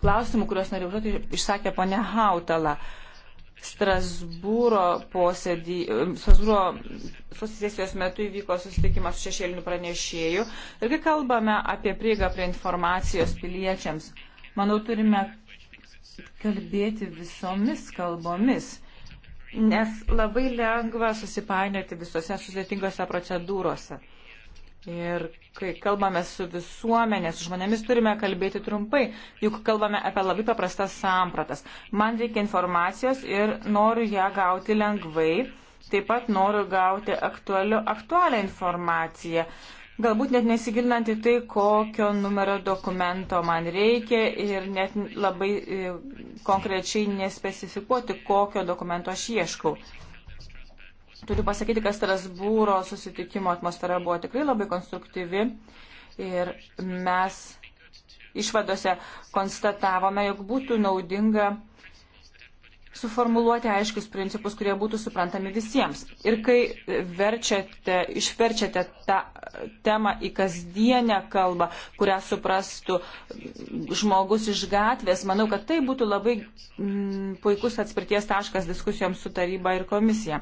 klausimų, kuriuos norėjau užduoti, išsakė ponia Hautala. Strasbūro posėdį, e, Strasbūro posėdės metu įvyko susitikimas su šešėliniu pranešėju. Ir kai kalbame apie prieigą prie informacijos piliečiams, manau, turime kalbėti visomis kalbomis nes labai lengva susipainioti visose sudėtingose procedūrose. Ir kai kalbame su visuomenė, su žmonėmis turime kalbėti trumpai, juk kalbame apie labai paprastas sampratas. Man reikia informacijos ir noriu ją gauti lengvai, taip pat noriu gauti aktualią informaciją galbūt net nesigilinant į tai, kokio numerio dokumento man reikia ir net labai e, konkrečiai nespecifikuoti, kokio dokumento aš ieškau. Turiu pasakyti, kad Strasbūro susitikimo atmosfera buvo tikrai labai konstruktyvi ir mes išvadose konstatavome, jog būtų naudinga suformuluoti aiškius principus, kurie būtų suprantami visiems. Ir kai verčiate, išverčiate tą temą į kasdienę kalbą, kurią suprastų žmogus iš gatvės, manau, kad tai būtų labai m, mm, puikus atspirties taškas diskusijoms su taryba ir komisija.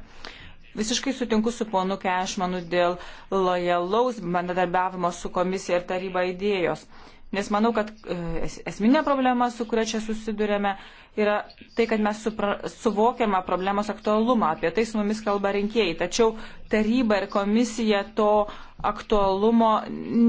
Visiškai sutinku su ponu Kešmanu dėl lojalaus bendradarbiavimo su komisija ir taryba idėjos. Nes manau, kad e, esminė problema, su kuria čia susidurėme, yra tai, kad mes supra, suvokiame problemos aktualumą. Apie tai su mumis kalba rinkėjai. Tačiau taryba ir komisija to aktualumo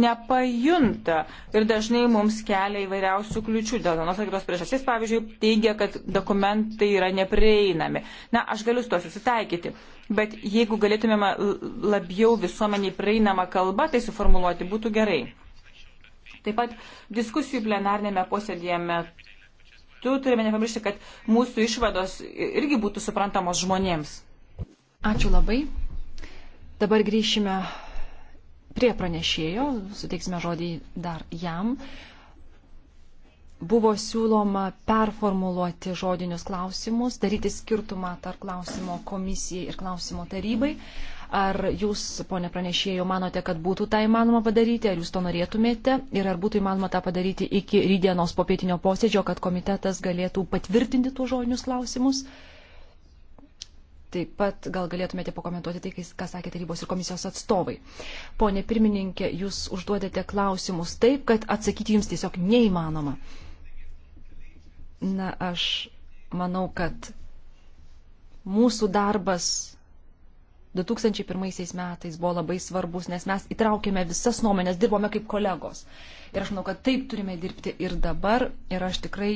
nepajunta ir dažnai mums kelia įvairiausių kliučių. Dėl vienos ar kitos priežasties, pavyzdžiui, teigia, kad dokumentai yra neprieinami. Na, aš galiu su to susitaikyti. Bet jeigu galėtumėme labiau visuomeniai prieinamą kalbą, tai suformuluoti būtų gerai. Taip pat diskusijų plenarnėme posėdėje metu turime nepamiršti, kad mūsų išvados irgi būtų suprantamos žmonėms. Ačiū labai. Dabar grįšime prie pranešėjo, suteiksime žodį dar jam. Buvo siūloma performuluoti žodinius klausimus, daryti skirtumą tarp klausimo komisijai ir klausimo tarybai. Ar jūs, ponė pranešėjau, manote, kad būtų tą įmanoma padaryti, ar jūs to norėtumėte ir ar būtų įmanoma tą padaryti iki rydienos popietinio posėdžio, kad komitetas galėtų patvirtinti tuos žodinius klausimus? Taip pat gal galėtumėte pakomentuoti tai, ką sakė tarybos ir komisijos atstovai. Pone pirmininkė, jūs užduodate klausimus taip, kad atsakyti jums tiesiog neįmanoma. Na, aš manau, kad mūsų darbas 2001 metais buvo labai svarbus, nes mes įtraukėme visas nuomonės, dirbome kaip kolegos. Ir aš manau, kad taip turime dirbti ir dabar. Ir aš tikrai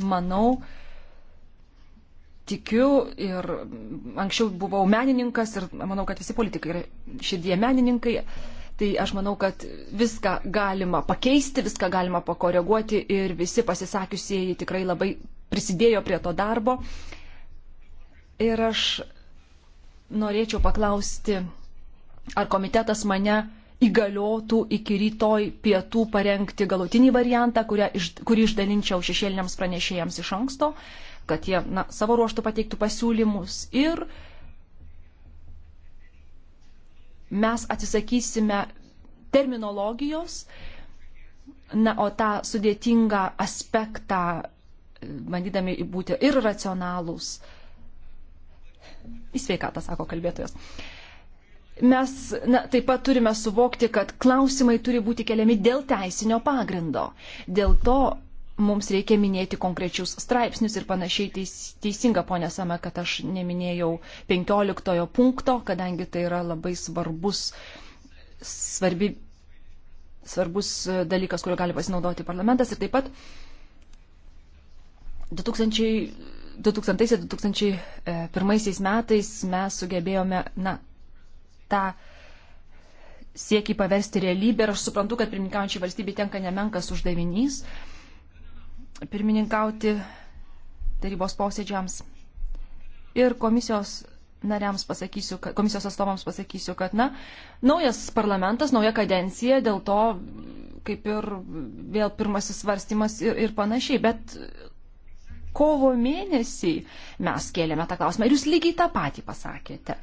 manau, tikiu ir anksčiau buvau menininkas ir manau, kad visi politikai yra širdie menininkai. Tai aš manau, kad viską galima pakeisti, viską galima pakoreguoti ir visi pasisakiusieji tikrai labai prisidėjo prie to darbo. Ir aš norėčiau paklausti, ar komitetas mane įgaliotų iki rytoj pietų parengti galutinį variantą, iš, kurį išdalinčiau šešėliniams pranešėjams iš anksto, kad jie na, savo ruoštų pateiktų pasiūlymus ir mes atsisakysime terminologijos, na, o tą sudėtingą aspektą, bandydami būti ir racionalūs, uh, į sveikatą, sako kalbėtojas. Mes na, taip pat turime suvokti, kad klausimai turi būti keliami dėl teisinio pagrindo. Dėl to mums reikia minėti konkrečius straipsnius ir panašiai teis, teisinga, ponė Same, kad aš neminėjau 15 punkto, kadangi tai yra labai svarbus, svarbi, svarbus dalykas, kuriuo gali pasinaudoti parlamentas. Ir taip pat 2000. 2000-2001 e, metais mes sugebėjome, na, tą siekį paversti realybę ir aš suprantu, kad pirmininkaujančiai valstybei tenka nemenkas uždavinys pirmininkauti tarybos posėdžiams. Ir komisijos nariams pasakysiu, komisijos atstovams pasakysiu, kad, na, naujas parlamentas, nauja kadencija, dėl to kaip ir vėl pirmasis svarstymas ir, ir panašiai, bet kovo mėnesį mes kėlėme tą klausimą ir jūs lygiai tą patį pasakėte.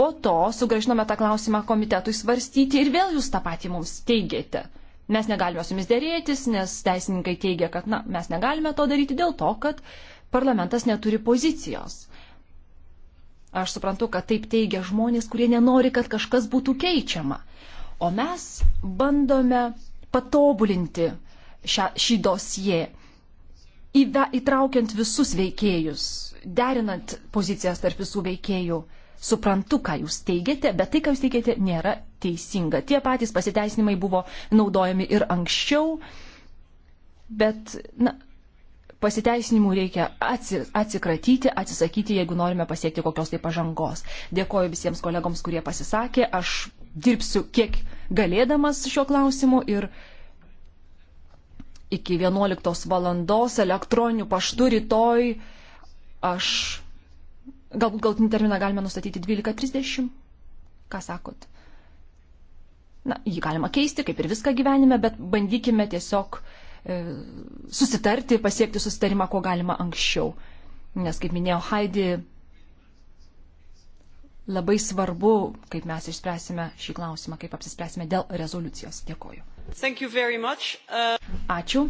Po to sugražinome tą klausimą komitetui svarstyti ir vėl jūs tą patį mums teigėte. Mes negalime su jumis dėrėtis, nes teisininkai teigia, kad na, mes negalime to daryti dėl to, kad parlamentas neturi pozicijos. Aš suprantu, kad taip teigia žmonės, kurie nenori, kad kažkas būtų keičiama. O mes bandome patobulinti šią, šį dosiją įtraukiant visus veikėjus, derinant pozicijas tarp visų veikėjų. Suprantu, ką jūs teigiate, bet tai, ką jūs teigiate, nėra teisinga. Tie patys pasiteisinimai buvo naudojami ir anksčiau, bet na, pasiteisinimų reikia atsikratyti, atsisakyti, jeigu norime pasiekti kokios tai pažangos. Dėkoju visiems kolegoms, kurie pasisakė. Aš dirbsiu kiek galėdamas šiuo klausimu ir iki 11 valandos elektroniniu paštu rytoj aš galbūt galtinį terminą galime nustatyti 12.30. Ką sakot? Na, jį galima keisti, kaip ir viską gyvenime, bet bandykime tiesiog e, susitarti, pasiekti susitarimą, ko galima anksčiau. Nes, kaip minėjo Haidi, labai svarbu, kaip mes išspręsime šį klausimą, kaip apsispręsime dėl rezoliucijos. Dėkoju. Uh... Ačiū.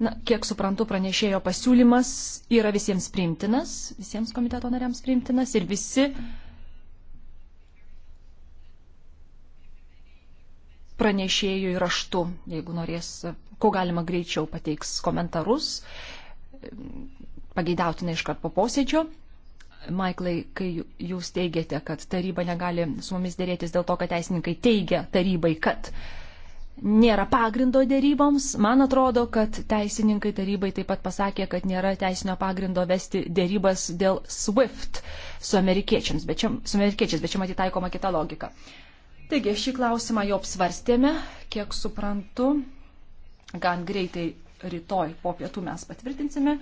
Na, kiek suprantu, pranešėjo pasiūlymas yra visiems priimtinas, visiems komiteto nariams priimtinas ir visi pranešėjui raštu, jeigu norės, ko galima greičiau pateiks komentarus, pageidautina iškart po posėdžio Maiklai, kai jūs teigiate, kad taryba negali su mumis dėrėtis dėl to, kad teisininkai teigia tarybai, kad nėra pagrindo dėryboms, man atrodo, kad teisininkai tarybai taip pat pasakė, kad nėra teisinio pagrindo vesti dėrybas dėl SWIFT su amerikiečiams, bet čia, su amerikiečiais, bet čia matyt taikoma kita logika. Taigi, šį klausimą jau apsvarstėme, kiek suprantu, gan greitai rytoj po pietų mes patvirtinsime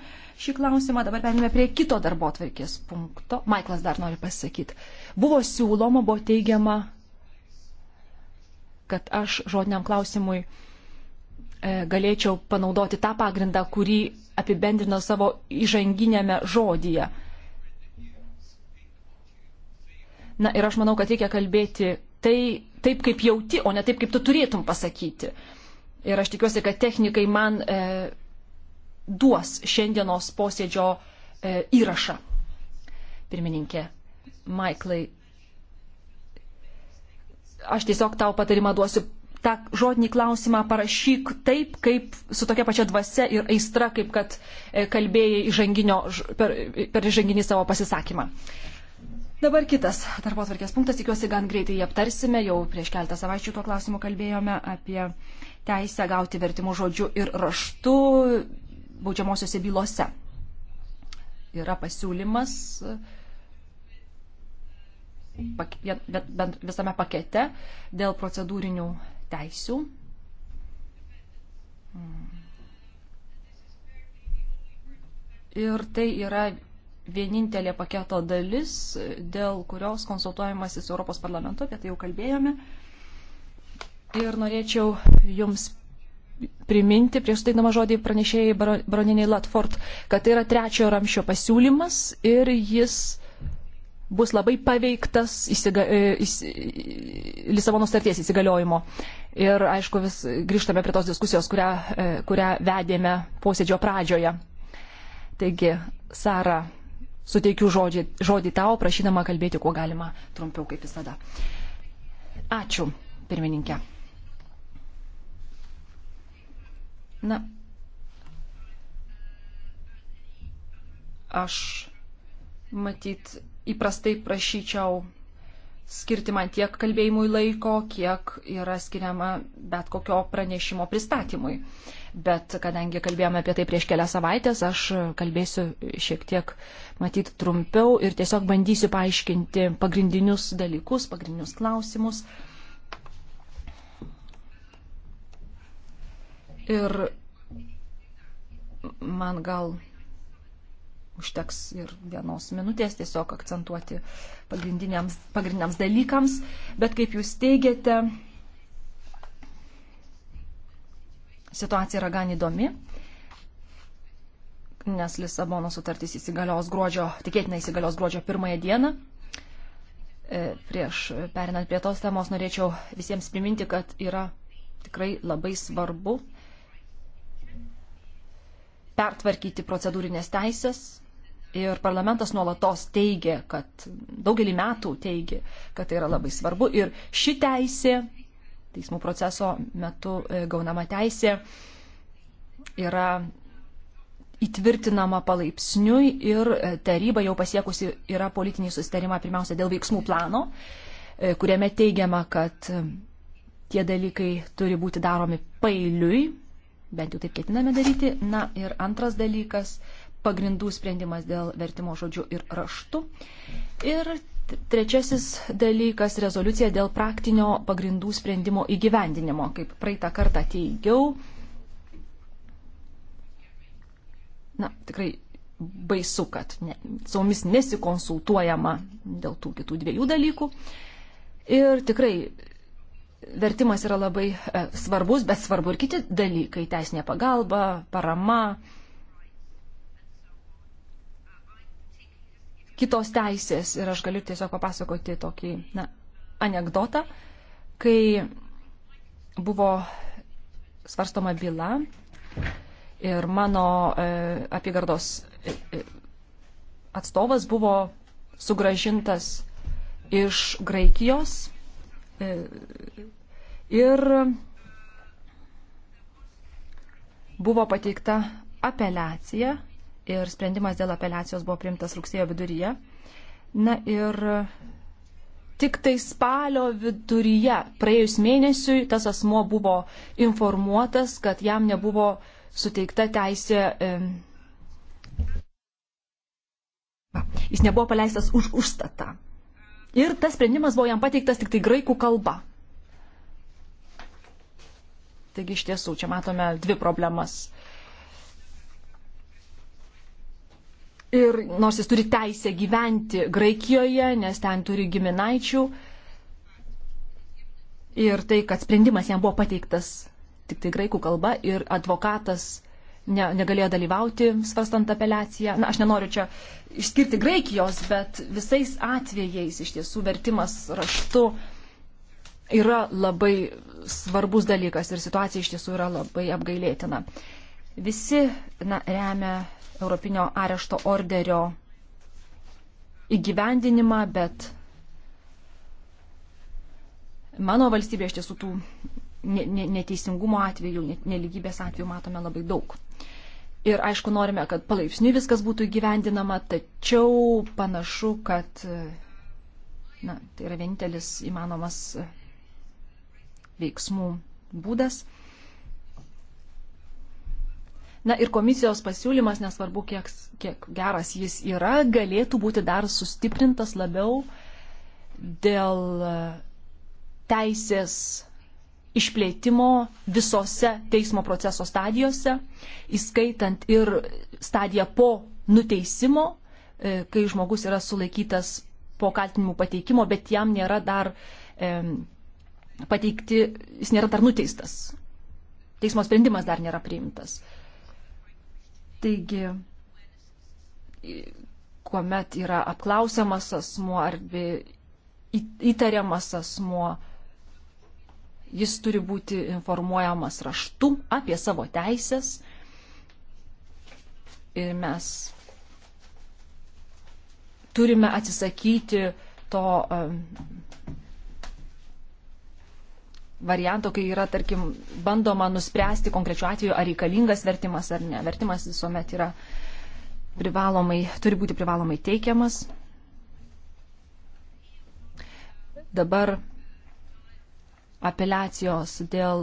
šį klausimą. Dabar perėmėme prie kito darbo atvarkės punkto. Maiklas dar nori pasakyti. Buvo siūloma, buvo teigiama, kad aš žodiniam klausimui e, galėčiau panaudoti tą pagrindą, kurį apibendrino savo įžanginėme žodyje. Na ir aš manau, kad reikia kalbėti tai, taip, kaip jauti, o ne taip, kaip tu turėtum pasakyti ir aš tikiuosi, kad technikai man e, duos šiandienos posėdžio e, įrašą. Pirmininkė, Maiklai, aš tiesiog tau patarimą duosiu tą žodinį klausimą parašyk taip, kaip su tokia pačia dvasia ir aistra, kaip kad e, kalbėjai per, per įžanginį savo pasisakymą. Dabar kitas darbo atvarkės punktas, tikiuosi, gan greitai jį aptarsime, jau prieš keltą savaičių tuo klausimu kalbėjome apie teisę gauti vertimų žodžiu ir raštu baudžiamosiose bylose. Yra pasiūlymas visame pakete dėl procedūrinių teisių. Ir tai yra vienintelė paketo dalis, dėl kurios konsultuojamasis Europos parlamento, apie tai jau kalbėjome. Ir norėčiau Jums priminti, prieš teikdama žodį pranešėjai baroniniai Latford, kad tai yra trečiojo ramšio pasiūlymas ir jis bus labai paveiktas įsiga, e, įs, Lisabono starties įsigaliojimo. Ir aišku, vis grįžtame prie tos diskusijos, kurią, e, kurią vedėme posėdžio pradžioje. Taigi, Sara, suteikiu žodį, žodį tau, prašydama kalbėti kuo galima trumpiau, kaip visada. Ačiū, pirmininkė. Na, aš matyt įprastai prašyčiau skirti man tiek kalbėjimui laiko, kiek yra skiriama bet kokio pranešimo pristatymui. Bet kadangi kalbėjome apie tai prieš kelias savaitės, aš kalbėsiu šiek tiek, matyt, trumpiau ir tiesiog bandysiu paaiškinti pagrindinius dalykus, pagrindinius klausimus. Uh, Ir man gal užteks ir vienos minutės tiesiog akcentuoti pagrindiniams, pagrindiniams dalykams, bet kaip jūs teigiate, situacija yra gan įdomi, nes Lisabono sutartys įsigalios gruodžio, tikėtina įsigalios gruodžio pirmąją dieną. E, prieš perinant prie tos temos norėčiau visiems priminti, kad yra tikrai labai svarbu pertvarkyti procedūrinės teisės. Ir parlamentas nuolatos teigia, kad daugelį metų teigia, kad tai yra labai svarbu. Ir ši teisė, teismų proceso metu e, gaunama teisė, yra įtvirtinama palaipsniui ir e, taryba jau pasiekusi yra politinį susitarimą pirmiausia dėl veiksmų plano, e, kuriame teigiama, kad tie dalykai turi būti daromi pailiui bent jau taip ketiname daryti. Na ir antras dalykas - pagrindų sprendimas dėl vertimo žodžių ir raštų. Ir trečiasis dalykas - rezoliucija dėl praktinio pagrindų sprendimo įgyvendinimo. Kaip praeitą kartą teigiau, na tikrai baisu, kad ne, su mumis nesikonsultuojama dėl tų kitų dviejų dalykų. Ir tikrai vertimas yra labai e, svarbus, bet svarbu ir kiti dalykai - teisinė pagalba, parama, kitos teisės. Ir aš galiu tiesiog papasakoti tokį na, anegdotą, kai buvo svarstoma byla ir mano e, apygardos e, e, atstovas buvo sugražintas iš Graikijos Ir buvo pateikta apeliacija ir sprendimas dėl apeliacijos buvo priimtas rugsėjo viduryje. Na ir tik tai spalio viduryje, praėjus mėnesiui, tas asmo buvo informuotas, kad jam nebuvo suteikta teisė. Jis nebuvo paleistas už užstatą. Ir tas sprendimas buvo jam pateiktas tik tai graikų kalba. Taigi iš tiesų, čia matome dvi problemas. Ir nors jis turi teisę gyventi Graikijoje, nes ten turi giminaičių, ir tai, kad sprendimas jam buvo pateiktas tik tai graikų kalba ir advokatas ne, negalėjo dalyvauti svarstant apeliaciją. Na, aš nenoriu čia išskirti Graikijos, bet visais atvejais iš tiesų vertimas raštu yra labai svarbus dalykas ir situacija iš tiesų yra labai apgailėtina. Visi na, remia Europinio arešto orderio įgyvendinimą, bet mano valstybė iš tiesų tų neteisingumo atveju, neligybės atveju matome labai daug. Ir aišku, norime, kad palaipsniui viskas būtų įgyvendinama, tačiau panašu, kad na, tai yra vienintelis įmanomas veiksmų būdas. Na ir komisijos pasiūlymas, nesvarbu, kiek, kiek geras jis yra, galėtų būti dar sustiprintas labiau dėl teisės išplėtimo visose teismo proceso stadijose, įskaitant ir stadiją po nuteisimo, e, kai žmogus yra sulaikytas po kaltinimų pateikimo, bet jam nėra dar e, pateikti, jis nėra dar nuteistas. Teismo sprendimas dar nėra priimtas. Taigi, kuomet yra apklausiamas asmuo arba įtariamas asmuo, jis turi būti informuojamas raštu apie savo teisės. Ir mes turime atsisakyti to um, varianto, kai yra, tarkim, bandoma nuspręsti konkrečiu atveju, ar reikalingas vertimas ar ne. Vertimas visuomet yra privalomai, turi būti privalomai teikiamas. Dabar apeliacijos dėl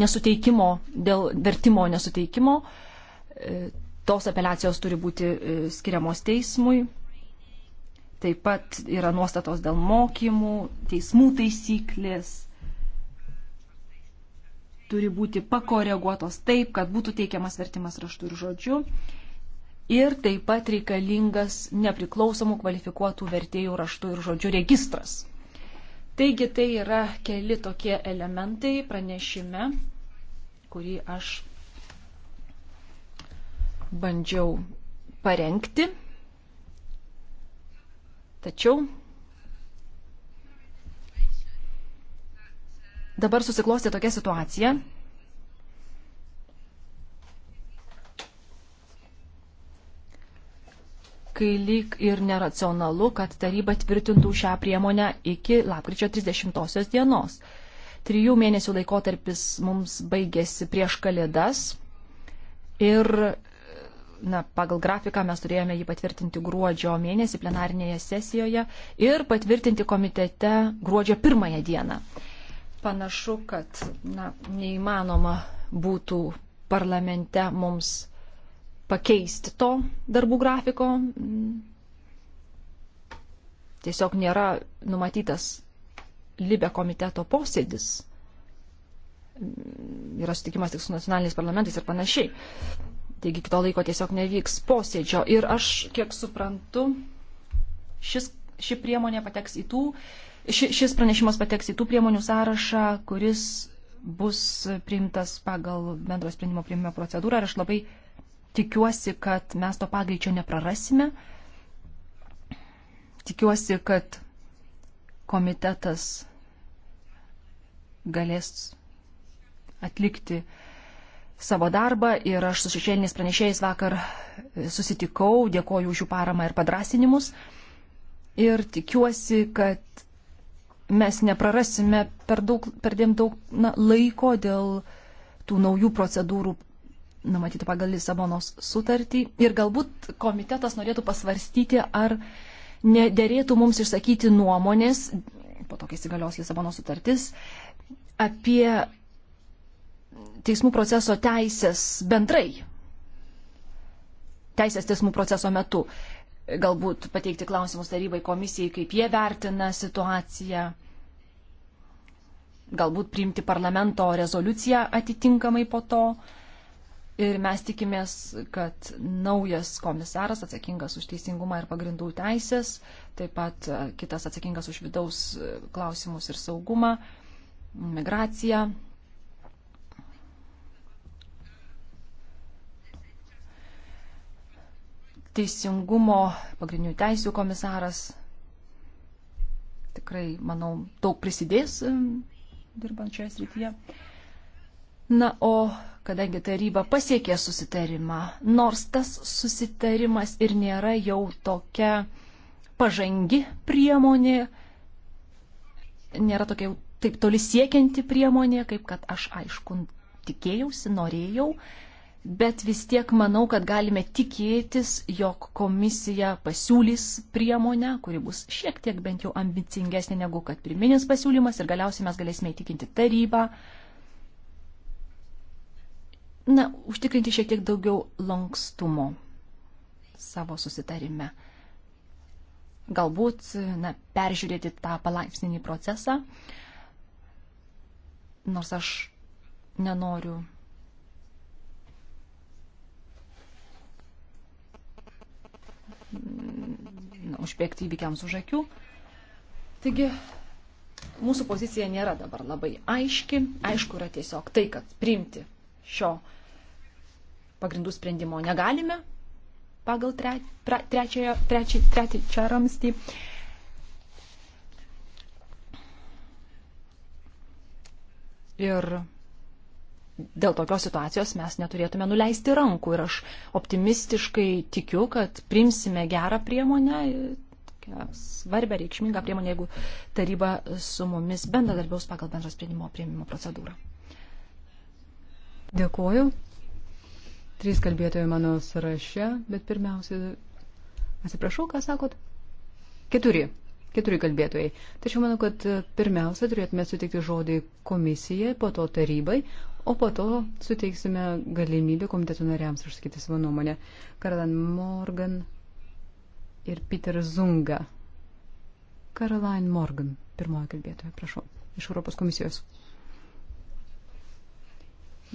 nesuteikimo, dėl vertimo nesuteikimo. E, tos apeliacijos turi būti e, skiriamos teismui. Taip pat yra nuostatos dėl mokymų, teismų taisyklės. Turi būti pakoreguotos taip, kad būtų teikiamas vertimas raštų ir žodžių. Ir taip pat reikalingas nepriklausomų kvalifikuotų vertėjų raštų ir žodžių registras. Taigi tai yra keli tokie elementai pranešime, kurį aš bandžiau parengti. Tačiau dabar susiklosti tokia situacija, politiškai lyg ir neracionalu, kad taryba tvirtintų šią priemonę iki lapkričio 30 dienos. Trijų mėnesių laikotarpis mums baigėsi prieš kalėdas ir na, pagal grafiką mes turėjome jį patvirtinti gruodžio mėnesį plenarinėje sesijoje ir patvirtinti komitete gruodžio pirmąją dieną. Panašu, kad na, neįmanoma būtų parlamente mums pakeisti to darbų grafiko. Tiesiog nėra numatytas Libe komiteto posėdis. Yra sutikimas tik su nacionaliniais parlamentais ir panašiai. Taigi kito laiko tiesiog nevyks posėdžio. Ir aš, kiek suprantu, šis, ši priemonė pateks į tų, ši, šis pranešimas pateks į tų priemonių sąrašą, kuris bus priimtas pagal bendro sprendimo priimimo procedūrą. Ir aš labai Tikiuosi, kad mes to pagreičio neprarasime. Tikiuosi, kad komitetas galės atlikti savo darbą ir aš su šešėliniais pranešėjais vakar susitikau, dėkoju už jų paramą ir padrasinimus ir tikiuosi, kad mes neprarasime per, daug, per dėm daug na, laiko dėl tų naujų procedūrų numatyta pagal Lisabonos sutartį. Ir galbūt komitetas norėtų pasvarstyti, ar nederėtų mums išsakyti nuomonės, po to, kai įsigalios Lisabonos sutartis, apie teismų proceso teisės bendrai. Teisės teismų proceso metu. Galbūt pateikti klausimus tarybai komisijai, kaip jie vertina situaciją galbūt priimti parlamento rezoliuciją atitinkamai po to, Ir mes tikimės, kad naujas komisaras atsakingas už teisingumą ir pagrindų teisės, taip pat e, kitas atsakingas už vidaus e, klausimus ir saugumą, migraciją. Teisingumo pagrindinių teisų komisaras tikrai, manau, daug prisidės e, dirbant šioje srityje. Na, o kadangi taryba pasiekė susitarimą, nors tas susitarimas ir nėra jau tokia pažangi priemonė, nėra tokia jau taip toli siekianti priemonė, kaip kad aš aišku tikėjausi, norėjau, bet vis tiek manau, kad galime tikėtis, jog komisija pasiūlys priemonę, kuri bus šiek tiek bent jau ambicingesnė negu kad pirminis pasiūlymas ir galiausiai mes galėsime įtikinti tarybą, na, užtikrinti šiek tiek daugiau lankstumo savo susitarime. Galbūt, na, peržiūrėti tą palaipsninį procesą, nors aš nenoriu. Na, užbėgti įvykiams už akių. Taigi, mūsų pozicija nėra dabar labai aiški. Aišku, yra tiesiog tai, kad priimti šio pagrindų sprendimo negalime pagal tre, tre, trečiąją, trečią, trečią ramstį. Ir dėl tokios situacijos mes neturėtume nuleisti rankų. Ir aš optimistiškai tikiu, kad primsime gerą priemonę, svarbę, reikšmingą priemonę, jeigu taryba su mumis bendradarbiaus pagal bendro sprendimo prieimimo procedūrą. Dėkuoju. Trys kalbėtojai mano sąraše, bet pirmiausia, atsiprašau, ką sakot? Keturi. Keturi kalbėtojai. Tačiau manau, kad pirmiausia turėtume suteikti žodį komisijai, po to tarybai, o po to suteiksime galimybę komiteto nariams išsakyti savo nuomonę. Karalan Morgan ir Peter Zunga. Caroline Morgan, pirmoji kalbėtoja, prašau, iš Europos komisijos.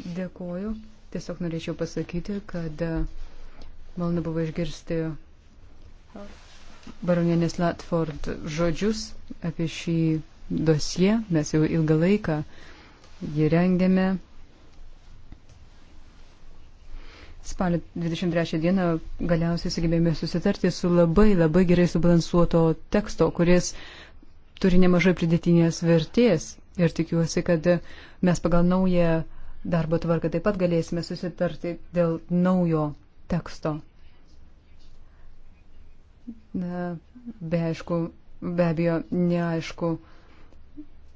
Dėkoju. Tiesiog norėčiau pasakyti, kad e, malonu buvo išgirsti baronienės Latford žodžius apie šį dosiją. Mes jau ilgą laiką jį rengėme. Spalio 23 dieną galiausiai sugebėjome susitarti su labai labai gerai subalansuoto teksto, kuris turi nemažai pridėtinės vertės. Ir tikiuosi, kad mes pagal naują darbo tvarką taip pat galėsime susitarti dėl naujo teksto. Na, be, aišku, be abejo, neaišku,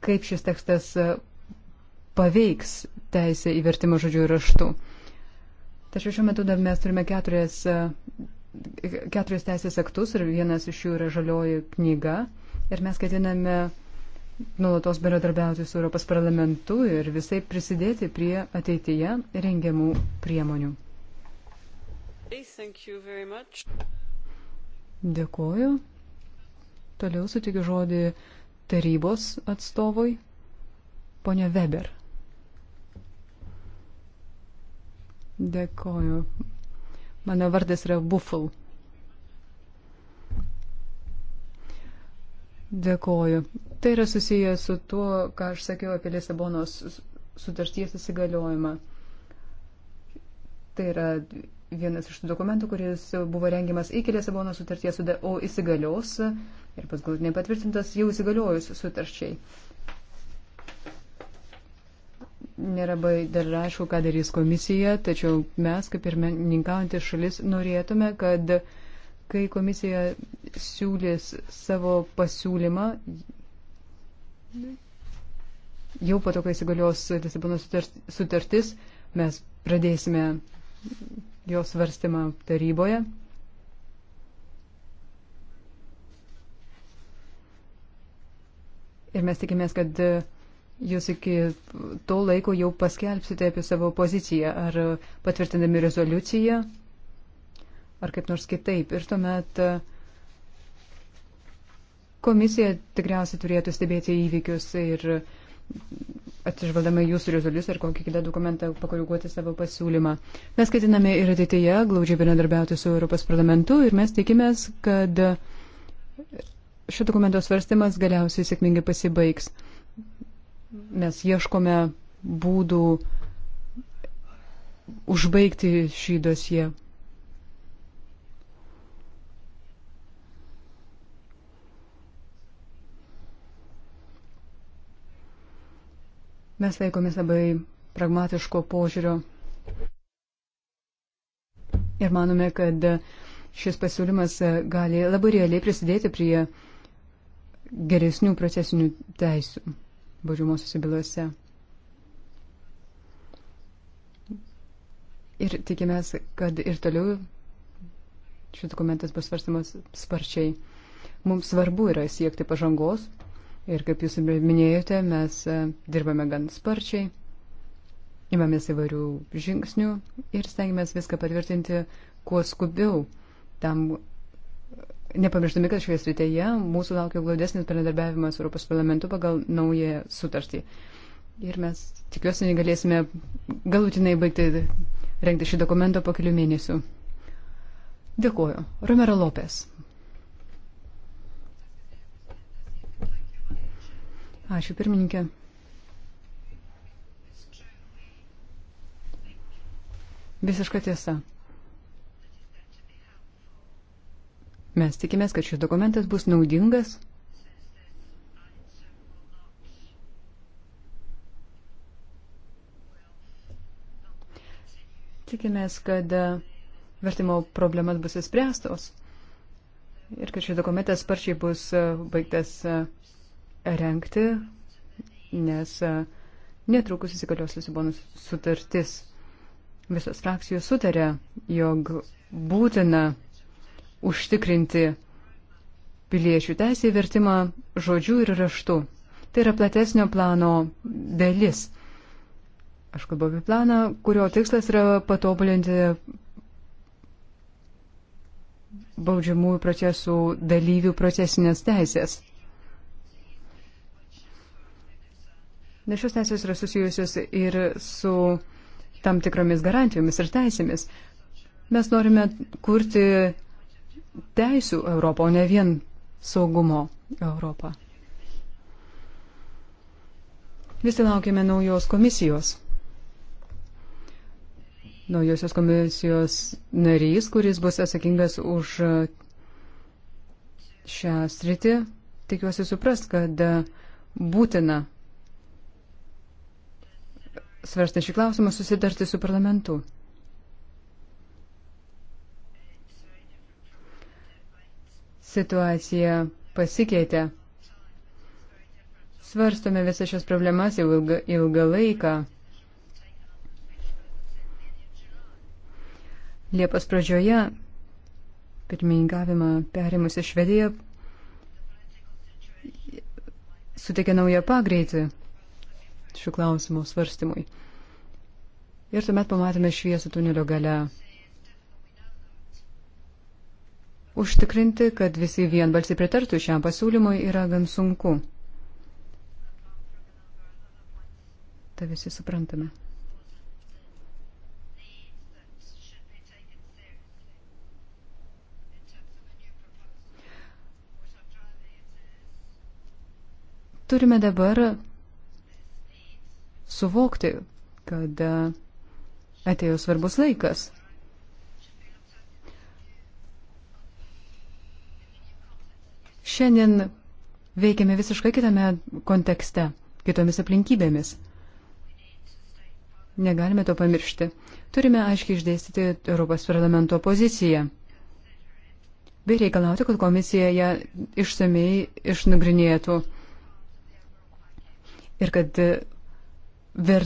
kaip šis tekstas e, paveiks teisę į vertimą žodžių ir raštų. Tačiau šiuo metu dar mes turime keturias, e, keturias teisės aktus ir vienas iš jų yra žalioji knyga. Ir mes ketiname nuolatos bendradarbiauti su Europos parlamentu ir visai prisidėti prie ateityje rengiamų priemonių. Dėkuoju. Toliau sutikiu žodį tarybos atstovui, ponia Weber. Dėkuoju. Mano vardas yra Buffal. Dėkoju. Tai yra susiję su tuo, ką aš sakiau apie Lisabonos sutarties įsigaliojimą. Tai yra vienas iš tų dokumentų, kuris buvo rengiamas iki Lisabono sutarties, o įsigalios ir pas galutinai patvirtintas jau įsigaliojus sutarčiai. Nėra dar aišku, ką darys komisija, tačiau mes, kaip ir meninkaujantis šalis, norėtume, kad kai komisija siūlės savo pasiūlymą, Jau po to, kai įsigalios Lisabono sutartis, mes pradėsime jos svarstymą taryboje. Ir mes tikimės, kad jūs iki to laiko jau paskelbsite apie savo poziciją, ar patvirtindami rezoliuciją, ar kaip nors kitaip. Ir tuomet uh, Komisija tikriausiai turėtų stebėti įvykius ir atsižvaldama jūsų rezolius ar kokį kitą dokumentą pakoreguoti savo pasiūlymą. Mes ketiname ir ateityje glaudžiai bendradarbiauti su Europos parlamentu ir mes tikimės, kad šio dokumento svarstymas galiausiai sėkmingai pasibaigs. Mes ieškome būdų užbaigti šį dosiją. Mes laikomės labai pragmatiško požiūrio ir manome, kad šis pasiūlymas gali labai realiai prisidėti prie geresnių procesinių teisų baudžiamosiuose bylose. Ir tikimės, kad ir toliau šis dokumentas bus svarstamas sparčiai. Mums svarbu yra siekti pažangos, Ir kaip jūs minėjote, mes e, dirbame gan sparčiai, imamės įvairių žingsnių ir stengiamės viską patvirtinti kuo skubiau. Tam nepamirštami, kad šioje srityje mūsų laukia glaudesnis bendradarbiavimas Europos parlamentu pagal naują sutartį. Ir mes tikiuosi, galėsime galutinai baigti rengti šį dokumentą po kelių mėnesių. Dėkuoju. Romero Lopes, Ačiū pirmininkė. Visiška tiesa. Mes tikimės, kad šis dokumentas bus naudingas. Tikimės, kad e, vertimo problemas bus įspręstos ir kad šis dokumentas sparčiai bus e, baigtas e, renkti, nes e, netrukus įsigalios Lisabonus sutartis. Visos frakcijos sutarė, jog būtina užtikrinti piliečių teisę į vertimą žodžių ir raštų. Tai yra platesnio plano dalis. Aš kalbu apie planą, kurio tikslas yra patobulinti baudžiamųjų procesų dalyvių procesinės teisės. Nes šios teisės yra susijusios ir su tam tikromis garantijomis ir teisėmis. Mes norime kurti teisų Europą, o ne vien saugumo Europą. Visi laukime naujos komisijos. Naujosios komisijos narys, kuris bus atsakingas už šią sritį, tikiuosi suprast, kad būtina svarstę šį klausimą, susidarti su parlamentu. Situacija pasikeitė. Svarstome visas šios problemas jau ilgą, ilgą laiką. Liepos pradžioje pirmininkavimą perimusi Švedija suteikė naują pagreitį šių klausimų svarstymui. Ir tuomet pamatėme šviesą tunelio gale. Užtikrinti, kad visi vienbalsiai pritartų šiam pasiūlymui yra gan sunku. Ta visi suprantame. Turime dabar suvokti, kad e, atėjo svarbus laikas. Šiandien veikiame visiškai kitame kontekste, kitomis aplinkybėmis. Negalime to pamiršti. Turime aiškiai išdėstyti Europos parlamento poziciją bei reikalauti, kad komisija ją išsamei išnagrinėtų ir kad ver,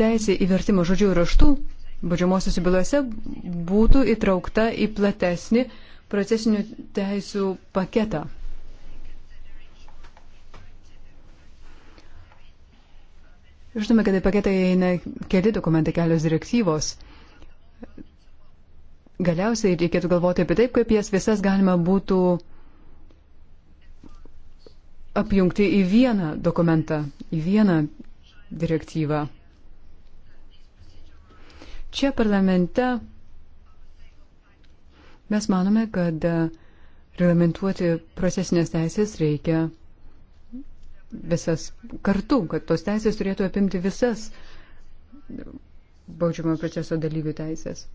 teisė į vertimą žodžių ir raštų baudžiamosiose bylose būtų įtraukta į platesnį procesinių teisų paketą. Žinome, kad į paketą įeina keli dokumentai, kelios direktyvos. Galiausiai reikėtų galvoti apie taip, kaip jas visas galima būtų apjungti į vieną dokumentą, į vieną direktyvą. Čia parlamente mes manome, kad reglamentuoti procesinės teisės reikia visas kartu, kad tos teisės turėtų apimti visas baudžiamo proceso dalyvių teisės.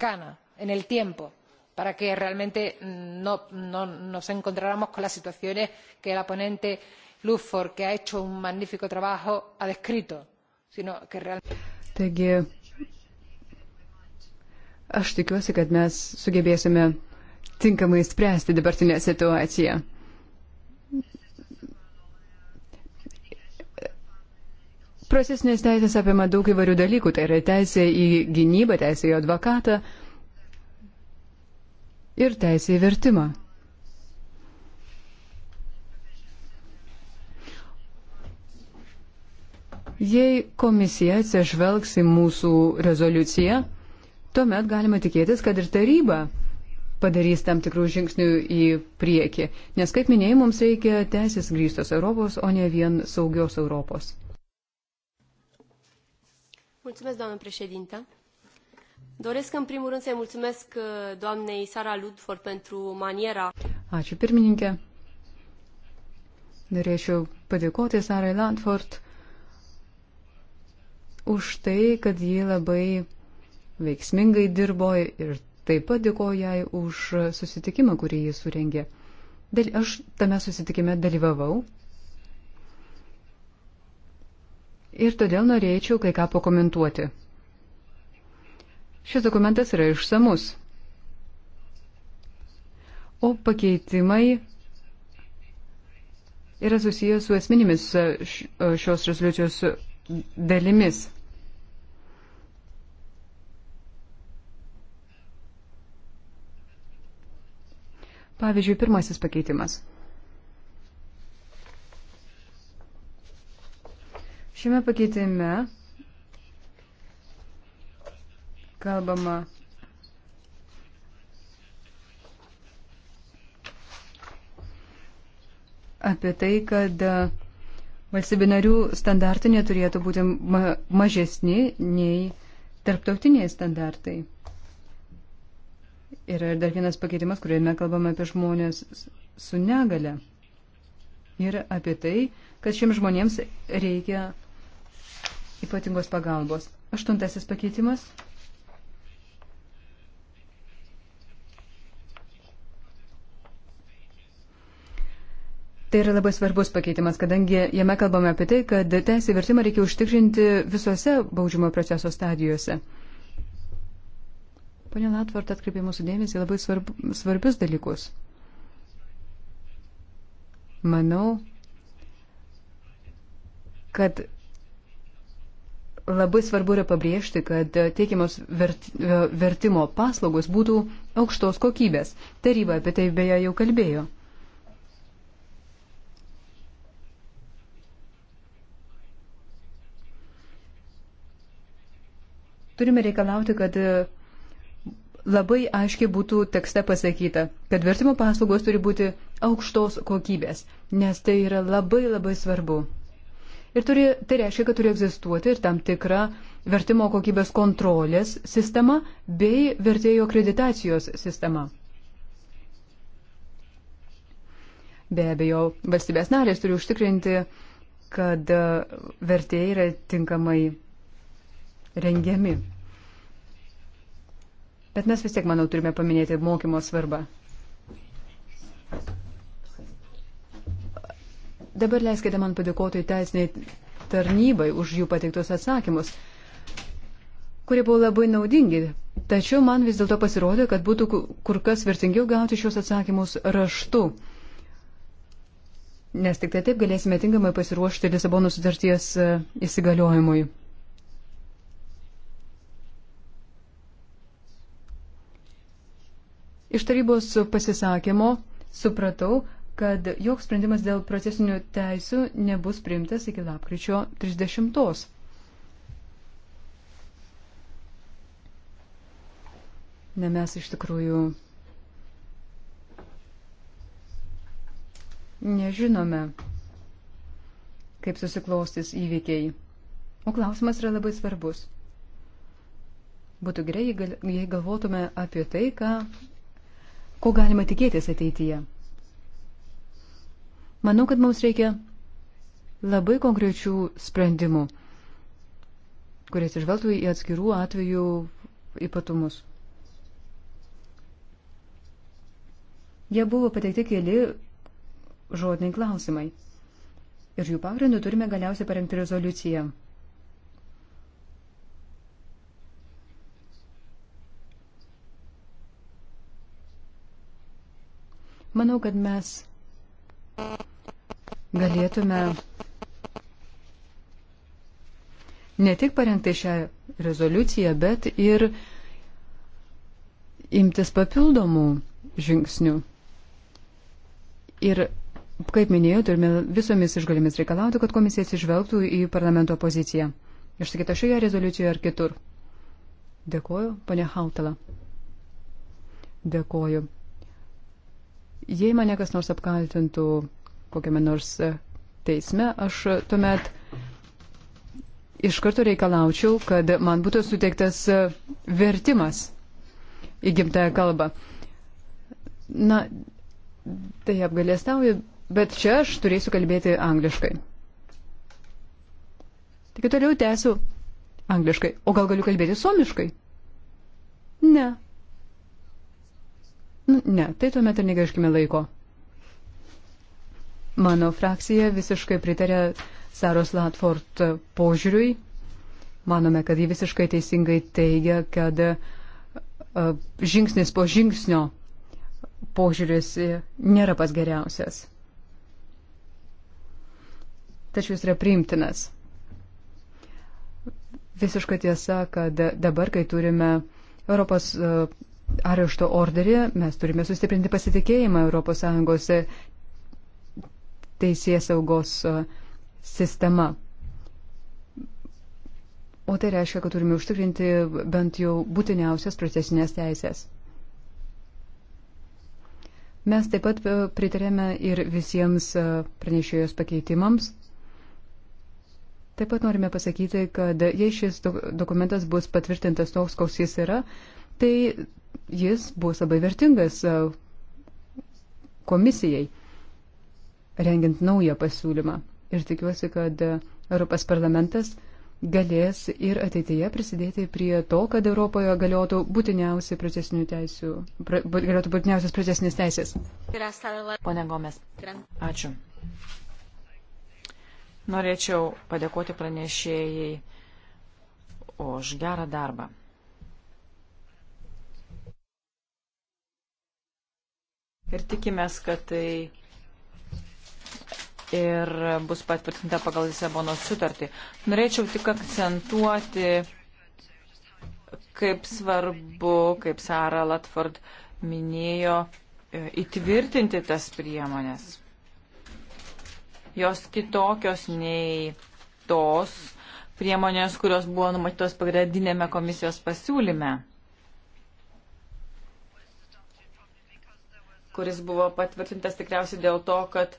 cercana en el tiempo para que realmente no, no nos encontráramos con las situaciones que la ponente ludford que ha hecho un magnífico trabajo ha descrito sino que realmente. Taigi, aš tikiuosi, kad mes sugebėsime tinkamai spręsti dabartinę situaciją. Procesinės teisės apima daug įvairių dalykų, tai yra teisė į gynybą, teisė į advokatą ir teisė į vertimą. Jei komisija atsižvelgs į mūsų rezoliuciją, tuomet galima tikėtis, kad ir taryba padarys tam tikrų žingsnių į priekį. Nes, kaip minėjai, mums reikia teisės grįstos Europos, o ne vien saugios Europos. Mulțumesc, doamnă președintă. Doresc, în primul rând, să-i mulțumesc uh, doamnei Sara Ludford pentru maniera. Ačiū, pirmininkė. Norėčiau padėkoti Sarai Ludford už tai, kad ji labai veiksmingai dirbo ir taip pat dėkoju jai už susitikimą, kurį jis surengė. Aš tame susitikime dalyvavau ir todėl norėčiau kai ką pakomentuoti. Šis dokumentas yra išsamus, o pakeitimai yra susijęs su esminėmis e, e, šios rezoliucijos dalimis. Pavyzdžiui, pirmasis pakeitimas. Šiame pakeitime kalbama apie tai, kad valstybių narių standartai neturėtų būti mažesni nei tarptautiniai standartai. Yra ir dar vienas pakeitimas, kuriame kalbame apie žmonės su negale. Ir apie tai, kad šiems žmonėms reikia ypatingos pagalbos. Aštuntasis pakeitimas. Tai yra labai svarbus pakeitimas, kadangi jame kalbame apie tai, kad teisė vertimą reikia užtikrinti visose baudžiamo proceso stadijose. Pane Latvart atkreipė mūsų dėmesį labai svarb, svarbius dalykus. Manau, kad Labai svarbu yra pabrėžti, kad teikiamos vert, e, vertimo paslaugos būtų aukštos kokybės. Taryba apie tai beje jau kalbėjo. Turime reikalauti, kad e, labai aiškiai būtų tekste pasakyta, kad vertimo paslaugos turi būti aukštos kokybės, nes tai yra labai labai svarbu. Ir turi, tai reiškia, kad turi egzistuoti ir tam tikra vertimo kokybės kontrolės sistema bei vertėjo akreditacijos sistema. Be abejo, valstybės narės turi užtikrinti, kad vertėjai yra tinkamai rengiami. Bet mes vis tiek, manau, turime paminėti mokymo svarbą. Dabar leiskite man padėkoti teisiniai tarnybai už jų pateiktus atsakymus, kurie buvo labai naudingi. Tačiau man vis dėlto pasirodė, kad būtų kur kas vertingiau gauti šios atsakymus raštu. Nes tik tai taip galėsime tinkamai pasiruošti Lisabono sutarties e, įsigaliojimui. Iš tarybos pasisakymo supratau, kad joks sprendimas dėl procesinių teisų nebus priimtas iki lapkričio 30. -os. Na mes iš tikrųjų nežinome, kaip susiklostys įvykiai. O klausimas yra labai svarbus. Būtų gerai, jei galvotume apie tai, ką, ko galima tikėtis ateityje. Manau, kad mums reikia labai konkrečių sprendimų, kurie atsižvelgtų į atskirų atvejų ypatumus. Jie buvo pateikti keli žodiniai klausimai. Ir jų pagrindų turime galiausiai parengti rezoliuciją. Manau, kad mes galėtume ne tik parengti šią rezoliuciją, bet ir imtis papildomų žingsnių. Ir, kaip minėjau, turime visomis išgalimis reikalauti, kad komisija atsižvelgtų į parlamento poziciją. Išsakyta šioje rezoliucijoje ar kitur. Dėkoju, ponia Hautala. Dėkoju. Jei mane kas nors apkaltintų kokiame nors teisme, aš tuomet iš karto reikalaučiau, kad man būtų suteiktas vertimas į gimtąją kalbą. Na, tai apgalėstauju, bet čia aš turėsiu kalbėti angliškai. Tik toliau tęsiu angliškai. O gal galiu kalbėti suomiškai? Ne, Nu, ne, tai tuomet ir negaiškime laiko. Mano frakcija visiškai pritarė Saros Latford požiūriui. Manome, kad ji visiškai teisingai teigia, kad e, žingsnis po žingsnio požiūris nėra pas geriausias. Tačiau jis yra priimtinas. Visiška tiesa, kad dabar, kai turime Europos e, arešto orderį, mes turime sustiprinti pasitikėjimą ES e, teisės saugos e, sistema. O tai reiškia, kad turime užtikrinti bent jau būtiniausias procesinės teisės. Mes taip pat e, pritarėme ir visiems pranešėjos pakeitimams. Taip pat norime pasakyti, kad jei šis dokumentas bus patvirtintas toks, koks jis yra, tai jis bus labai vertingas e, komisijai, rengiant naują pasiūlymą. Ir tikiuosi, kad e, Europos parlamentas galės ir ateityje prisidėti prie to, kad Europoje galiotų būtiniausi procesinių teisių, pra, galiotų būtiniausias procesinės teisės. Pone Gomes, ačiū. Norėčiau padėkoti pranešėjai už gerą darbą. ir tikimės, kad tai ir bus patvirtinta pagal Lisabonos sutartį. Norėčiau tik akcentuoti, kaip svarbu, kaip Sara Latford minėjo, e, įtvirtinti tas priemonės. Jos kitokios nei tos priemonės, kurios buvo numatytos pagrindinėme komisijos pasiūlyme. kuris buvo patvirtintas tikriausiai dėl to, kad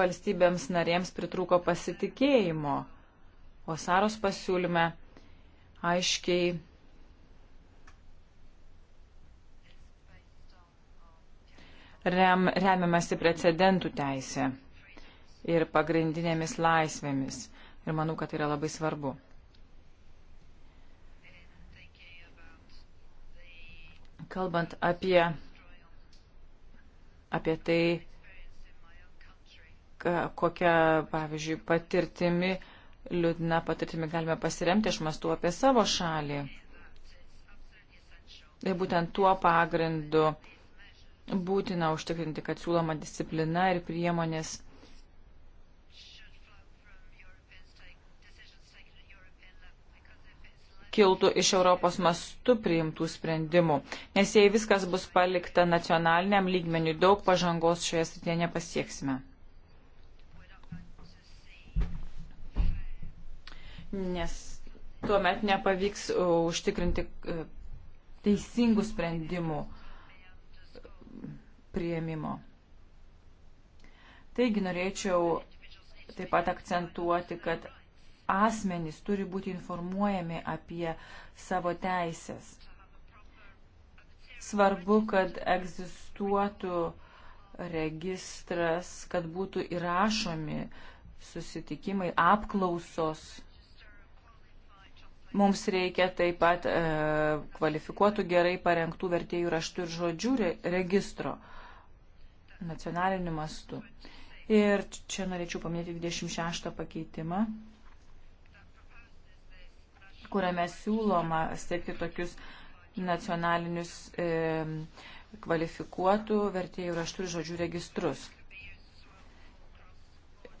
valstybėms narėms pritrūko pasitikėjimo. O Saros pasiūlyme aiškiai rem, remiamasi precedentų teisė ir pagrindinėmis laisvėmis. Ir manau, kad tai yra labai svarbu. Kalbant apie apie tai, kokią, pavyzdžiui, patirtimi, liūdna patirtimi galime pasiremti, aš mastu apie savo šalį. Ir būtent tuo pagrindu būtina užtikrinti, kad siūloma disciplina ir priemonės kiltų iš Europos mastų priimtų sprendimų. Nes jei viskas bus palikta nacionaliniam lygmeniu, daug pažangos šioje srityje nepasieksime. Nes tuomet nepavyks uh, užtikrinti uh, teisingų sprendimų prieimimo. Taigi norėčiau taip pat akcentuoti, kad asmenys turi būti informuojami apie savo teisės. Svarbu, kad egzistuotų registras, kad būtų įrašomi susitikimai, apklausos. Mums reikia taip pat e, kvalifikuotų gerai parengtų vertėjų raštų ir žodžių re, registro nacionaliniu mastu. Ir čia norėčiau paminėti 26 pakeitimą kuriame siūloma siekti tokius nacionalinius e, kvalifikuotų vertėjų raštų ir žodžių registrus.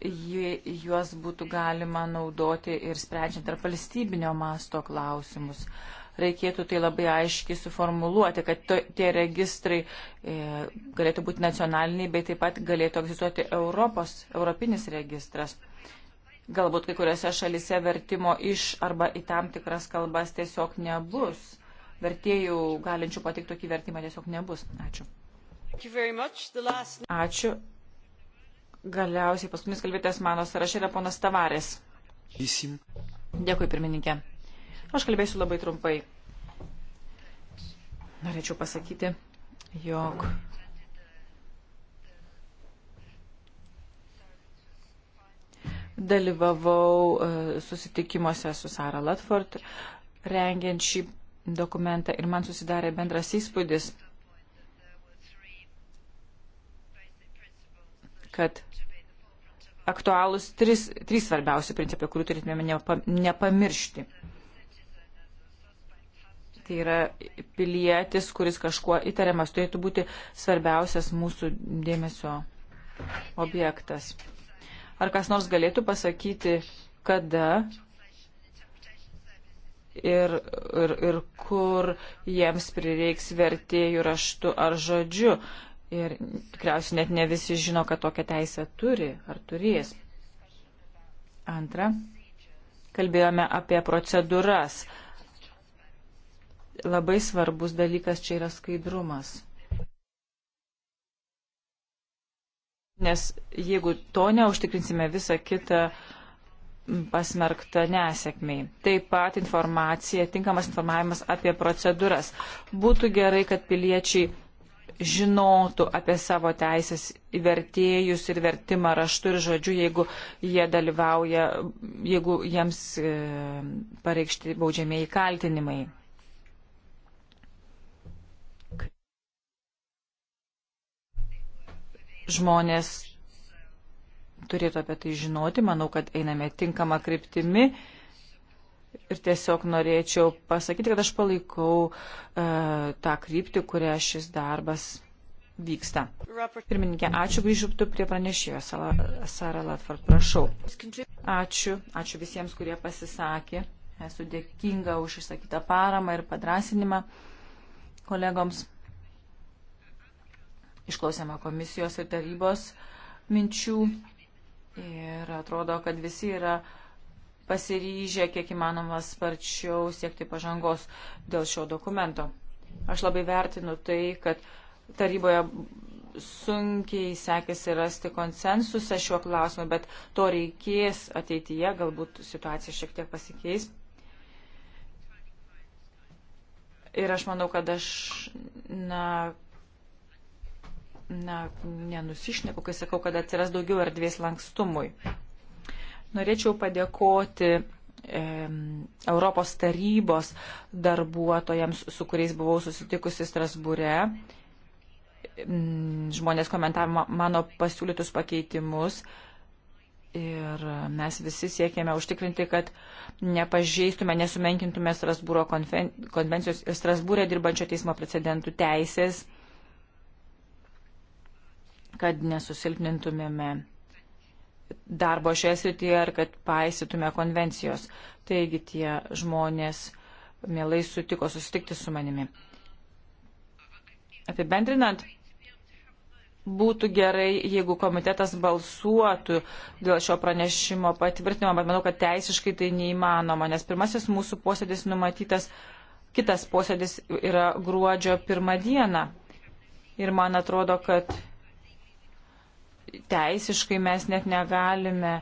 Juos būtų galima naudoti ir sprendžiant tarp valstybinio masto klausimus. Reikėtų tai labai aiškiai suformuluoti, kad to, tie registrai e, galėtų būti nacionaliniai, bet taip pat galėtų egzistuoti Europos, europinis registras. E, Galbūt kai kuriuose šalise vertimo iš arba į tam tikras kalbas tiesiog nebus. Vertėjų galinčių patikti tokį vertimą tiesiog nebus. Ačiū. Ačiū. Galiausiai paskutinis kalbėtės mano sąraše yra ponas Tavarės. Dėkui, pirmininkė. Aš kalbėsiu labai trumpai. Norėčiau pasakyti, jog dalyvavau e, susitikimuose su Sara Latford, rengiant šį dokumentą ir man susidarė bendras įspūdis, kad aktualūs trys, trys svarbiausi principai, kurių turėtume nepamiršti. Tai yra pilietis, kuris kažkuo įtariamas, turėtų būti svarbiausias mūsų dėmesio objektas. Ar kas nors galėtų pasakyti, kada ir, ir, ir kur jiems prireiks vertėjų raštu ar žodžiu. Ir tikriausiai net ne visi žino, kad tokią teisę turi ar turės. Antra, kalbėjome apie procedūras. Labai svarbus dalykas čia yra skaidrumas. nes jeigu to neužtikrinsime, visa kita pasmerkta nesėkmiai. Taip pat informacija, tinkamas informavimas apie procedūras. Būtų gerai, kad piliečiai žinotų apie savo teisės vertėjus ir vertimą raštu ir žodžiu, jeigu jie dalyvauja, jeigu jiems e, pareikšti baudžiamieji kaltinimai. žmonės turėtų apie tai žinoti. Manau, kad einame tinkamą kryptimi. Ir tiesiog norėčiau pasakyti, kad aš palaikau e, tą kryptį, kurią šis darbas vyksta. Pirmininkė, ačiū grįžtų prie pranešėjo. Sara Latford, prašau. Ačiū, ačiū visiems, kurie pasisakė. Esu dėkinga už išsakytą paramą ir padrasinimą kolegoms. Išklausėme komisijos ir tarybos minčių ir atrodo, kad visi yra pasiryžę kiek įmanoma sparčiau siekti pažangos dėl šio dokumento. Aš labai vertinu tai, kad taryboje sunkiai sekėsi rasti konsensusą šiuo klausimu, bet to reikės ateityje, galbūt situacija šiek tiek pasikeis. Ir aš manau, kad aš, na, na, nenusišneku, kai sakau, kad atsiras daugiau erdvės lankstumui. Norėčiau padėkoti Europos tarybos darbuotojams, su kuriais buvau susitikusi Strasbūre. Žmonės komentavo mano pasiūlytus pakeitimus ir mes visi siekėme užtikrinti, kad nepažeistume, nesumenkintume Strasbūro konvencijos ir Strasbūrė dirbančio teismo precedentų teisės kad nesusilpnintumėme darbo šioje srityje ir kad paisytume konvencijos. Taigi tie žmonės mielai sutiko susitikti su manimi. Apibendrinant, būtų gerai, jeigu komitetas balsuotų dėl šio pranešimo patvirtinimo, bet manau, kad teisiškai tai neįmanoma, nes pirmasis mūsų posėdis numatytas, kitas posėdis yra gruodžio pirmą dieną. Ir man atrodo, kad teisiškai mes net negalime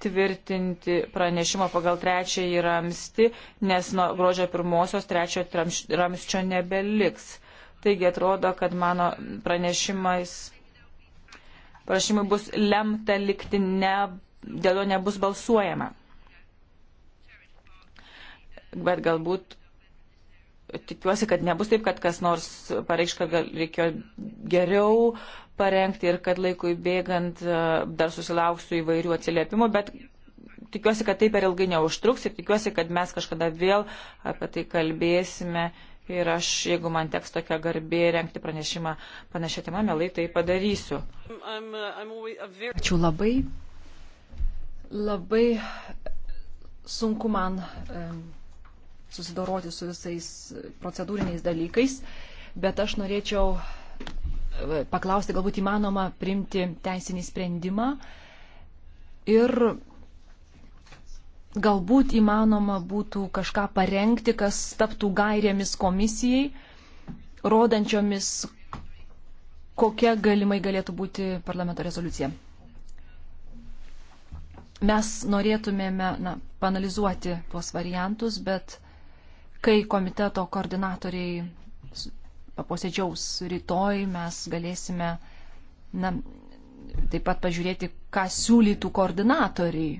tvirtinti pranešimo pagal trečiąjį ramsti, nes nuo gruodžio pirmosios trečiojo ramščio nebeliks. Taigi atrodo, kad mano pranešimais, prašymai bus lemta likti, ne, dėl jo nebus balsuojama. Bet galbūt tikiuosi, kad nebus taip, kad kas nors pareikš, kad reikėjo geriau parengti ir kad laikui bėgant e, dar susilauksiu įvairių atsiliepimų, bet tikiuosi, kad tai per ilgai neužtruks ir tikiuosi, kad mes kažkada vėl apie tai kalbėsime ir aš, jeigu man teks tokia garbė renkti pranešimą panašia tema, mielai tai padarysiu. Ačiū labai. Labai sunku man e, susidoroti su visais procedūriniais dalykais, bet aš norėčiau paklausti, galbūt įmanoma priimti teisinį sprendimą ir galbūt įmanoma būtų kažką parengti, kas taptų gairėmis komisijai, rodančiomis, kokia galimai galėtų būti parlamento rezoliucija. Mes norėtumėme na, panalizuoti tuos variantus, bet kai komiteto koordinatoriai posėdžiaus rytoj mes galėsime na, taip pat pažiūrėti, ką siūlytų koordinatoriai.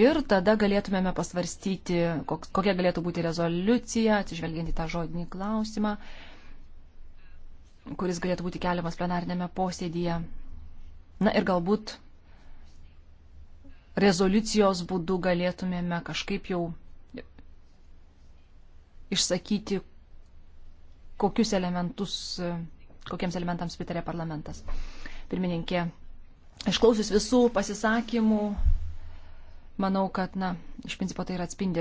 Ir tada galėtumėme pasvarstyti, kokia galėtų būti rezoliucija, atsižvelgiant į tą žodinį klausimą, kuris galėtų būti keliamas plenarinėme posėdėje. Na ir galbūt rezoliucijos būdu galėtumėme kažkaip jau išsakyti, kokius elementus, e, kokiems elementams pritarė parlamentas. Pirmininkė, išklausius visų pasisakymų, manau, kad, na, iš principo tai ir atspindi